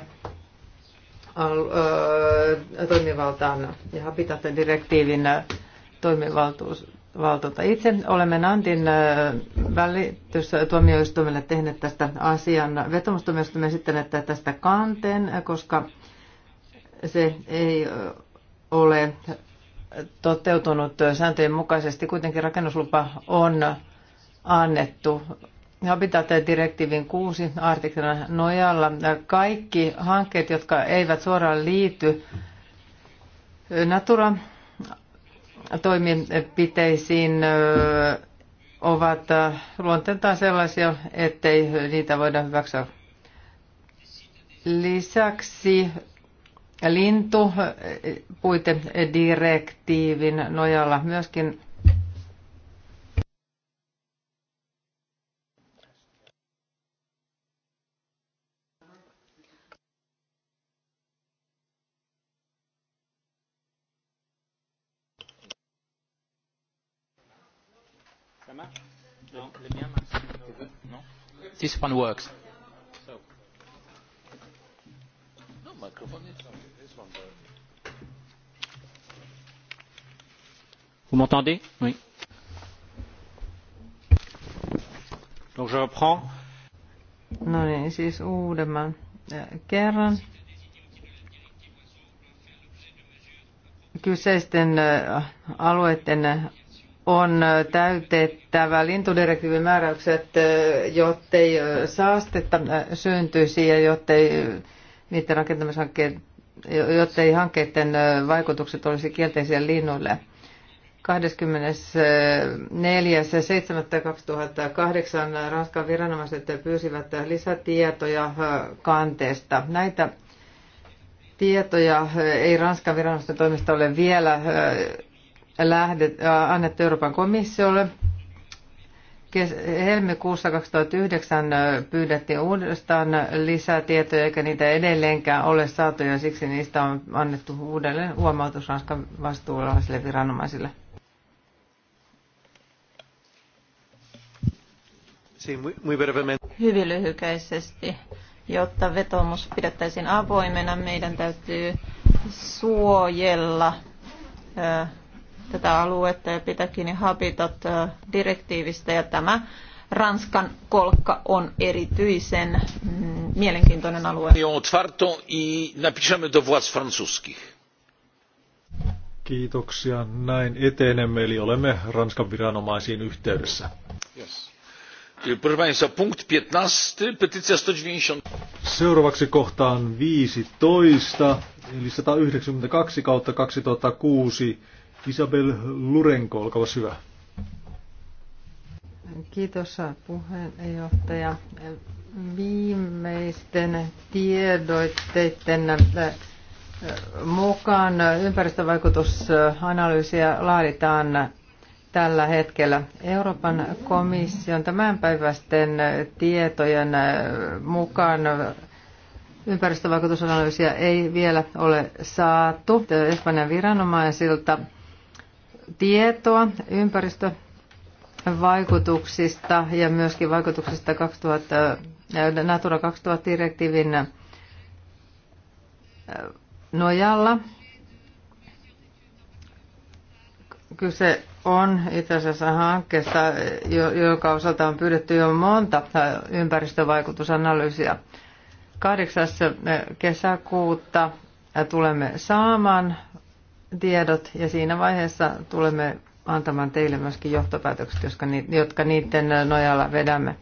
toimivaltaan ja Habitat-direktiivin toimivaltuus, valtuutta. Itse olemme Nantin välitystuomioistuimelle tehneet tästä asian vetomustuomioistuimen sitten, että tästä kanteen, koska se ei ole toteutunut sääntöjen mukaisesti. Kuitenkin rakennuslupa on annettu Habitat-direktiivin 6 artiklan nojalla. Kaikki hankkeet, jotka eivät suoraan liity Natura toimenpiteisiin ovat luonteeltaan sellaisia, ettei niitä voida hyväksyä. Lisäksi lintupuitedirektiivin nojalla myöskin this one works. Vous m'entendez Oui. Donc je reprends. No niin, siis uudemman kerran. Kyseisten alueiden on täytettävä lintudirektiivin määräykset, eh, jottei eh, saastetta eh, syntyisi ja jottei niiden rakentamishankkeet jottei hankkeiden vaikutukset olisi kielteisiä linnuille. 24.7.2008 Ranskan viranomaiset pyysivät lisätietoja kanteesta. Näitä tietoja ei Ranskan viranomaisten toimista ole vielä lähdet, äh, annettu Euroopan komissiolle. Helmikuussa 2009 äh, pyydettiin uudestaan lisätietoja, eikä niitä edelleenkään ole saatu, ja siksi niistä on annettu uudelleen huomautus Ranskan vastuulaisille viranomaisille. Hyvin lyhykäisesti. Jotta vetomus pidettäisiin avoimena, meidän täytyy suojella äh, tätä aluetta ja pitää kiinni Habitat-direktiivistä ja tämä Ranskan kolkka on erityisen mm, mielenkiintoinen alue. Kiitoksia. Näin etenemme, eli olemme Ranskan viranomaisiin yhteydessä. Yes. Proszę Państwa, punkt 15, petycja 190. Seuraavaksi kohtaan 15, eli 192 kautta 2006 Isabel Lurenko, olkaa hyvä. Kiitos puheenjohtaja. Viimeisten tiedoitteiden äh, mukaan ympäristövaikutusanalyysiä laaditaan tällä hetkellä. Euroopan komission tämänpäiväisten tietojen äh, mukaan ympäristövaikutusanalyysiä ei vielä ole saatu Espanjan viranomaisilta – tietoa ympäristövaikutuksista ja myöskin vaikutuksista 2000, äh, Natura 2000-direktiivin äh, nojalla. Kyse on itse asiassa hankkeesta, jonka osalta on pyydetty jo monta äh, ympäristövaikutusanalyysiä. 8. kesäkuuta tulemme saamaan tiedot ja siinä vaiheessa tulemme antamaan teille myöskin johtopäätökset, jotka, niiden nojalla vedämme.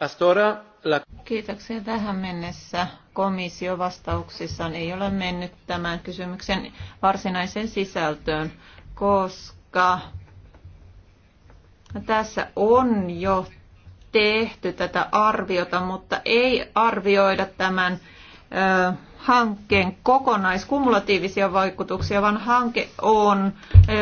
Astora, la... Kiitoksia tähän mennessä. Komissio vastauksissaan ei ole mennyt tämän kysymyksen varsinaiseen sisältöön, koska tässä on jo tehty tätä arviota, mutta ei arvioida tämän hankkeen kokonaiskumulatiivisia vaikutuksia, vaan hanke on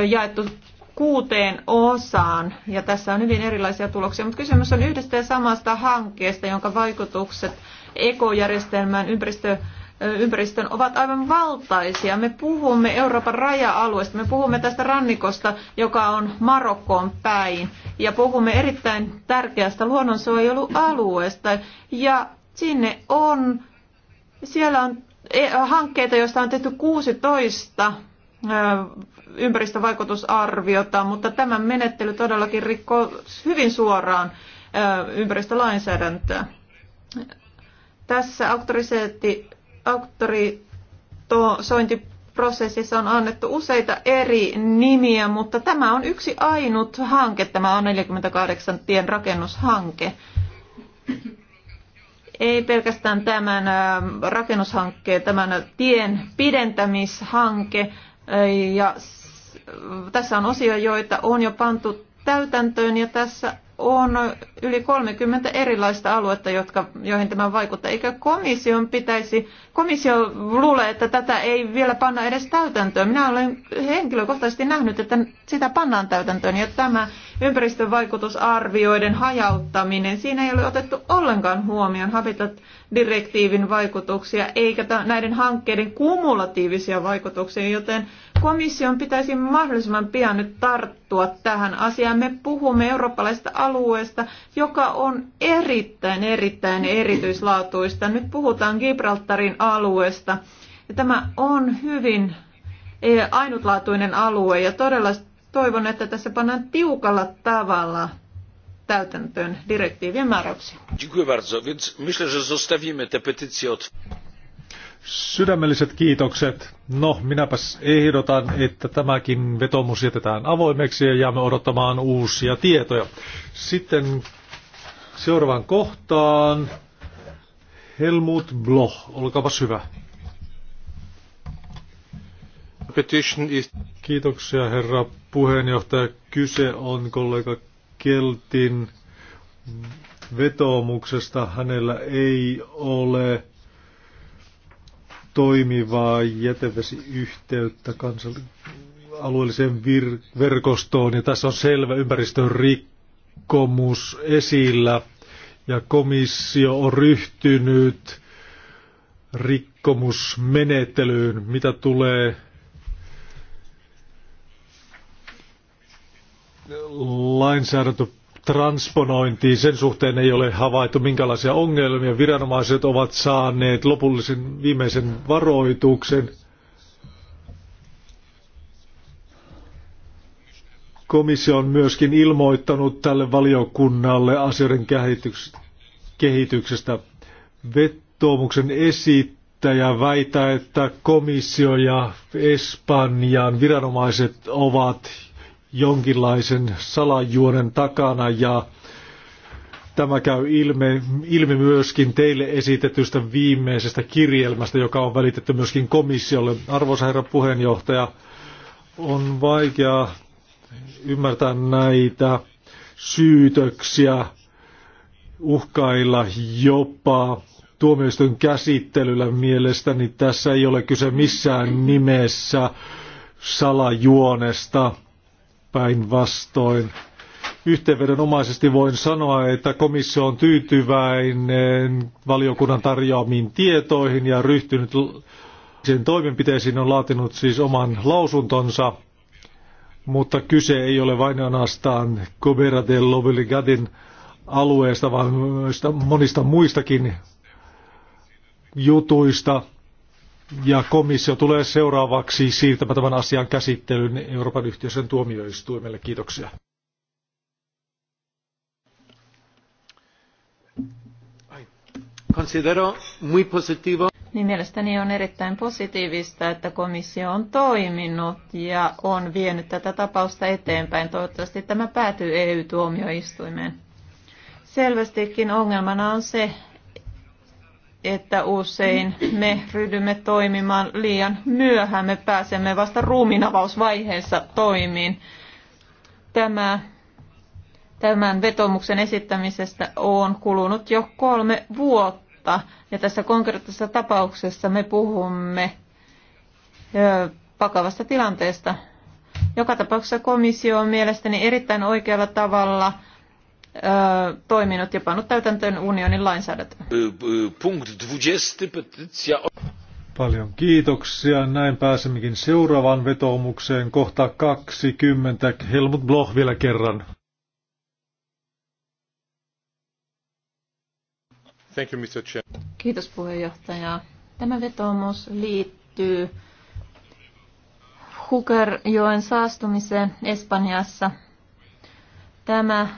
jaettu kuuteen osaan, ja tässä on hyvin erilaisia tuloksia, mutta kysymys on yhdestä ja samasta hankkeesta, jonka vaikutukset ekojärjestelmään, ympäristö, ympäristön ovat aivan valtaisia. Me puhumme Euroopan raja-alueesta, me puhumme tästä rannikosta, joka on Marokkoon päin, ja puhumme erittäin tärkeästä luonnonsuojelualueesta, ja sinne on, siellä on E, hankkeita, joista on tehty 16 ympäristövaikutusarviota, mutta tämä menettely todellakin rikkoo hyvin suoraan ympäristölainsäädäntöä. Tässä auktorisointiprosessissa on annettu useita eri nimiä, mutta tämä on yksi ainut hanke, tämä on 48 tien rakennushanke ei pelkästään tämän rakennushankkeen, tämän tien pidentämishanke. Ja tässä on osia, joita on jo pantu täytäntöön ja tässä on yli 30 erilaista aluetta, jotka, joihin tämä vaikuttaa. Eikö komission pitäisi, komissio luulee, että tätä ei vielä panna edes täytäntöön. Minä olen henkilökohtaisesti nähnyt, että sitä pannaan täytäntöön ja tämä ympäristövaikutusarvioiden hajauttaminen, siinä ei ole otettu ollenkaan huomioon habitat direktiivin vaikutuksia eikä näiden hankkeiden kumulatiivisia vaikutuksia, joten komission pitäisi mahdollisimman pian nyt tarttua tähän asiaan. Me puhumme eurooppalaisesta alueesta, joka on erittäin, erittäin erityislaatuista. Nyt puhutaan Gibraltarin alueesta. Ja tämä on hyvin e, ainutlaatuinen alue ja todella toivon, että tässä pannaan tiukalla tavalla täytäntöön direktiivien määräyksiä. Dziękuję bardzo. Więc myślę, że zostawimy te petycje od... Sydämelliset kiitokset. No, minäpäs ehdotan, että tämäkin vetomus jätetään avoimeksi ja jäämme odottamaan uusia tietoja. Sitten seuraavaan kohtaan. Helmut Bloch, olkaapas hyvä. Kiitoksia herra puheenjohtaja. Kyse on kollega Keltin vetoomuksesta hänellä ei ole toimivaa jätevesiyhteyttä alueelliseen vir- verkostoon ja tässä on selvä ympäristön rikkomus esillä ja komissio on ryhtynyt rikkomusmenettelyyn, mitä tulee lainsäädäntö transponointiin. Sen suhteen ei ole havaittu minkälaisia ongelmia. Viranomaiset ovat saaneet lopullisen viimeisen varoituksen. Komissio on myöskin ilmoittanut tälle valiokunnalle asioiden kehityksestä. Vettoomuksen esittäjä väittää, että komissio ja Espanjan viranomaiset ovat jonkinlaisen salajuonen takana ja Tämä käy ilme, ilmi myöskin teille esitetystä viimeisestä kirjelmästä, joka on välitetty myöskin komissiolle. Arvoisa herra puheenjohtaja, on vaikea ymmärtää näitä syytöksiä, uhkailla jopa tuomioistuin käsittelyllä mielestäni. Tässä ei ole kyse missään nimessä salajuonesta päinvastoin. Yhteenvedonomaisesti voin sanoa, että komissio on tyytyväinen valiokunnan tarjoamiin tietoihin ja ryhtynyt sen toimenpiteisiin on laatinut siis oman lausuntonsa, mutta kyse ei ole vain ainoastaan Cobera del Lobeligadin alueesta, vaan monista muistakin jutuista – ja komissio tulee seuraavaksi siirtämään tämän asian käsittelyn Euroopan yhteisön tuomioistuimelle. Kiitoksia. Considero muy positivo. Niin mielestäni on erittäin positiivista, että komissio on toiminut ja on vienyt tätä tapausta eteenpäin. Toivottavasti tämä päätyy EU-tuomioistuimeen. Selvästikin ongelmana on se, että usein me ryhdymme toimimaan liian myöhään. Me pääsemme vasta ruuminavausvaiheessa toimiin. Tämä, tämän vetomuksen esittämisestä on kulunut jo kolme vuotta. Ja tässä konkreettisessa tapauksessa me puhumme ö, tilanteesta. Joka tapauksessa komissio on mielestäni erittäin oikealla tavalla – toiminut ja pannut täytäntöön unionin lainsäädäntöä. Punkt 20, petitia. Paljon kiitoksia. Näin pääsemmekin seuraavaan vetoomukseen kohta 20. Helmut Bloch vielä kerran. Thank you, Mr. Chair. Kiitos puheenjohtaja. Tämä vetoomus liittyy Hukerjoen saastumiseen Espanjassa. Tämä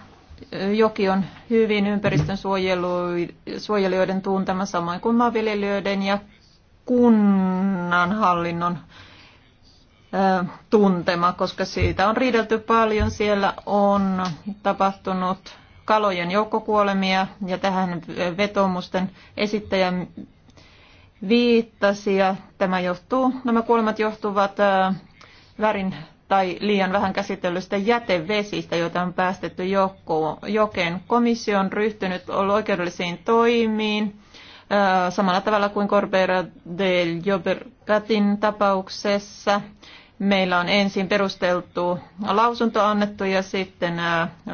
joki on hyvin ympäristön suojelijoiden tuntema, samoin kuin maanviljelijöiden ja kunnanhallinnon tuntema, koska siitä on riidelty paljon. Siellä on tapahtunut kalojen joukkokuolemia ja tähän vetomusten esittäjä viittasi. Ja tämä johtuu, nämä kuolemat johtuvat värin tai liian vähän käsitellystä jätevesistä, joita on päästetty jokeen. Komissio on ryhtynyt oikeudellisiin toimiin samalla tavalla kuin Corbera del Jobergatin tapauksessa. Meillä on ensin perusteltu lausunto annettu ja sitten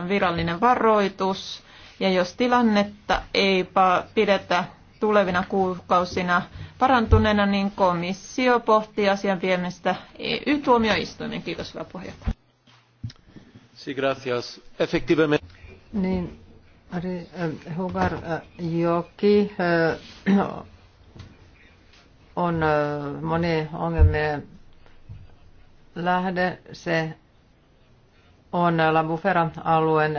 virallinen varoitus. Ja jos tilannetta ei pidetä tulevina kuukausina parantuneena, niin komissio pohtii asian viemistä EU-tuomioistuimen. Kiitos, hyvä puheenjohtaja. Sí, gracias. Efectivamente. Niin, äh, Hugar äh, Joki äh, on moni ongelmien lähde. Se on Labuferan alueen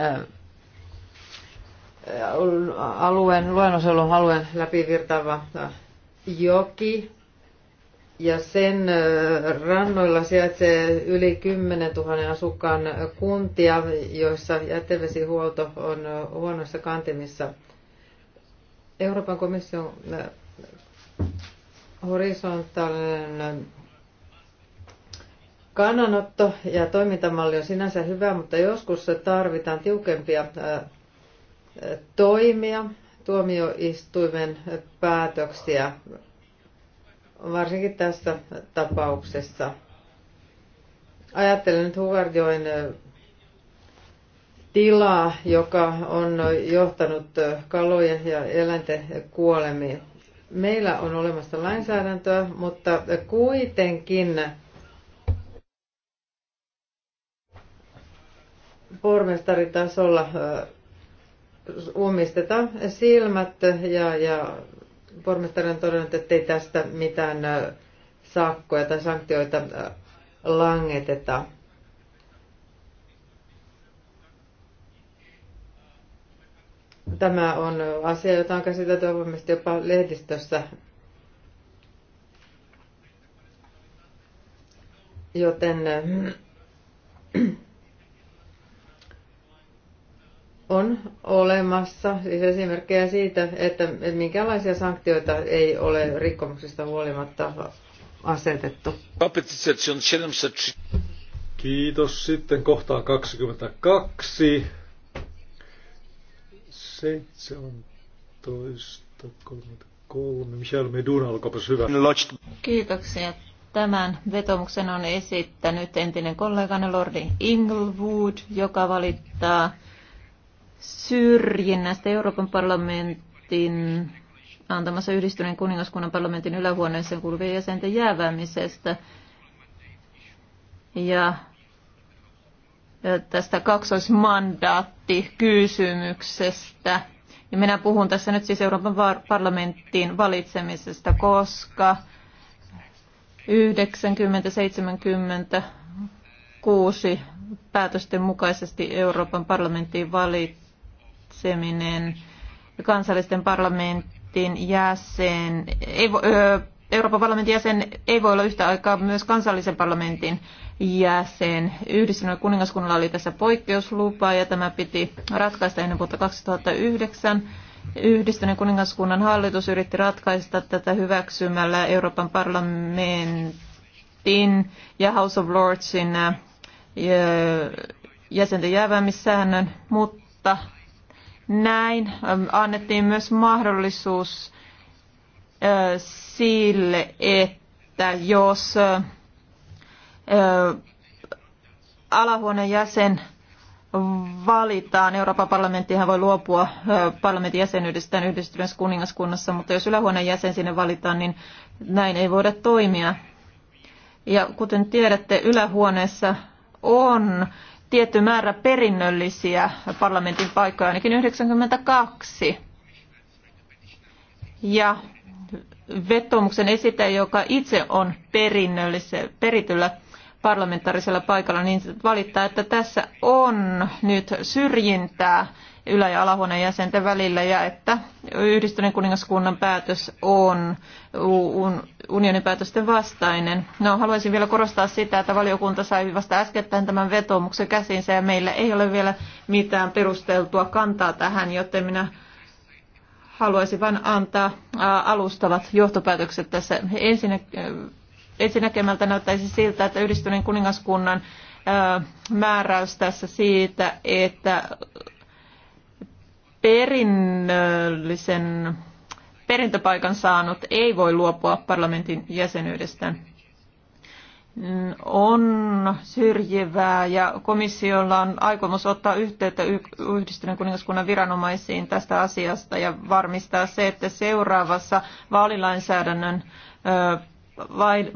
alueen, luonnonsuojelun alueen läpivirtaava joki. Ja sen rannoilla sijaitsee yli 10 000 asukkaan kuntia, joissa jätevesihuolto on huonossa kantimissa. Euroopan komission horisontaalinen kannanotto ja toimintamalli on sinänsä hyvä, mutta joskus tarvitaan tiukempia toimia, tuomioistuimen päätöksiä, varsinkin tässä tapauksessa. Ajattelen nyt Hugarjoen tilaa, joka on johtanut kalojen ja eläinten kuolemiin. Meillä on olemassa lainsäädäntöä, mutta kuitenkin pormestaritasolla umisteta silmät ja, ja pormestari on todennut, että ei tästä mitään sakkoja tai sanktioita langeteta. Tämä on asia, jota on käsitelty avoimesti jopa lehdistössä, joten on olemassa siis esimerkkejä siitä, että minkälaisia sanktioita ei ole rikkomuksista huolimatta asetettu. Kiitos. Sitten kohtaan 22. 33. Michel Medun, olkaapas hyvä. Kiitoksia. Tämän vetomuksen on esittänyt entinen kollegani Lordi Inglewood, joka valittaa syrjinnästä Euroopan parlamentin antamassa yhdistyneen kuningaskunnan parlamentin ylähuoneeseen kuuluvien jäsenten jäävämisestä ja tästä kaksoismandaattikysymyksestä. Ja minä puhun tässä nyt siis Euroopan parlamenttiin valitsemisesta, koska 90-76 päätösten mukaisesti Euroopan parlamenttiin valittiin valitseminen kansallisten parlamentin jäsen, ei, Euroopan parlamentin jäsen ei voi olla yhtä aikaa myös kansallisen parlamentin jäsen. Yhdistyneen kuningaskunnalla oli tässä poikkeuslupa ja tämä piti ratkaista ennen vuotta 2009. Yhdistyneen kuningaskunnan hallitus yritti ratkaista tätä hyväksymällä Euroopan parlamentin ja House of Lordsin jäsenten jäävämissäännön, mutta näin ähm, annettiin myös mahdollisuus äh, sille, että jos äh, äh, alahuoneen jäsen valitaan. Euroopan parlamenttihan voi luopua parlamentin jäsenyydestään yhdistyneessä kuningaskunnassa, mutta jos ylähuoneen jäsen sinne valitaan, niin näin ei voida toimia. Ja kuten tiedätte, ylähuoneessa on tietty määrä perinnöllisiä parlamentin paikkoja, ainakin 92. Ja vetoomuksen esittäjä, joka itse on perityllä parlamentaarisella paikalla, niin valittaa, että tässä on nyt syrjintää ylä- ja alahuoneen jäsenten välillä ja että yhdistyneen kuningaskunnan päätös on unionin päätösten vastainen. No, haluaisin vielä korostaa sitä, että valiokunta sai vasta äskettäin tämän vetoomuksen käsinsä ja meillä ei ole vielä mitään perusteltua kantaa tähän, joten minä haluaisin vain antaa alustavat johtopäätökset tässä. Ensinnä, ensinnäkemältä näyttäisi siltä, että yhdistyneen kuningaskunnan määräys tässä siitä, että perinnöllisen perintöpaikan saanut ei voi luopua parlamentin jäsenyydestä. On syrjivää ja komissiolla on aikomus ottaa yhteyttä yhdistyneen kuningaskunnan viranomaisiin tästä asiasta ja varmistaa se, että seuraavassa vaalilainsäädännön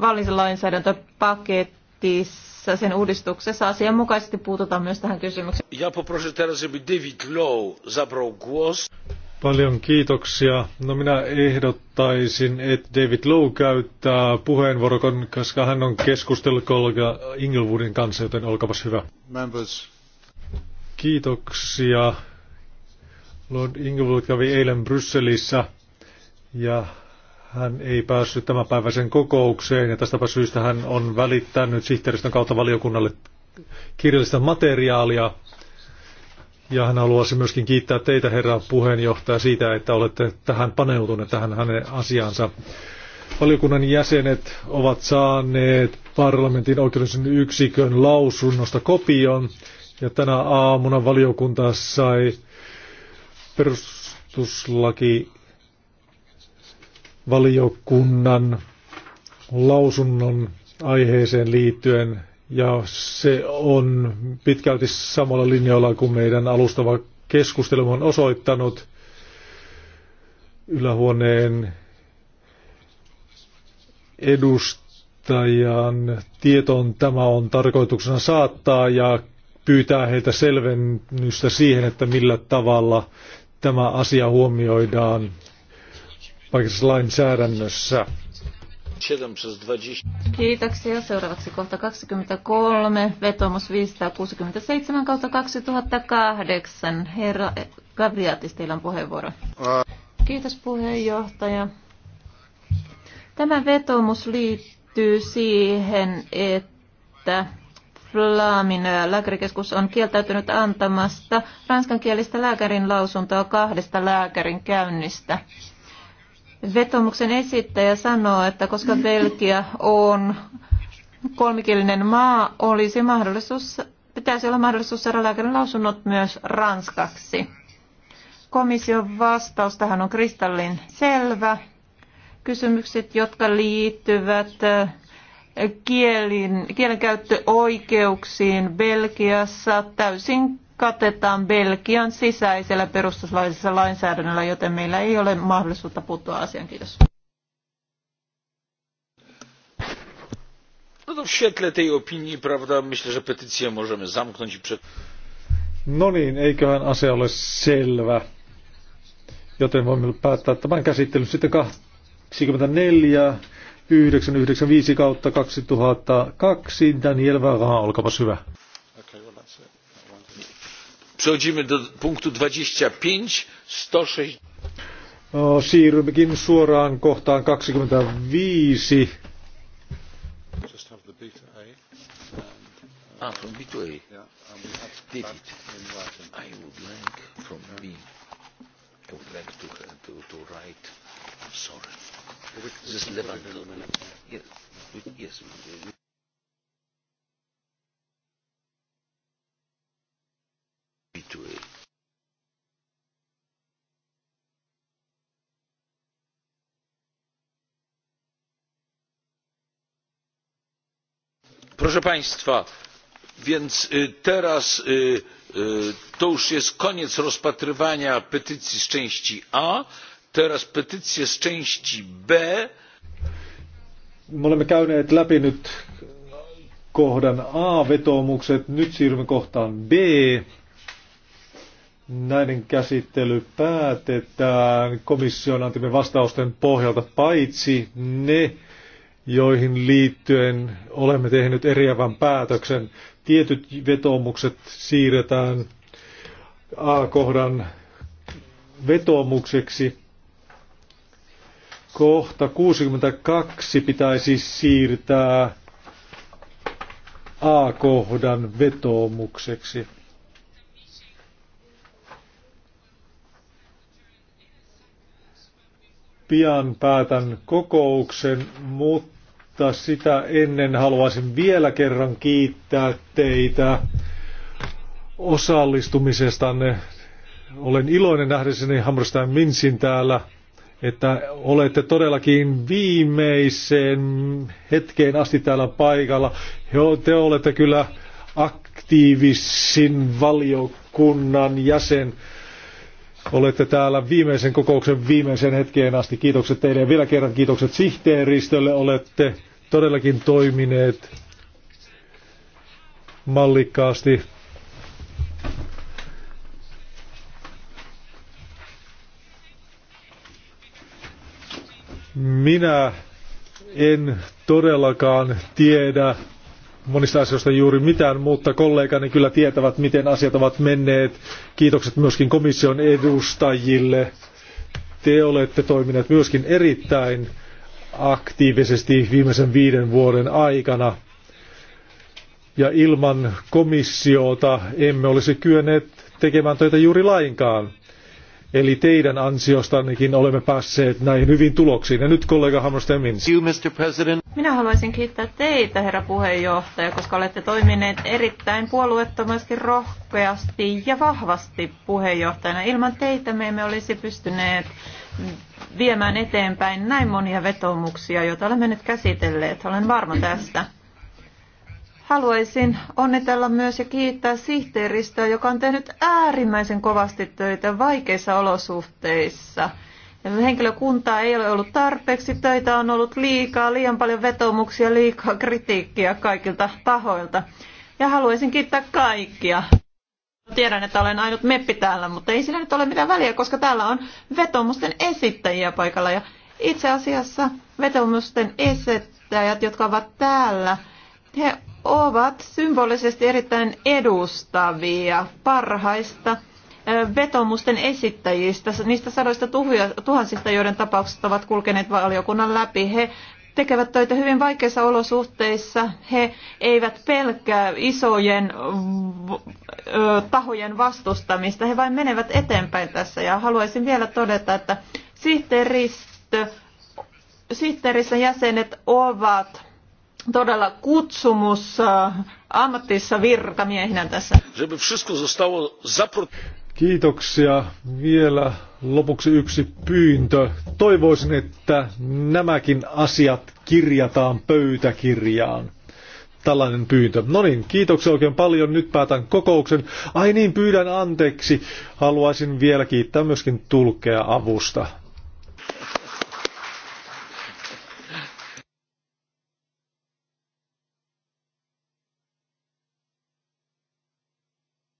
vaalilainsäädäntöpaketissa tässä sen uudistuksessa asianmukaisesti puututaan myös tähän kysymykseen. Ja poproszę teraz, żeby David Lowe zabrał głos. Paljon kiitoksia. No minä ehdottaisin, että David Lowe käyttää puheenvuoron, koska hän on keskustellut kollega Inglewoodin kanssa, joten olkapas hyvä. Members. Kiitoksia. Lord Inglewood kävi eilen Brysselissä ja hän ei päässyt tämänpäiväiseen kokoukseen ja tästäpä syystä hän on välittänyt sihteeristön kautta valiokunnalle kirjallista materiaalia. Ja hän haluaisi myöskin kiittää teitä, herra puheenjohtaja, siitä, että olette tähän paneutuneet, tähän hänen asiansa. Valiokunnan jäsenet ovat saaneet parlamentin oikeudellisen yksikön lausunnosta kopion, ja tänä aamuna valiokunta sai perustuslaki valiokunnan lausunnon aiheeseen liittyen ja se on pitkälti samalla linjoilla kuin meidän alustava keskustelu on osoittanut ylähuoneen edustajan tietoon tämä on tarkoituksena saattaa ja pyytää heiltä selvennystä siihen, että millä tavalla tämä asia huomioidaan paikallisessa lainsäädännössä. Kiitoksia. Seuraavaksi kohta 23, vetomus 567 kautta 2008. Herra Gavriatis, teillä on puheenvuoro. Kiitos puheenjohtaja. Tämä vetomus liittyy siihen, että Flamin lääkärikeskus on kieltäytynyt antamasta ranskankielistä lääkärin lausuntoa kahdesta lääkärin käynnistä. Vetomuksen esittäjä sanoo, että koska Belgia on kolmikielinen maa, olisi mahdollisuus, pitäisi olla mahdollisuus saada lääkärin lausunnot myös ranskaksi. Komission vastaus tähän on kristallin selvä. Kysymykset, jotka liittyvät äh, kielen kielenkäyttöoikeuksiin Belgiassa täysin katetaan Belgian sisäisellä perustuslaillisella lainsäädännöllä, joten meillä ei ole mahdollisuutta puuttua asiaan. Kiitos. No w świetle tej opinii, prawda, myślę, że petycję możemy zamknąć i przed... No niin, eiköhän asia ole selvä. Joten voimme päättää tämän käsittelyn sitten 24 995 kautta 2002. Daniel Varan, olkapas hyvä. Przechodzimy do punktu 25, 106. siirrymmekin suoraan kohtaan 25. history. proszę państwa więc teraz to już jest koniec rozpatrywania petycji z części a teraz petycje z części b. me olemme käyneet läpi nyt kohdan a vetoomukset nyt siirrymme kohtaan b näiden käsittely päätetään komission antimien vastausten pohjalta, paitsi ne, joihin liittyen olemme tehneet eriävän päätöksen. Tietyt vetoomukset siirretään A-kohdan vetoomukseksi. Kohta 62 pitäisi siirtää A-kohdan vetoomukseksi. pian päätän kokouksen, mutta sitä ennen haluaisin vielä kerran kiittää teitä osallistumisestanne. Olen iloinen nähdessäni Hammerstein Minsin täällä, että olette todellakin viimeiseen hetkeen asti täällä paikalla. Te olette kyllä aktiivisin valiokunnan jäsen Olette täällä viimeisen kokouksen viimeisen hetkeen asti. Kiitokset teille ja vielä kerran kiitokset sihteeristölle. Olette todellakin toimineet mallikkaasti. Minä en todellakaan tiedä, monista asioista juuri mitään, mutta kollegani kyllä tietävät, miten asiat ovat menneet. Kiitokset myöskin komission edustajille. Te olette toimineet myöskin erittäin aktiivisesti viimeisen viiden vuoden aikana. Ja ilman komissiota emme olisi kyenneet tekemään töitä juuri lainkaan. Eli teidän ansiostannekin olemme päässeet näihin hyvin tuloksiin. Ja nyt kollega Hammerstein Minä haluaisin kiittää teitä, herra puheenjohtaja, koska olette toimineet erittäin puolueettomasti, rohkeasti ja vahvasti puheenjohtajana. Ilman teitä me emme olisi pystyneet viemään eteenpäin näin monia vetomuksia, joita olemme nyt käsitelleet. Olen varma tästä. Haluaisin onnitella myös ja kiittää sihteeristöä, joka on tehnyt äärimmäisen kovasti töitä vaikeissa olosuhteissa. Henkilökuntaa ei ole ollut tarpeeksi, töitä on ollut liikaa, liian paljon vetomuksia, liikaa kritiikkiä kaikilta tahoilta. Ja haluaisin kiittää kaikkia. Tiedän, että olen ainut meppi täällä, mutta ei sillä nyt ole mitään väliä, koska täällä on vetomusten esittäjiä paikalla. Ja itse asiassa vetomusten esittäjät, jotka ovat täällä, he ovat symbolisesti erittäin edustavia parhaista vetomusten esittäjistä, niistä sadoista tuhansista, joiden tapaukset ovat kulkeneet valiokunnan läpi. He tekevät töitä hyvin vaikeissa olosuhteissa. He eivät pelkää isojen tahojen vastustamista. He vain menevät eteenpäin tässä. Ja haluaisin vielä todeta, että sihteeristö, sihteerissä jäsenet ovat todella kutsumus äh, ammatissa virkamiehinä tässä. Kiitoksia. Vielä lopuksi yksi pyyntö. Toivoisin, että nämäkin asiat kirjataan pöytäkirjaan. Tällainen pyyntö. No niin, kiitoksia oikein paljon. Nyt päätän kokouksen. Ai niin, pyydän anteeksi. Haluaisin vielä kiittää myöskin tulkea avusta.